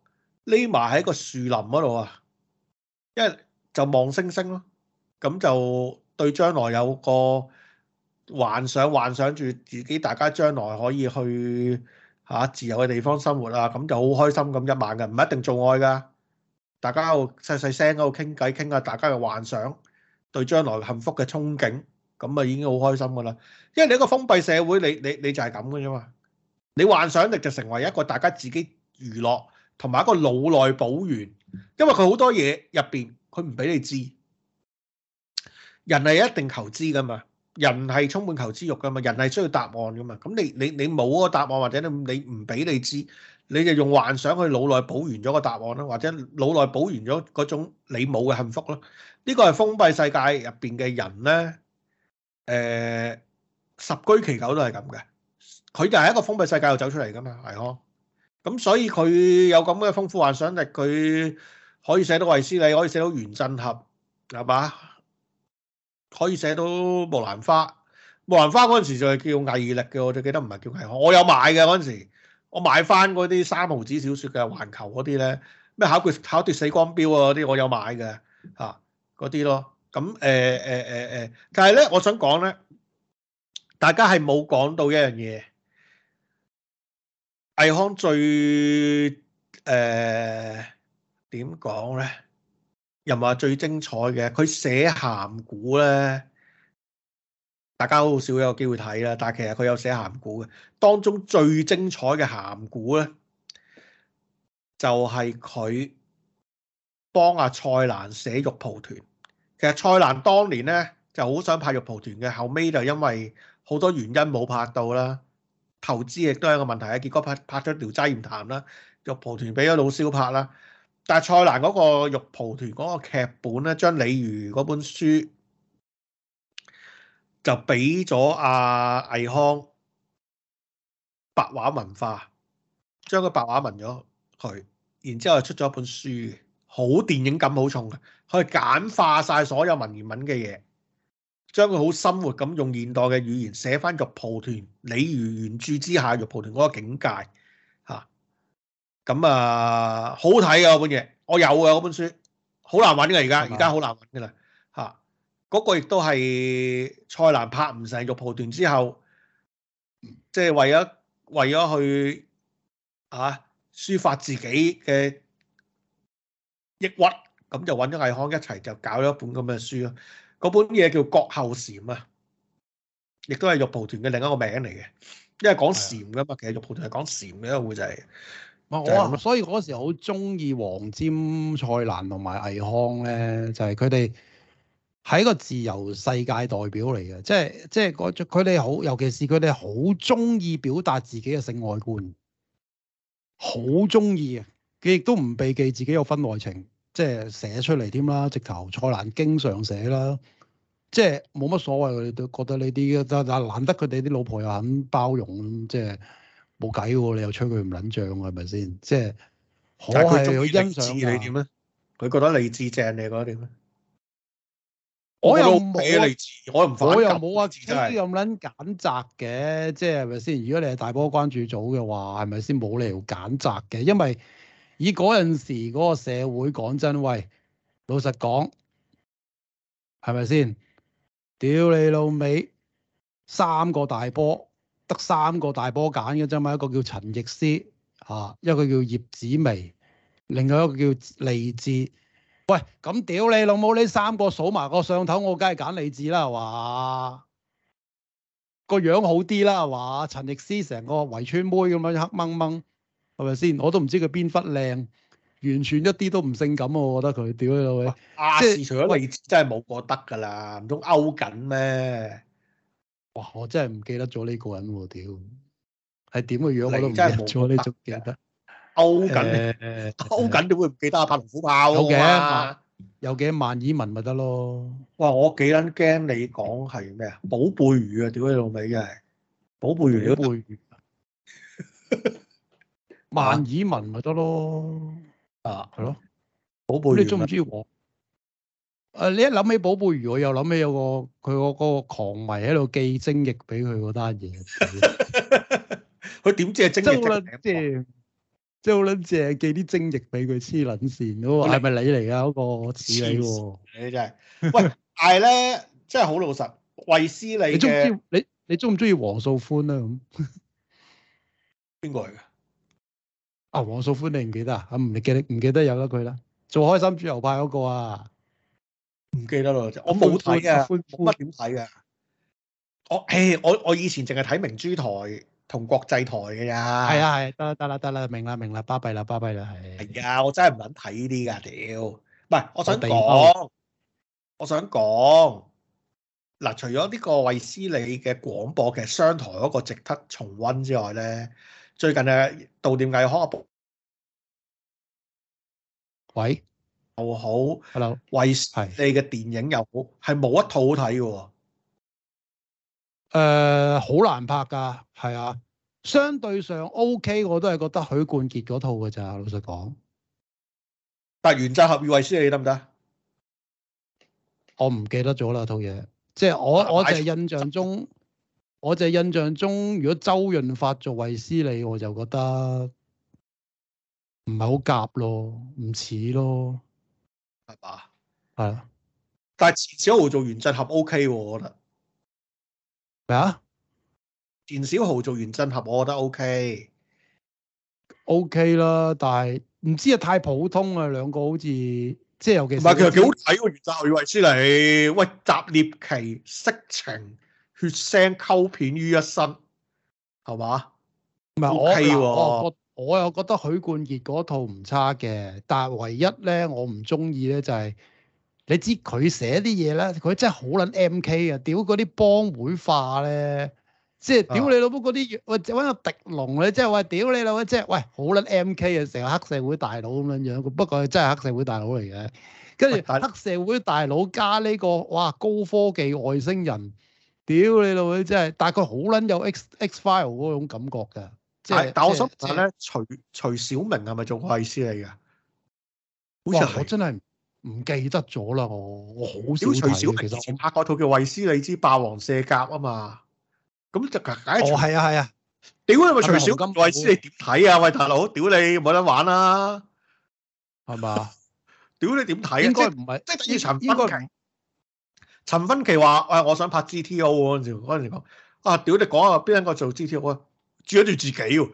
匿埋喺個樹林嗰度啊，因為就望星星咯。咁就對將來有個幻想，幻想住自己大家將來可以去嚇自由嘅地方生活啊！咁就好開心咁一晚嘅，唔一定做愛噶。大家喺度細細聲喺度傾偈，傾下大家嘅幻想，對將來幸福嘅憧憬，咁啊已經好開心噶啦。因為你一個封閉社會，你你你就係咁嘅啫嘛。你幻想力就成為一個大家自己娛樂，同埋一個腦內補完，因為佢好多嘢入邊佢唔俾你知。人係一定求知噶嘛，人係充滿求知慾噶嘛，人係需要答案噶嘛。咁你你你冇嗰個答案，或者你你唔俾你知，你就用幻想去腦內補完咗個答案咯，或者腦內補完咗嗰種你冇嘅幸福咯。呢個係封閉世界入邊嘅人咧，誒十居其九都係咁嘅。佢就係一個封閉世界度走出嚟噶嘛，係囉。咁所以佢有咁嘅豐富幻想力，佢可以寫到衛斯理，你可以寫到原振俠，係嘛？可以寫到木蘭花，木蘭花嗰陣時就係叫魏力嘅，我就記得唔係叫魏康。我有買嘅嗰陣時，我買翻嗰啲三毫子小說嘅環球嗰啲咧，咩考卷考啲死光標啊嗰啲，我有買嘅吓嗰啲咯，咁誒誒誒誒，但係咧我想講咧，大家係冇講到一樣嘢，魏康最誒點講咧？呃又話最精彩嘅，佢寫鹹古咧，大家好少有機會睇啦。但係其實佢有寫鹹古嘅，當中最精彩嘅鹹古咧，就係、是、佢幫阿、啊、蔡瀾寫肉蒲團。其實蔡瀾當年咧就好想拍肉蒲團嘅，後尾就因為好多原因冇拍到啦，投資亦都係一個問題啊。結果拍拍咗條《齋艷譚》啦，肉蒲團俾咗老蕭拍啦。但係蔡瀾嗰個玉蒲團嗰個劇本咧，將李漁嗰本書就俾咗阿魏康白話文化，將個白話文咗佢，然之後出咗一本書，好電影感好重嘅，佢係簡化晒所有文言文嘅嘢，將佢好生活咁用現代嘅語言寫翻玉蒲團李漁原著之下玉蒲團嗰個境界。咁啊，好睇啊，本嘢，我有啊。本書，好難揾嘅而家，而家好難揾嘅啦嚇。嗰個亦都係蔡瀾拍唔成《玉蒲團》之後，即係為咗為咗去啊抒發自己嘅抑鬱，咁就揾咗倪匡一齊就搞咗一本咁嘅書咯。嗰本嘢叫《覺後禪》啊，亦都係《玉蒲團》嘅另一個名嚟嘅，因為講禪噶嘛，的其實《玉蒲團》係講禪嘅會就係。我啊，所以嗰時好中意黃霑、蔡瀾同埋倪匡咧，就係佢哋係一個自由世界代表嚟嘅，即係即係佢哋好，尤其是佢哋好中意表達自己嘅性愛觀，好中意嘅。佢亦都唔避忌自己有婚外情，即係寫出嚟添啦。直頭蔡瀾經常寫啦，即係冇乜所謂，佢哋都覺得呢啲就就難得佢哋啲老婆又肯包容，即係。冇計喎，你又吹佢唔撚脹喎，係咪先？即係，但係佢欣賞你點咧？佢覺得你至正，你覺得點咧？我又冇啊，你志，我又有我又冇啊，資格咁撚揀擇嘅，即係係咪先？如果你係大波關注組嘅話，係咪先冇理由揀擇嘅？因為以嗰陣時嗰個社會講真喂，老實講係咪先？屌你老味，三個大波。得三個大波揀嘅啫嘛，一個叫陳奕詩嚇，一個叫葉子薇，另外一個叫利智。喂，咁屌你老母！呢三個數埋個上頭我，我梗係揀利智啦，係嘛？個樣好啲啦，係嘛？陳奕詩成個圍村妹咁樣黑掹掹，係咪先？我都唔知佢邊忽靚，完全一啲都唔性感啊！我覺得佢，屌你老味。啊、即係除咗利智，真係冇過得㗎啦，唔通勾緊咩？哇！我真係唔記得咗呢個人喎，屌，係點嘅樣我都唔記得咗。呢種記得勾緊勾緊，點會唔記得啊？拍龍虎豹嘅有幾多萬耳文咪得咯。哇！我幾撚驚你講係咩啊？寶貝魚啊！屌你老味，真係寶貝魚，寶貝魚萬耳文咪得咯啊，係咯，寶貝魚你中唔中意我？誒你一諗起寶貝魚，我又諗起有個佢嗰個狂迷喺度寄精液俾佢嗰單嘢。佢點 知係精液？真係好撚正，係好撚正，寄啲精液俾佢黐撚線。嗰個係咪你嚟㗎？嗰個似你喎。你真係喂， 但係咧真係好老實，衛斯理你中意你你中唔中意黃素歡 啊？咁邊個嚟嘅？啊，黃素歡你唔記得啊？唔記得唔記得有咗佢啦。做開心豬油派嗰個啊！唔記得咯，我冇睇嘅，冇乜點睇嘅。我誒，我我以前淨係睇明珠台同國際台嘅呀。係啊，係得啦，得啦，得啦，明啦，明啦，巴閉啦，巴閉啦，係。係啊，我真係唔肯睇呢啲噶，屌。唔係，我想講，我想講。嗱，除咗呢個衛斯理嘅廣播嘅商台嗰個值得重溫之外咧，最近咧到點解好播？喂？又好，係衛 Hello? 斯理嘅電影又好，係冇一套好睇嘅。誒、呃，好難拍噶，係啊。相對上 OK，我都係覺得許冠傑嗰套㗎咋。老實講，但係《原則合與衛斯理》得唔得？我唔記得咗啦，套嘢。即係我，我就印象中，我就印象中，如果周潤發做衛斯理，我就覺得唔係好夾咯，唔似咯。係吧，係吧。但係錢小豪做原振俠 O K，我覺得。咩啊？錢小豪做原振俠，我覺得 O K，O K 啦。但係唔知啊，太普通啊，兩個好似即係有幾唔係，其實幾好睇喎。原振俠與衛斯理，喂，集獵奇、色情、血腥於、溝片於一身，係嘛是？唔係 O K 喎。我我我又覺得許冠傑嗰套唔差嘅，但係唯一咧我唔中意咧就係、是、你知佢寫啲嘢咧，佢真係好撚 MK 啊！屌嗰啲幫會化咧，即係屌你老母嗰啲，喂搵、哎、個迪龍咧，即係喂屌你老母，即係喂好撚 MK 啊！成個黑社會大佬咁樣樣，不過真係黑社會大佬嚟嘅。跟住黑社會大佬加呢、這個哇高科技外星人，屌你老母真係，但係佢好撚有 X X file 嗰種感覺㗎。但我想問，但係咧，徐徐小明係咪做衛斯理嘅？好似我真係唔記得咗啦，我我好少睇。其實拍套叫《衛斯理之霸王卸甲》啊嘛，咁就解一。哦，係啊，係啊！屌你咪徐小明衛斯理點睇啊？喂大佬，屌你冇得玩啦，係嘛？屌你點睇？應該唔係，即係第二陳芬奇。陳芬奇話：誒，我想拍 GTO。嗰陣時講：啊，屌你講啊，邊一個做 GTO 啊？住喺住自己喎、哦，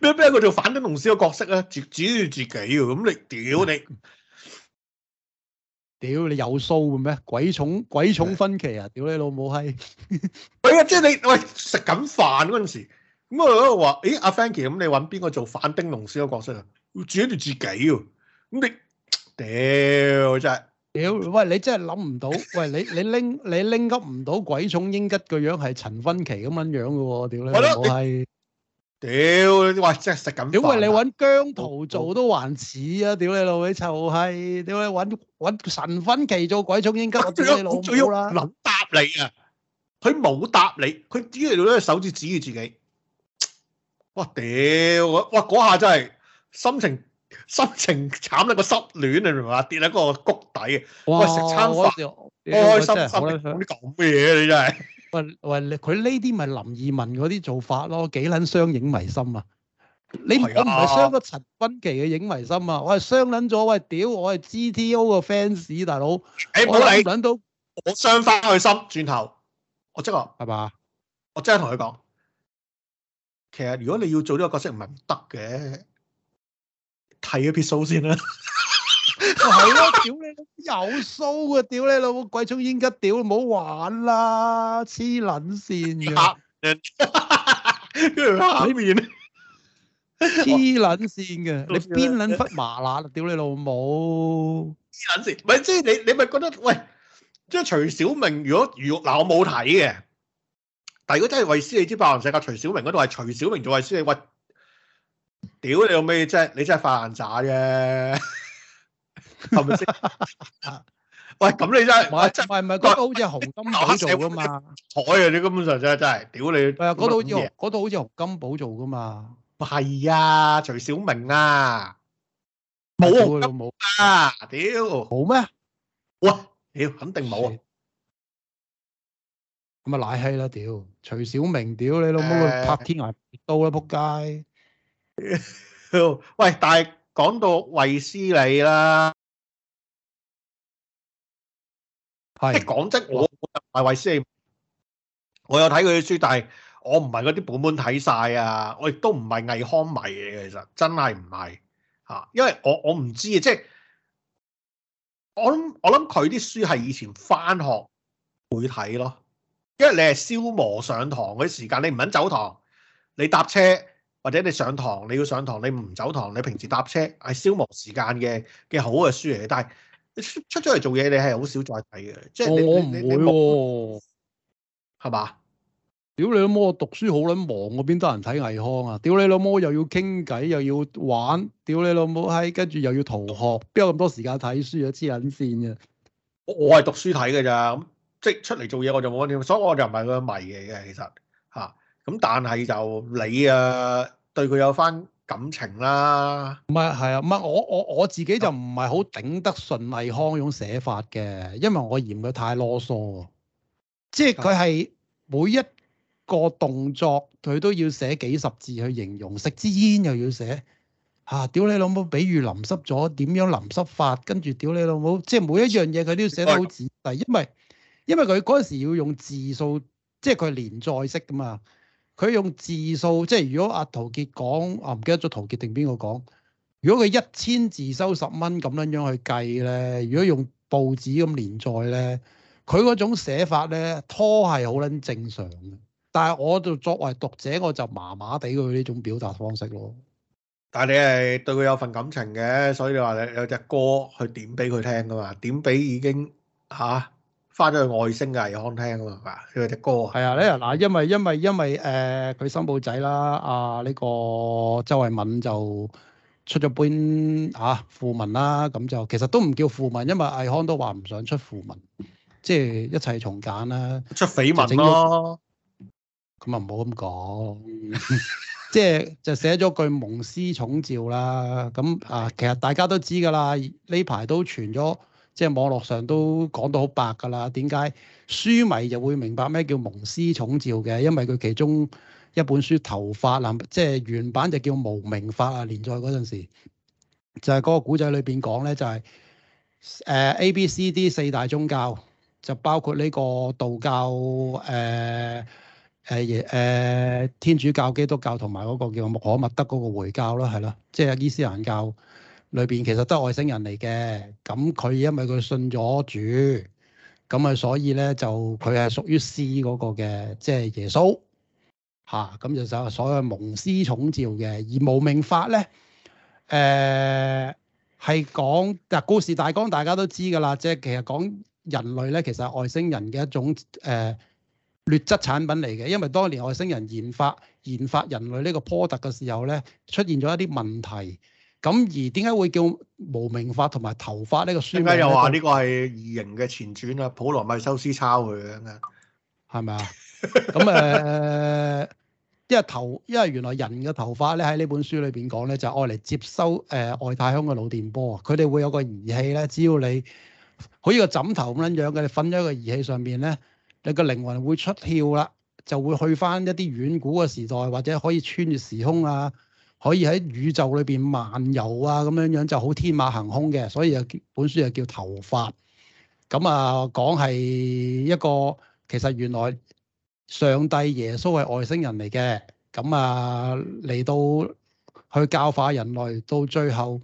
咩咩佢做反丁龍師個角色啊？住住住自己喎、哦，咁你屌你，屌你，屌你有數嘅咩？鬼重鬼重分歧啊！的屌你老母閪，佢 啊即係你喂食緊飯嗰陣時，咁我話誒阿 Frankie 咁你揾邊個做反丁龍師個角色啊？住喺住自己喎、哦，咁你屌真係。屌，喂！你真係諗唔到，喂！你你拎，你拎急唔到鬼塚英吉個樣係陳芬奇咁樣樣噶喎，屌你老閪！屌你啲話真係食緊飯。屌喂！你搵姜濤做都還似啊！屌你老鬼臭閪！屌你搵搵陳芬奇做鬼塚英吉，我最屌諗答你啊！佢冇答你，佢只係用隻手指指住自己。哇！屌！哇！嗰下真係心情～心情慘得、個失戀你明唔明？跌喺個谷底嘅，哇喂食餐飯，那個、開心心，你講咩？嘢你真係喂，佢呢啲咪林二汶嗰啲做法咯，幾撚傷影迷心啊？嗯、你唔係傷個陳君奇嘅影迷心啊？我係傷撚咗，我係屌我係 GTO 嘅 fans 大佬，欸、理我諗到我傷翻佢心，轉頭我即刻係嘛？我即刻同佢講，其實如果你要做呢個角色唔係唔得嘅。睇嗰撇蘇先啦，係咯，屌你，又蘇嘅，屌你老母鬼充煙吉，屌唔好玩啦，黐撚線嘅，跟住嚇呢面，黐撚線嘅，你邊撚忽麻撚，屌你老母，黐撚線，唔係即係你，你咪覺得喂，即係徐小明如果如嗱我冇睇嘅，但係如果真係衛斯，你知《白雲世界》，徐小明嗰度係徐小明做衛斯理，喂。屌你老味？你真係發爛渣啫，係咪先？喂，咁你真係唔係唔係嗰度好似洪金寶做噶嘛？彩啊！你根本上真係真係，屌你！係啊，嗰度要嗰度好似洪金寶做噶嘛？係啊，徐小明啊，冇啊冇啊，屌好咩？哇，屌肯定冇啊！咁啊，奶閪啦，屌徐小明，屌你老母去拍天涯刀啦，扑街！ 喂，但係講到衛斯理啦，係即係講真，我係衛斯理，我有睇佢啲書，但係我唔係嗰啲本本睇晒啊，我亦都唔係倪匡迷嘅，其實真係唔係吓，因為我我唔知啊，即係我諗我諗佢啲書係以前返學會睇咯，因為你係消磨上堂嘅時間，你唔肯走堂，你搭車。或者你上堂，你要上堂，你唔走堂，你平時搭車係消磨時間嘅嘅好嘅書嚟。但係出咗嚟做嘢，你係好少再睇嘅。哦、即係我唔會喎、哦，係嘛吧？屌你老母，我讀書好撚忙，我邊得人睇倪匡啊？屌你老母，又要傾偈，又要玩，屌你老母閪，跟、哎、住又要同學，邊有咁多時間睇書啊？黐撚線嘅。我我係讀書睇㗎咋，即係出嚟做嘢我就冇點，所以我就唔係個迷嚟嘅，其實嚇。咁、啊、但係就你啊～對佢有番感情啦，唔係係啊，唔係我我我自己就唔係好頂得順倪匡嗰種寫法嘅，因為我嫌佢太囉嗦，即係佢係每一個動作佢都要寫幾十字去形容，食支煙又要寫嚇、啊，屌你老母，比如淋濕咗點樣淋濕法，跟住屌你老母，即係每一樣嘢佢都要寫得好仔細，因為因為佢嗰陣時要用字數，即係佢係連載式噶嘛。佢用字數，即係如果阿陶傑講，我唔記得咗陶傑定邊個講。如果佢一千字收十蚊咁樣樣去計咧，如果用報紙咁連載咧，佢嗰種寫法咧拖係好撚正常嘅。但係我就作為讀者，我就麻麻地佢呢種表達方式咯。但係你係對佢有份感情嘅，所以你話你有隻歌去點俾佢聽㗎嘛？點俾已經吓？啊翻咗去外星嘅倪匡聽是是啊嘛，因為隻歌。係啊，呢嗱，因為因為因為誒，佢新抱仔啦，阿、啊、呢、這個周慧敏就出咗半版訃聞啦，咁就其實都唔叫訃聞，因為倪匡都話唔想出訃聞，即係一切從簡啦。出緋聞咯。咁啊，唔好咁講， 即係就寫咗句蒙主寵召啦。咁啊，其實大家都知㗎啦，呢排都傳咗。即係網絡上都講到好白㗎啦，點解書迷就會明白咩叫蒙師重照嘅？因為佢其中一本書《頭髮》，啦即係原版就叫《無名髮》啊。連載嗰陣時，就係、是、嗰個古仔裏邊講咧，就係誒 A、B、C、D 四大宗教，就包括呢個道教、誒誒誒天主教、基督教同埋嗰個叫穆罕默德嗰個回教咯，係啦，即係伊斯蘭教。裏邊其實都係外星人嚟嘅，咁佢因為佢信咗主，咁啊所以咧就佢係屬於師嗰個嘅，即係耶穌，吓、啊，咁就就所謂蒙師寵召嘅。而無名法咧，誒係、呃、講嗱故事大綱大家都知㗎啦，即係其實講人類咧，其實係外星人嘅一種誒、呃、劣質產品嚟嘅，因為當年外星人研發研發人類呢個 product 嘅時候咧，出現咗一啲問題。咁而點解會叫無名法同埋頭髮呢、呢個書呢？點解又話呢個係異形嘅前傳啊？普羅米修斯抄佢樣嘅，係咪啊？咁誒、啊 嗯，因為頭，因為原來人嘅頭髮咧喺呢本書裏邊講咧，就愛嚟接收誒、呃、外太空嘅腦電波。佢哋會有個儀器咧，只要你好似個枕頭咁樣樣嘅，你瞓咗喺個儀器上邊咧，你個靈魂會出竅啦，就會去翻一啲遠古嘅時代，或者可以穿越時空啊！可以喺宇宙裏邊漫遊啊，咁樣樣就好天馬行空嘅，所以又本書又叫《頭髮》。咁啊，講係一個其實原來上帝耶穌係外星人嚟嘅，咁啊嚟到去教化人類，到最後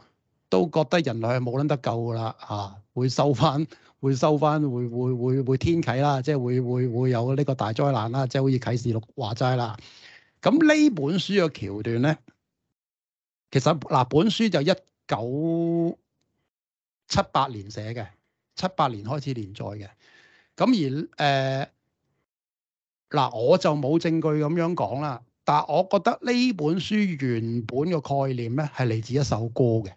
都覺得人類係冇撚得救噶啦，嚇會收翻，會收翻，會收會會會，會天啟啦，即係會會會有呢個大災難啦，即係好似啟示錄話齋啦。咁呢本書嘅橋段咧？其實嗱、啊，本書就一九七八年寫嘅，七八年開始連載嘅。咁而誒嗱、呃啊，我就冇證據咁樣講啦。但係我覺得呢本書原本嘅概念咧，係嚟自一首歌嘅，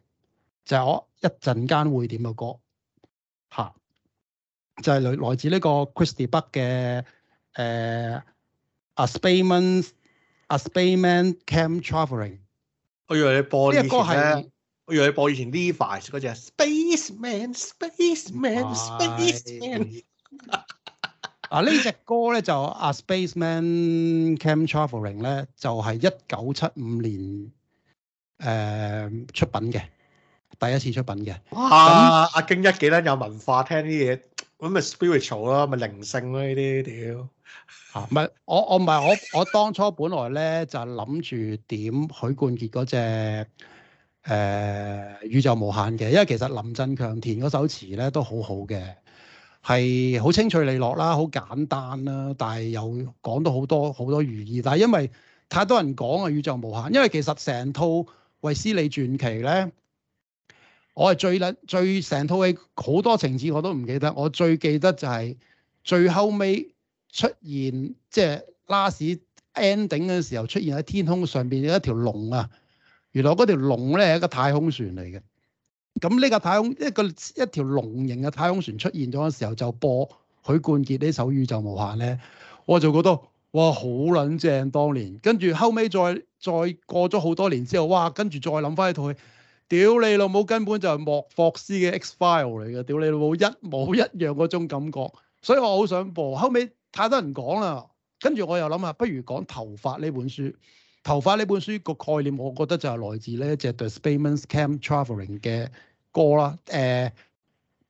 就係、是、我、哦、一陣間會點嘅歌嚇、啊，就係、是、來來自呢個 Chris de Burgh 嘅誒、呃、A Spaceman, A Spaceman came travelling。我以為你播呢隻歌係，我以為你播以前呢塊嗰隻《Space Man》，Space Man，Space Man。啊，呢隻歌咧就《A Space Man Came Traveling》咧，就係一九七五年誒、呃、出品嘅，第一次出品嘅。哇、啊！阿京那、啊、一幾多有文化聽，聽啲嘢。咁咪 spiritual 咯，咪靈性咯呢啲屌嚇，唔 係樂、啊、我我唔係我我當初本來咧就諗住點許冠傑嗰隻、呃、宇宙無限嘅，因為其實林振強填嗰首詞咧都好好嘅，係好清脆利落啦，好簡單啦，但係又講到好多好多寓意。但係因為太多人講啊宇宙無限，因為其實成套衛斯理傳奇咧。我係最撚最，成套戲好多情節我都唔記得，我最記得就係最後尾出現即係 last ending 嗰陣時候出現喺天空上邊嘅一條龍啊！原來嗰條龍咧係一個太空船嚟嘅。咁呢個太空一個一條龍形嘅太空船出現咗嘅時候，就播許冠傑呢首《宇宙無限》咧，我就覺得哇好撚正！當年跟住後尾再再過咗好多年之後，哇！跟住再諗翻呢套戲。屌你老母，根本就係莫霍斯嘅《X File》嚟嘅，屌你老母一模一樣嗰種感覺，所以我好想播。後尾太多人講啦，跟住我又諗下，不如講《頭髮》呢本書，《頭髮》呢本書個概念，我覺得就係來自呢一隻《The Spaceman Came Travelling》嘅歌啦。誒、呃，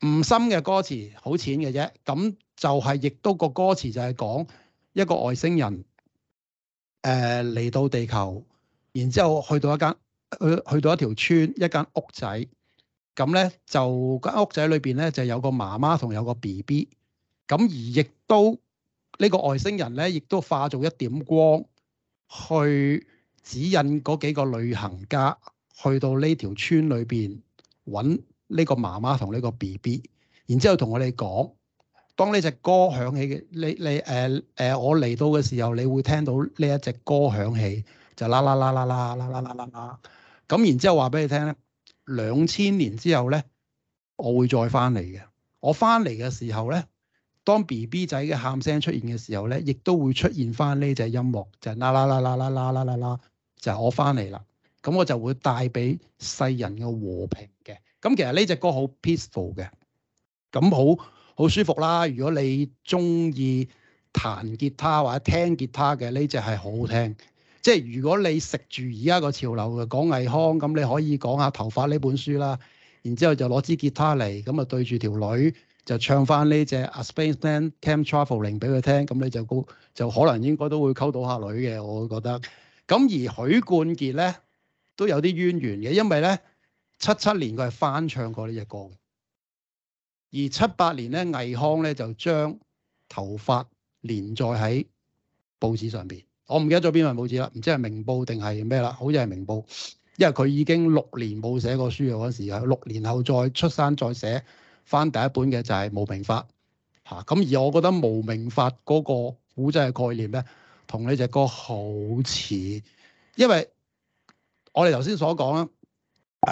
唔深嘅歌詞，好淺嘅啫。咁就係亦都個歌詞就係講一個外星人誒嚟、呃、到地球，然之後去到一間。去去到一條村一間屋仔，咁咧就間屋仔裏邊咧就有個媽媽同有個 B B，咁而亦都呢個外星人咧，亦都化做一點光去指引嗰幾個旅行家去到呢條村裏邊搵呢個媽媽同呢個 B B，然之後同我哋講，當呢隻歌響起嘅，你你誒誒，我嚟到嘅時候，你會聽到呢一隻歌響起，就啦啦啦啦啦啦啦啦啦啦。咁然之後話俾你聽咧，兩千年之後咧，我會再翻嚟嘅。我翻嚟嘅時候咧，當 B B 仔嘅喊聲出現嘅時候咧，亦都會出現翻呢隻音樂，就係啦啦啦啦啦啦啦啦啦，就係我翻嚟啦。咁我就會帶俾世人嘅和平嘅。咁其實呢隻歌好 peaceful 嘅，咁好好舒服啦。如果你中意彈吉他或者聽吉他嘅，呢隻係好好聽。即係如果你食住而家個潮流嘅講倪匡，咁你可以講下《頭髮》呢本書啦，然之後就攞支吉他嚟，咁啊對住條女就唱翻呢隻《A Spaceman Came Travelling》俾佢聽，咁你就高就可能應該都會溝到下女嘅，我覺得。咁而許冠傑咧都有啲淵源嘅，因為咧七七年佢係翻唱過呢隻歌，而七八年咧倪匡咧就將頭髮連載喺報紙上邊。我唔記得咗邊份報紙啦，唔知係明報定係咩啦，好似係明報。因為佢已經六年冇寫過書啊嗰時啊，六年後再出山再寫翻第一本嘅就係、是《無名法》嚇。咁、啊、而我覺得《無名法》嗰、那個古仔嘅概念咧，同呢隻歌好似，因為我哋頭先所講啊，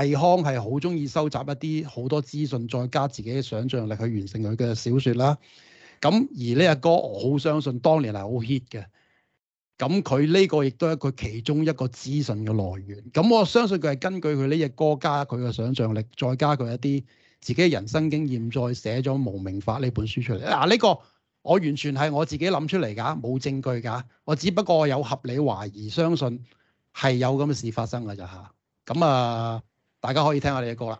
倪匡係好中意收集一啲好多資訊，再加自己嘅想像力去完成佢嘅小説啦。咁、啊、而呢隻歌我好相信，當年係好 hit 嘅。咁佢呢個亦都係佢其中一個資訊嘅來源，咁我相信佢係根據佢呢隻歌加佢嘅想像力，再加佢一啲自己人生經驗，再寫咗《無名法》呢本書出嚟。嗱、啊、呢、呢個我完全係我自己諗出嚟㗎，冇證據㗎，我只不過有合理懷疑，相信係有咁嘅事發生㗎咋。嚇。咁啊，大家可以聽下呢隻歌啦。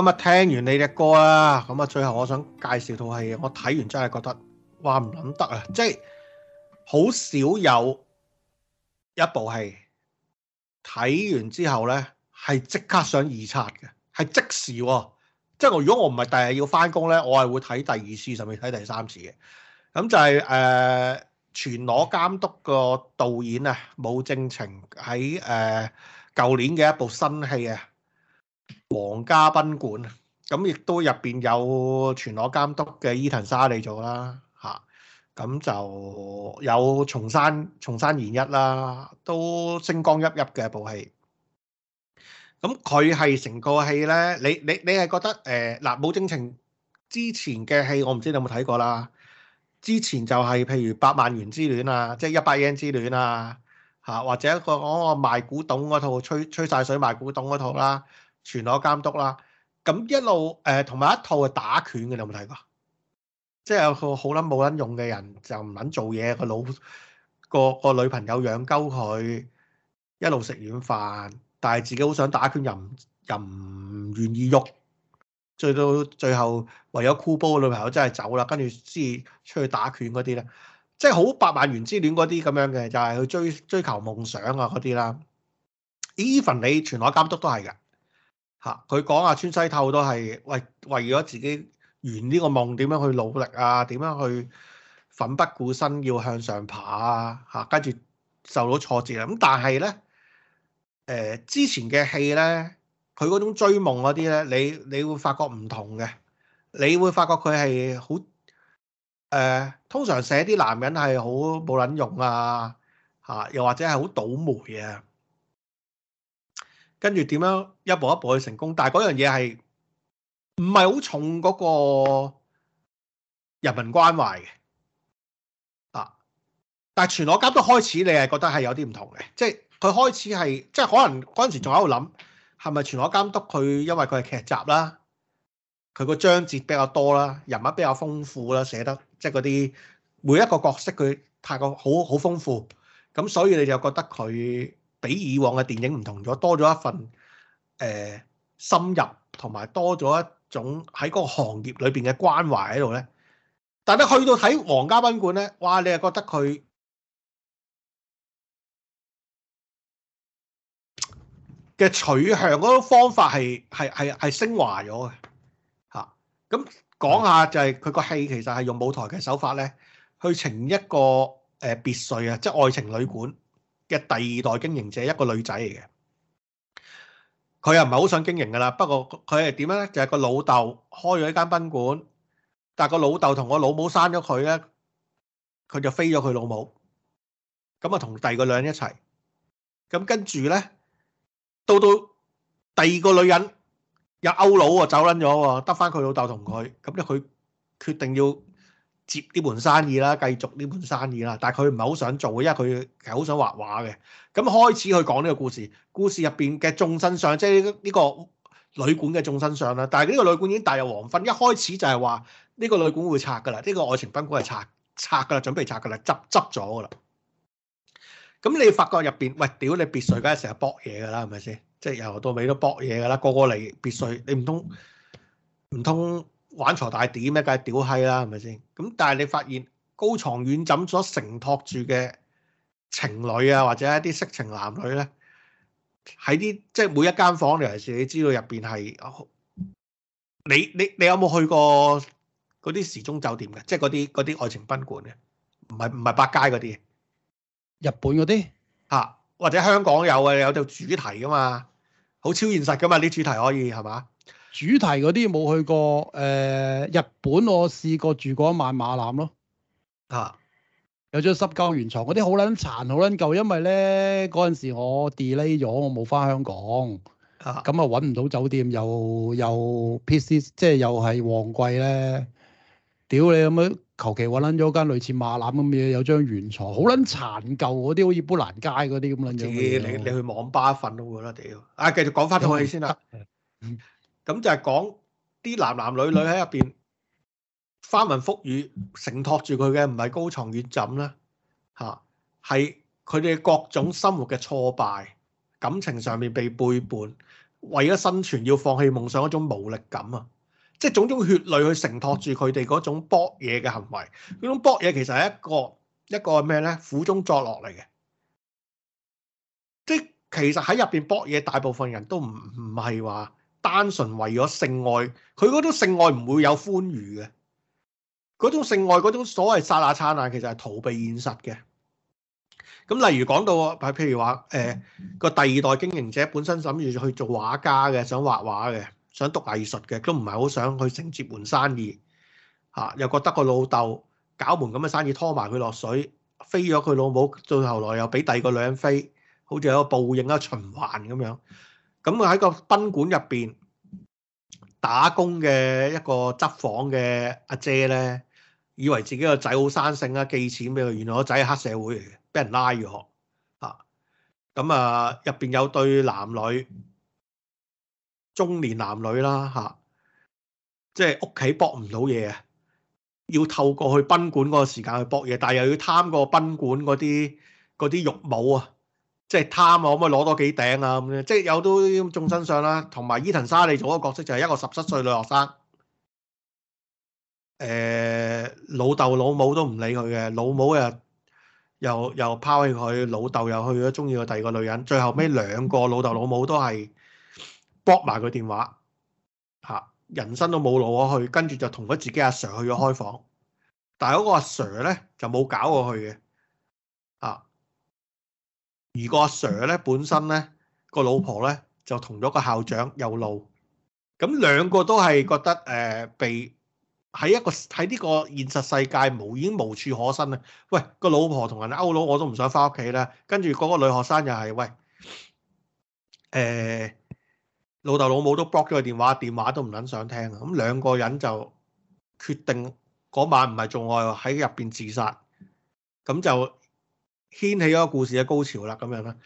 咁啊，聽完你隻歌啊，咁啊，最後我想介紹套戲，我睇完真係覺得話唔撚得啊，即係好少有一部戲睇完之後呢，係即刻想二刷嘅，係即時喎。即係我如果我唔係第日要返工呢，我係會睇第二次，甚至睇第三次嘅。咁就係、是、誒、呃、全裸監督個導演啊，武正晴喺誒舊年嘅一部新戲啊。皇家賓館啊，咁亦都入邊有全裸監督嘅伊藤沙莉做啦，吓、啊、咁就有松山松山賢一啦，都星光熠熠嘅一部戲。咁佢係成個戲咧，你你你係覺得誒嗱冇正情之前嘅戲，我唔知你有冇睇過啦。之前就係譬如《百萬元之戀、啊就是啊》啊，即係《一百億之戀》啊，吓或者一個個、哦、賣古董嗰套吹吹晒水賣古董嗰套啦。嗯全裸監督啦，咁一路誒、呃，同埋一套係打拳嘅，你有冇睇過？即係個好撚冇撚用嘅人就，就唔撚做嘢，個老個個女朋友養鳩佢，一路食軟飯，但係自己好想打拳，又又唔願意喐，最到最後唯有箍煲個女朋友真係走啦，跟住先出去打拳嗰啲咧，即係好百萬元之戀嗰啲咁樣嘅，就係、是、去追追求夢想啊嗰啲啦。Even 你全裸監督都係嘅。吓，佢講啊，村西透都係為為咗自己圓呢個夢，點樣去努力啊？點樣去奮不顧身要向上爬啊？吓、啊，跟住受到挫折啊。咁但係呢，誒、呃，之前嘅戲呢，佢嗰種追夢嗰啲呢，你你會發覺唔同嘅，你會發覺佢係好誒，通常寫啲男人係好冇撚用啊，吓、啊，又或者係好倒霉啊。跟住點樣一步一步去成功？但係嗰樣嘢係唔係好重嗰個人民關懷嘅？啊，但係《全裸監督》開始你係覺得係有啲唔同嘅，即係佢開始係即係可能嗰陣時仲喺度諗係咪《全裸監督》佢因為佢係劇集啦，佢個章節比較多啦，人物比較豐富啦，寫得即係嗰啲每一個角色佢太過好好豐富，咁所以你就覺得佢。比以往嘅電影唔同咗，多咗一份誒、呃、深入，同埋多咗一種喺嗰個行業裏邊嘅關懷喺度咧。但係去到睇《皇家賓館》咧，哇！你係覺得佢嘅取向嗰種方法係係係係昇華咗嘅嚇。咁講、啊、下就係佢個戲其實係用舞台嘅手法咧，去呈一個誒別、呃、墅啊，即係愛情旅館。嘅第二代經營者，一個女仔嚟嘅，佢又唔係好想經營噶啦。不過佢係點樣咧？就係個老豆開咗一間賓館，但係個老豆同我老母生咗佢咧，佢就飛咗佢老母，咁啊同第二個女人一齊。咁跟住咧，到到第二個女人又勾佬，啊，走撚咗喎，得返佢老豆同佢。咁咧，佢決定要接呢盤生意啦，繼續呢盤生意啦，但係佢唔係好想做嘅，因為佢其實好想畫畫嘅。咁開始去講呢個故事，故事入邊嘅眾生相，即係呢個旅館嘅眾生相啦。但係呢個旅館已經踏入黃昏，一開始就係話呢個旅館會拆㗎啦，呢個愛情賓館係拆拆㗎啦，準備拆㗎啦，執執咗㗎啦。咁你發覺入邊，喂，屌你別墅梗係成日博嘢㗎啦，係咪先？即係由頭到尾都博嘢㗎啦，個個嚟別墅，你唔通唔通？玩鋤大點咩？梗係屌閪啦，係咪先？咁但係你發現高床軟枕所承托住嘅情侶啊，或者一啲色情男女咧，喺啲即係每一間房尤其是，你知道入邊係你你你有冇去過嗰啲時鐘酒店嘅，即係嗰啲啲愛情賓館嘅？唔係唔係八街嗰啲，日本嗰啲啊，或者香港有嘅有套主題噶嘛，好超現實噶嘛，啲主題可以係嘛？主題嗰啲冇去過，誒、呃、日本我試過住過一晚馬楠咯，啊有張濕膠原床嗰啲好撚殘好撚舊，因為咧嗰陣時我 delay 咗，我冇翻香港，咁啊揾唔到酒店，又又 pieces 即係又係旺季咧，屌你咁樣求其揾撚咗間類似馬楠咁嘅有張原床，好撚殘舊，嗰啲好似砵蘭街嗰啲咁撚嘅。你你去網吧瞓都好啦，屌！啊繼續講翻套戲先啦。嗯嗯。咁就係講啲男男女女喺入邊翻雲覆雨承托住佢嘅，唔係高床軟枕啦，吓係佢哋各種生活嘅挫敗、感情上面被背叛、為咗生存要放棄夢想嗰種無力感啊，即係種種血淚去承托住佢哋嗰種博嘢嘅行為，嗰種博嘢其實係一個一個咩咧苦中作樂嚟嘅，即係其實喺入邊博嘢，大部分人都唔唔係話，單純為咗性愛，佢嗰種性愛唔會有歡愉嘅，嗰種性愛嗰種所謂剎那燦爛，其實係逃避現實嘅。咁例如講到，係譬如話，誒、呃、個第二代經營者本身諗住去做畫家嘅，想畫畫嘅，想讀藝術嘅，都唔係好想去承接門生意。嚇、啊，又覺得個老豆搞門咁嘅生意拖埋佢落水，飛咗佢老母，到後來又俾第二個女人飛，好似有個報應啊，循環咁樣。咁啊喺個賓館入邊打工嘅一個執房嘅阿姐咧，以為自己個仔好生性啊，寄錢俾佢。原來個仔係黑社會嚟嘅，俾人拉咗嚇。咁啊，入、啊、邊有對男女，中年男女啦嚇、啊，即係屋企博唔到嘢，要透過去賓館嗰個時間去博嘢，但係又要貪過賓館嗰啲嗰啲玉母啊！即係貪啊，可唔可以攞多幾頂啊？咁咧，即係有都眾生相啦。同埋伊藤沙莉做嗰個角色就係一個十七歲女學生。誒、呃，老豆老母都唔理佢嘅，老母又又拋棄佢，老豆又去咗鍾意個第二個女人。最後尾兩個老豆老母都係搏埋佢電話嚇，人生都冇路可去，跟住就同佢自己阿 Sir 去咗開房，但係嗰個阿 Sir 咧就冇搞過去嘅。而個阿 Sir 咧，本身咧個老婆咧就同咗個校長有路。咁兩個都係覺得誒、呃，被喺一個喺呢個現實世界已無已經無處可身啊！喂，個老婆同人勾佬我都唔想翻屋企啦。跟住嗰個女學生又、就、係、是、喂，誒、呃，老豆老母都 block 咗個電話，電話都唔捻想聽啊。咁兩個人就決定嗰晚唔係做愛喎，喺入邊自殺，咁就。掀起嗰個故事嘅高潮啦，咁樣啦。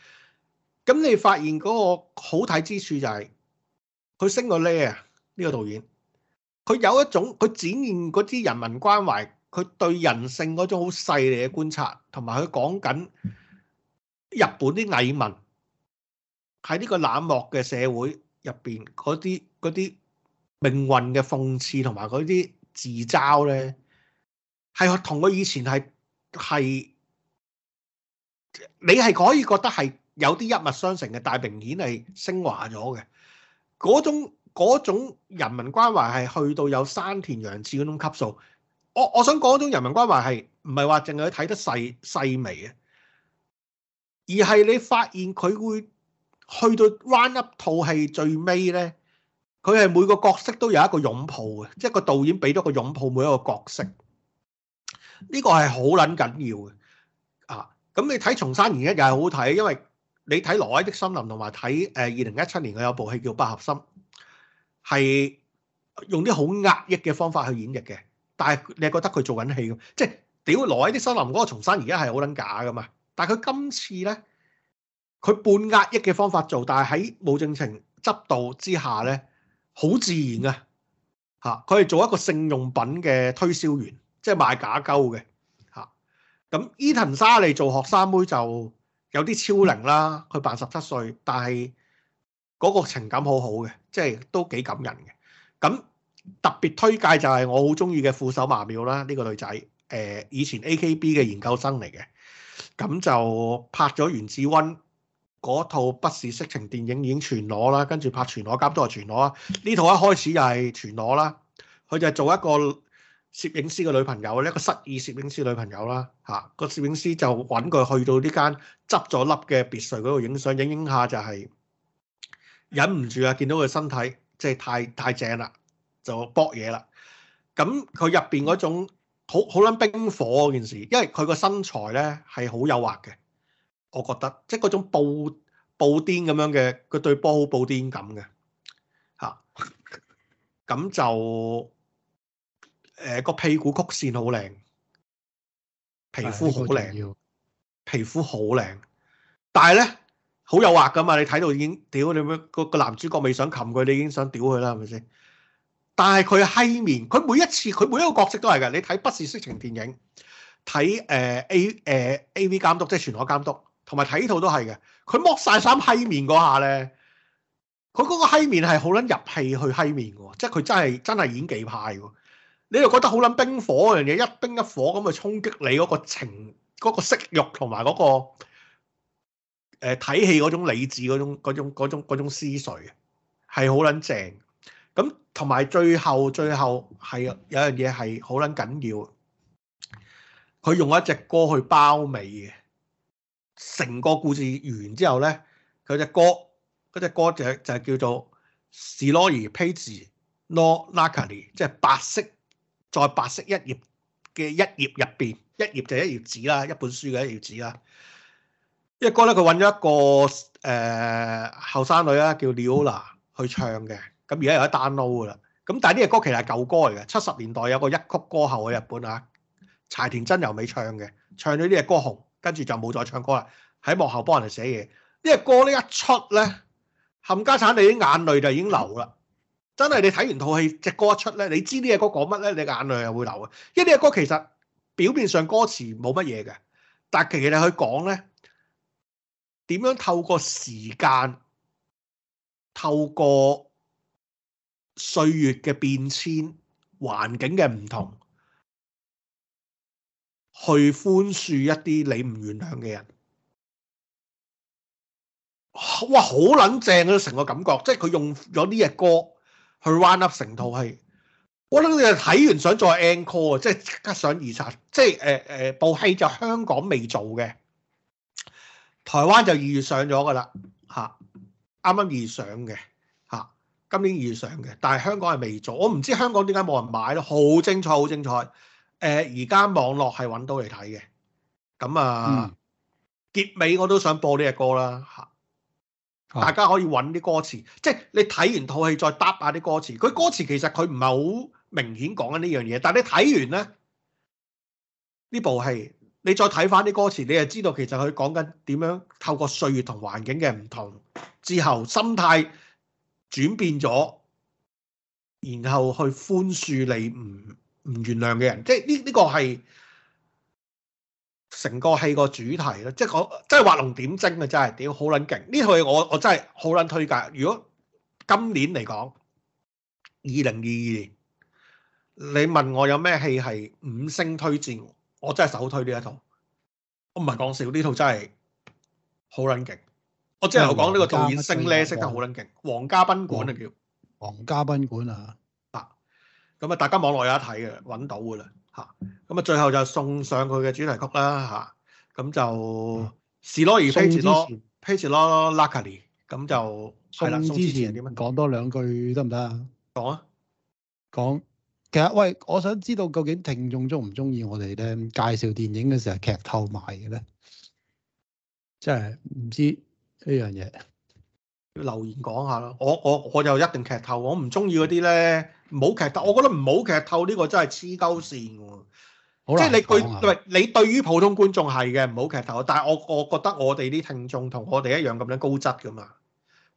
咁你發現嗰個好睇之處就係、是，佢升個 level 啊，呢、這個導演，佢有一種佢展現嗰啲人文關懷，佢對人性嗰種好細膩嘅觀察，同埋佢講緊日本啲蟻民喺呢個冷漠嘅社會入邊嗰啲嗰啲命運嘅諷刺，同埋嗰啲自嘲咧，係同佢以前係係。你係可以覺得係有啲一脈相承嘅，但明顯係升華咗嘅。嗰種嗰種人文關懷係去到有山田洋次嗰種級數。我我想講嗰種人文關懷係唔係話淨係睇得細細微嘅，而係你發現佢會去到 o n up 套戲最尾呢，佢係每個角色都有一個擁抱嘅，即係、一個導演俾咗個擁抱每一個角色。呢個係好捻緊要嘅。咁、嗯、你睇松山研一而家又係好睇，因為你睇《挪威的森林》同埋睇誒二零一七年佢有部戲叫《百合心》，係用啲好壓抑嘅方法去演繹嘅。但係你係覺得佢做緊戲，即係屌《挪威的森林》嗰個松山研一而家係好撚假噶嘛？但係佢今次咧，佢半壓抑嘅方法做，但係喺冇正情執導之下咧，好自然嘅嚇。佢、啊、係做一個性用品嘅推銷員，即係賣假鈎嘅。咁伊藤沙莉做學生妹就有啲超齡啦，佢扮十七歲，但係嗰個情感好好嘅，即係都幾感人嘅。咁特別推介就係我好中意嘅副手麻妙啦，呢、這個女仔誒、呃、以前 A K B 嘅研究生嚟嘅，咁就拍咗園子溫嗰套不是色情電影已經全裸啦，跟住拍全裸監督都係全裸啊！呢套一開始又係全裸啦，佢就係做一個。攝影師嘅女朋友咧，一個失意攝影師女朋友啦，嚇、啊，那個攝影師就揾佢去到呢間執咗笠嘅別墅嗰度影相，影影下就係忍唔住啊！見到佢身體，即係太太正啦，就搏嘢啦。咁佢入邊嗰種好好撚冰火嗰件事，因為佢個身材呢係好誘惑嘅，我覺得即係嗰種布布甸咁樣嘅，佢對波布甸咁嘅嚇，咁、啊、就。誒，個、呃、屁股曲線好靚，皮膚好靚，皮膚好靚，但係咧好誘惑噶嘛！你睇到已經屌你咩？個、嗰個男主角未想擒佢，你已經想屌佢啦，係咪先？但係佢閪面，佢每一次佢每一個角色都係噶。你睇不是色情電影，睇誒、呃、A 誒、呃、A.V. 監督即係全裸監督，同埋睇呢套都係嘅。佢剝晒衫閪面嗰下咧，佢嗰個閪面係好撚入戲去閪面噶，即係佢真係真係演技派。你又覺得好撚冰火嘅樣嘢，一冰一火咁去衝擊你嗰個情、嗰 個色欲同埋嗰個、呃、睇戲嗰種理智嗰種、嗰種、嗰種、嗰種思緒，係好撚正。咁同埋最後、最後係有樣嘢係好撚緊要，佢用一隻歌去包尾嘅。成個故事完之後咧，佢隻歌、嗰隻歌就就係叫做《Shiroi Page no Naka ni》即係白色。再白色一頁嘅一頁入邊，一頁就一頁紙啦，一本書嘅一頁紙啦。呢個歌咧，佢揾咗一個誒後生女啦，叫 Leola 去唱嘅。咁而家有得 download 噶啦。咁但係呢個歌其實係舊歌嚟嘅，七十年代有一個一曲歌后喺日本啊，柴田真由美唱嘅。唱咗呢個歌紅，跟住就冇再唱歌啦，喺幕後幫人哋寫嘢。呢個歌咧，一出咧，冚家產你啲眼淚就已經流啦。真係你睇完套戲，隻歌一出咧，你知呢隻歌講乜咧？你眼淚又會流嘅，因為呢隻歌其實表面上歌詞冇乜嘢嘅，但係其實你去講咧點樣透過時間、透過歲月嘅變遷、環境嘅唔同，去寬恕一啲你唔原諒嘅人。哇！好撚正啊，成個感覺，即係佢用咗呢隻歌。去 wrap up 成套戲，我諗你睇完想再 encore 啊！即係即刻想二刷，即係誒誒部戲就香港未做嘅，台灣就二月上咗噶啦嚇，啱啱二月上嘅嚇、啊，今年二月上嘅，但係香港係未做，我唔知香港點解冇人買咯，好精彩好精彩誒！而、呃、家網絡係揾到嚟睇嘅，咁啊、嗯、結尾我都想播呢隻歌啦嚇。啊。大家可以揾啲歌詞，即係你睇完套戲再搭下啲歌詞。佢歌詞其實佢唔係好明顯講緊呢樣嘢，但係你睇完咧，呢部戲你再睇翻啲歌詞，你就知道其實佢講緊點樣透過歲月同環境嘅唔同，之後心態轉變咗，然後去寬恕你唔唔原諒嘅人。即係呢呢個係。成個戲個主題咯，即係講，即係畫龍點睛啊！真係，屌好撚勁呢套戲，我我真係好撚推介。如果今年嚟講，二零二二年，你問我有咩戲係五星推薦，我真係首推呢一套。我唔係講笑，呢套真係好撚勁。我即係講呢個導演星咧，識得好撚勁，《皇家賓館》啊叫，《皇家賓館》啊，嗱，咁啊，大家網絡有得睇嘅，揾到㗎啦。嚇，咁啊，最後就送上佢嘅主題曲啦嚇，咁、啊、就《是攞而飛》是攞，《《披着攞》lucky》，咁就支持人之前講、啊、多兩句得唔得啊？講啊，講，其實喂，我想知道究竟聽眾中唔中意我哋咧介紹電影嘅時候劇透埋嘅咧？即係唔知呢樣嘢留言講下咯。我我我就一定劇透，我唔中意嗰啲咧。唔好劇透，我覺得唔好劇透呢個真係黐鳩線喎。即係你佢，你對於普通觀眾係嘅唔好劇透，但係我我覺得我哋啲聽眾同我哋一樣咁樣高質㗎嘛。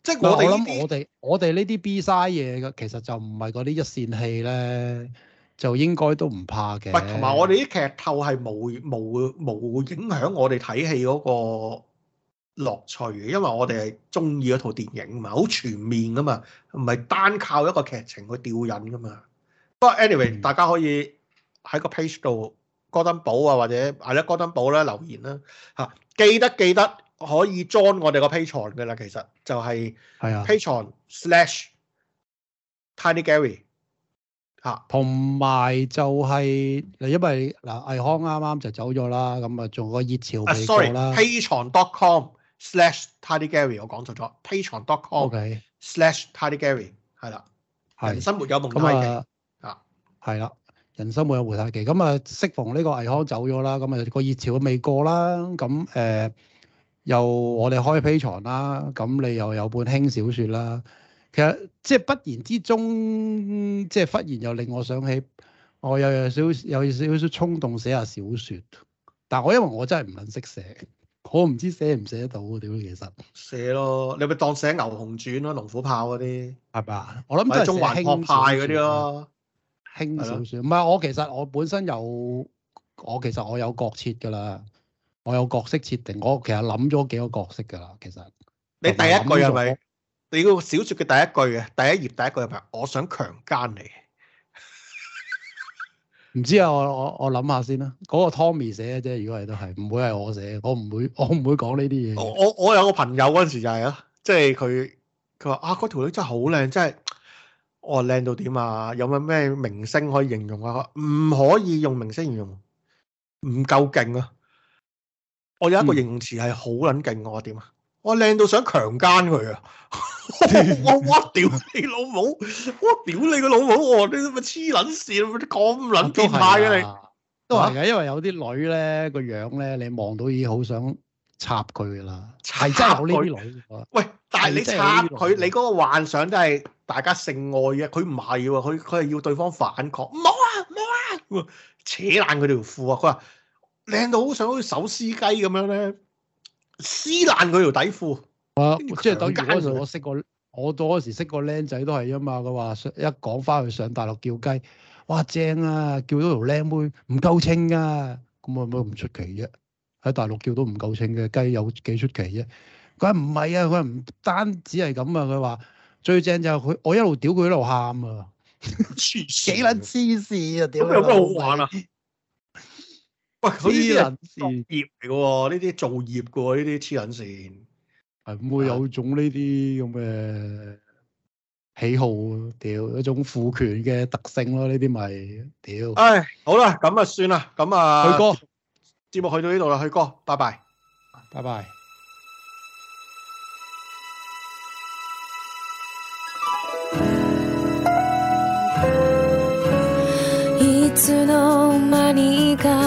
即係我諗我哋我哋呢啲 B side 嘢嘅，其實就唔係嗰啲一線戲咧，就應該都唔怕嘅。同埋我哋啲劇透係無無無影響我哋睇戲嗰個樂趣嘅，因為我哋係中意一套電影嘛，好全面噶嘛，唔係單靠一個劇情去吊引噶嘛。不過 anyway，、嗯、大家可以喺個 page 度，哥登堡啊或者係啦，哥、啊、登堡啦、啊、留言啦嚇、啊，記得記得可以 join 我哋個 patreon 嘅 n 啦，其實就係 patreon slash tinygary 嚇，同埋、啊、就係、是、嗱，因為嗱，倪匡啱啱就走咗啦，咁、嗯、啊仲個熱潮未過啦，patreon.com。Sorry, Slash Tidy Gary，我講錯咗。Patreon.com Slash Tidy Gary，係啦。人生沒有夢咁期啊，係啦、嗯。人生沒有回頭期。咁、嗯、啊，適逢呢個倪匡走咗啦，咁、那、啊個熱潮都未過啦。咁誒、呃，又我哋開 Patreon 啦，咁你又有本輕小說啦。其實即係不言之中，即係忽然又令我想起，我又有，有，有少有，有少少衝動寫下小說，但係我因為我真係唔撚識寫。我唔知寫唔寫得到啊！點啊，其實寫咯，你咪當寫、啊《牛熊傳》咯吧，啊《龍虎豹》嗰啲係嘛？我諗係中環派嗰啲咯，輕小說。唔係的，我其實我本身有，我其實我有角色噶啦，我有角色設定，我其實諗咗幾個角色噶啦，其實。你第一句係咪？你個小說嘅第一句嘅第一頁第一句係咪？我想強姦你。唔知啊，我我我諗下先啦。嗰個 Tommy 寫嘅啫，如果係都係，唔、那個、會係我寫。我唔會，我唔會講呢啲嘢。我我有個朋友嗰陣時就係啊，即係佢佢話啊，嗰條女真係好靚，真係我話靚到點啊？有冇咩明星可以形容啊？唔可以用明星形容，唔夠勁啊！我有一個形容詞係好撚勁，嗯、我點啊？我靚到想強姦佢啊！我 我屌你老母！我屌你個老母！你咁咪黐撚線，咁撚做派嘅你、啊、都係嘅，因為有啲女咧個樣咧，你望到已經好想插佢㗎啦。係她真係有呢啲女。喂，但係你插佢，你嗰個幻想都係大家性愛嘅。佢唔係喎，佢佢係要對方反抗。唔好啊，唔好啊，啊！扯爛佢條褲啊！佢話靚到好想好似手撕雞咁樣咧。撕爛佢條底褲，啊， 即係等於嗰陣我識個， 我嗰陣時識個僆仔都係啊嘛，佢話一講翻去上大陸叫雞，哇正啊，叫到條僆妹唔夠稱啊，咁啊乜唔出奇啫，喺大陸叫到唔夠稱嘅雞有幾出奇啫？佢話唔係啊，佢話唔單止係咁啊，佢話最正就係佢，我一路屌佢一路喊啊，幾撚黐線啊，屌！咁又好玩啦、啊、～黐人事業嚟嘅喎，呢啲造業嘅呢啲黐人線，係唔會有種呢啲咁嘅喜好，屌，一種父權嘅特性咯，呢啲咪屌。唉、哎，好啦，咁啊算啦，咁啊，去哥歌，節目去到呢度啦，去哥，拜拜，拜拜。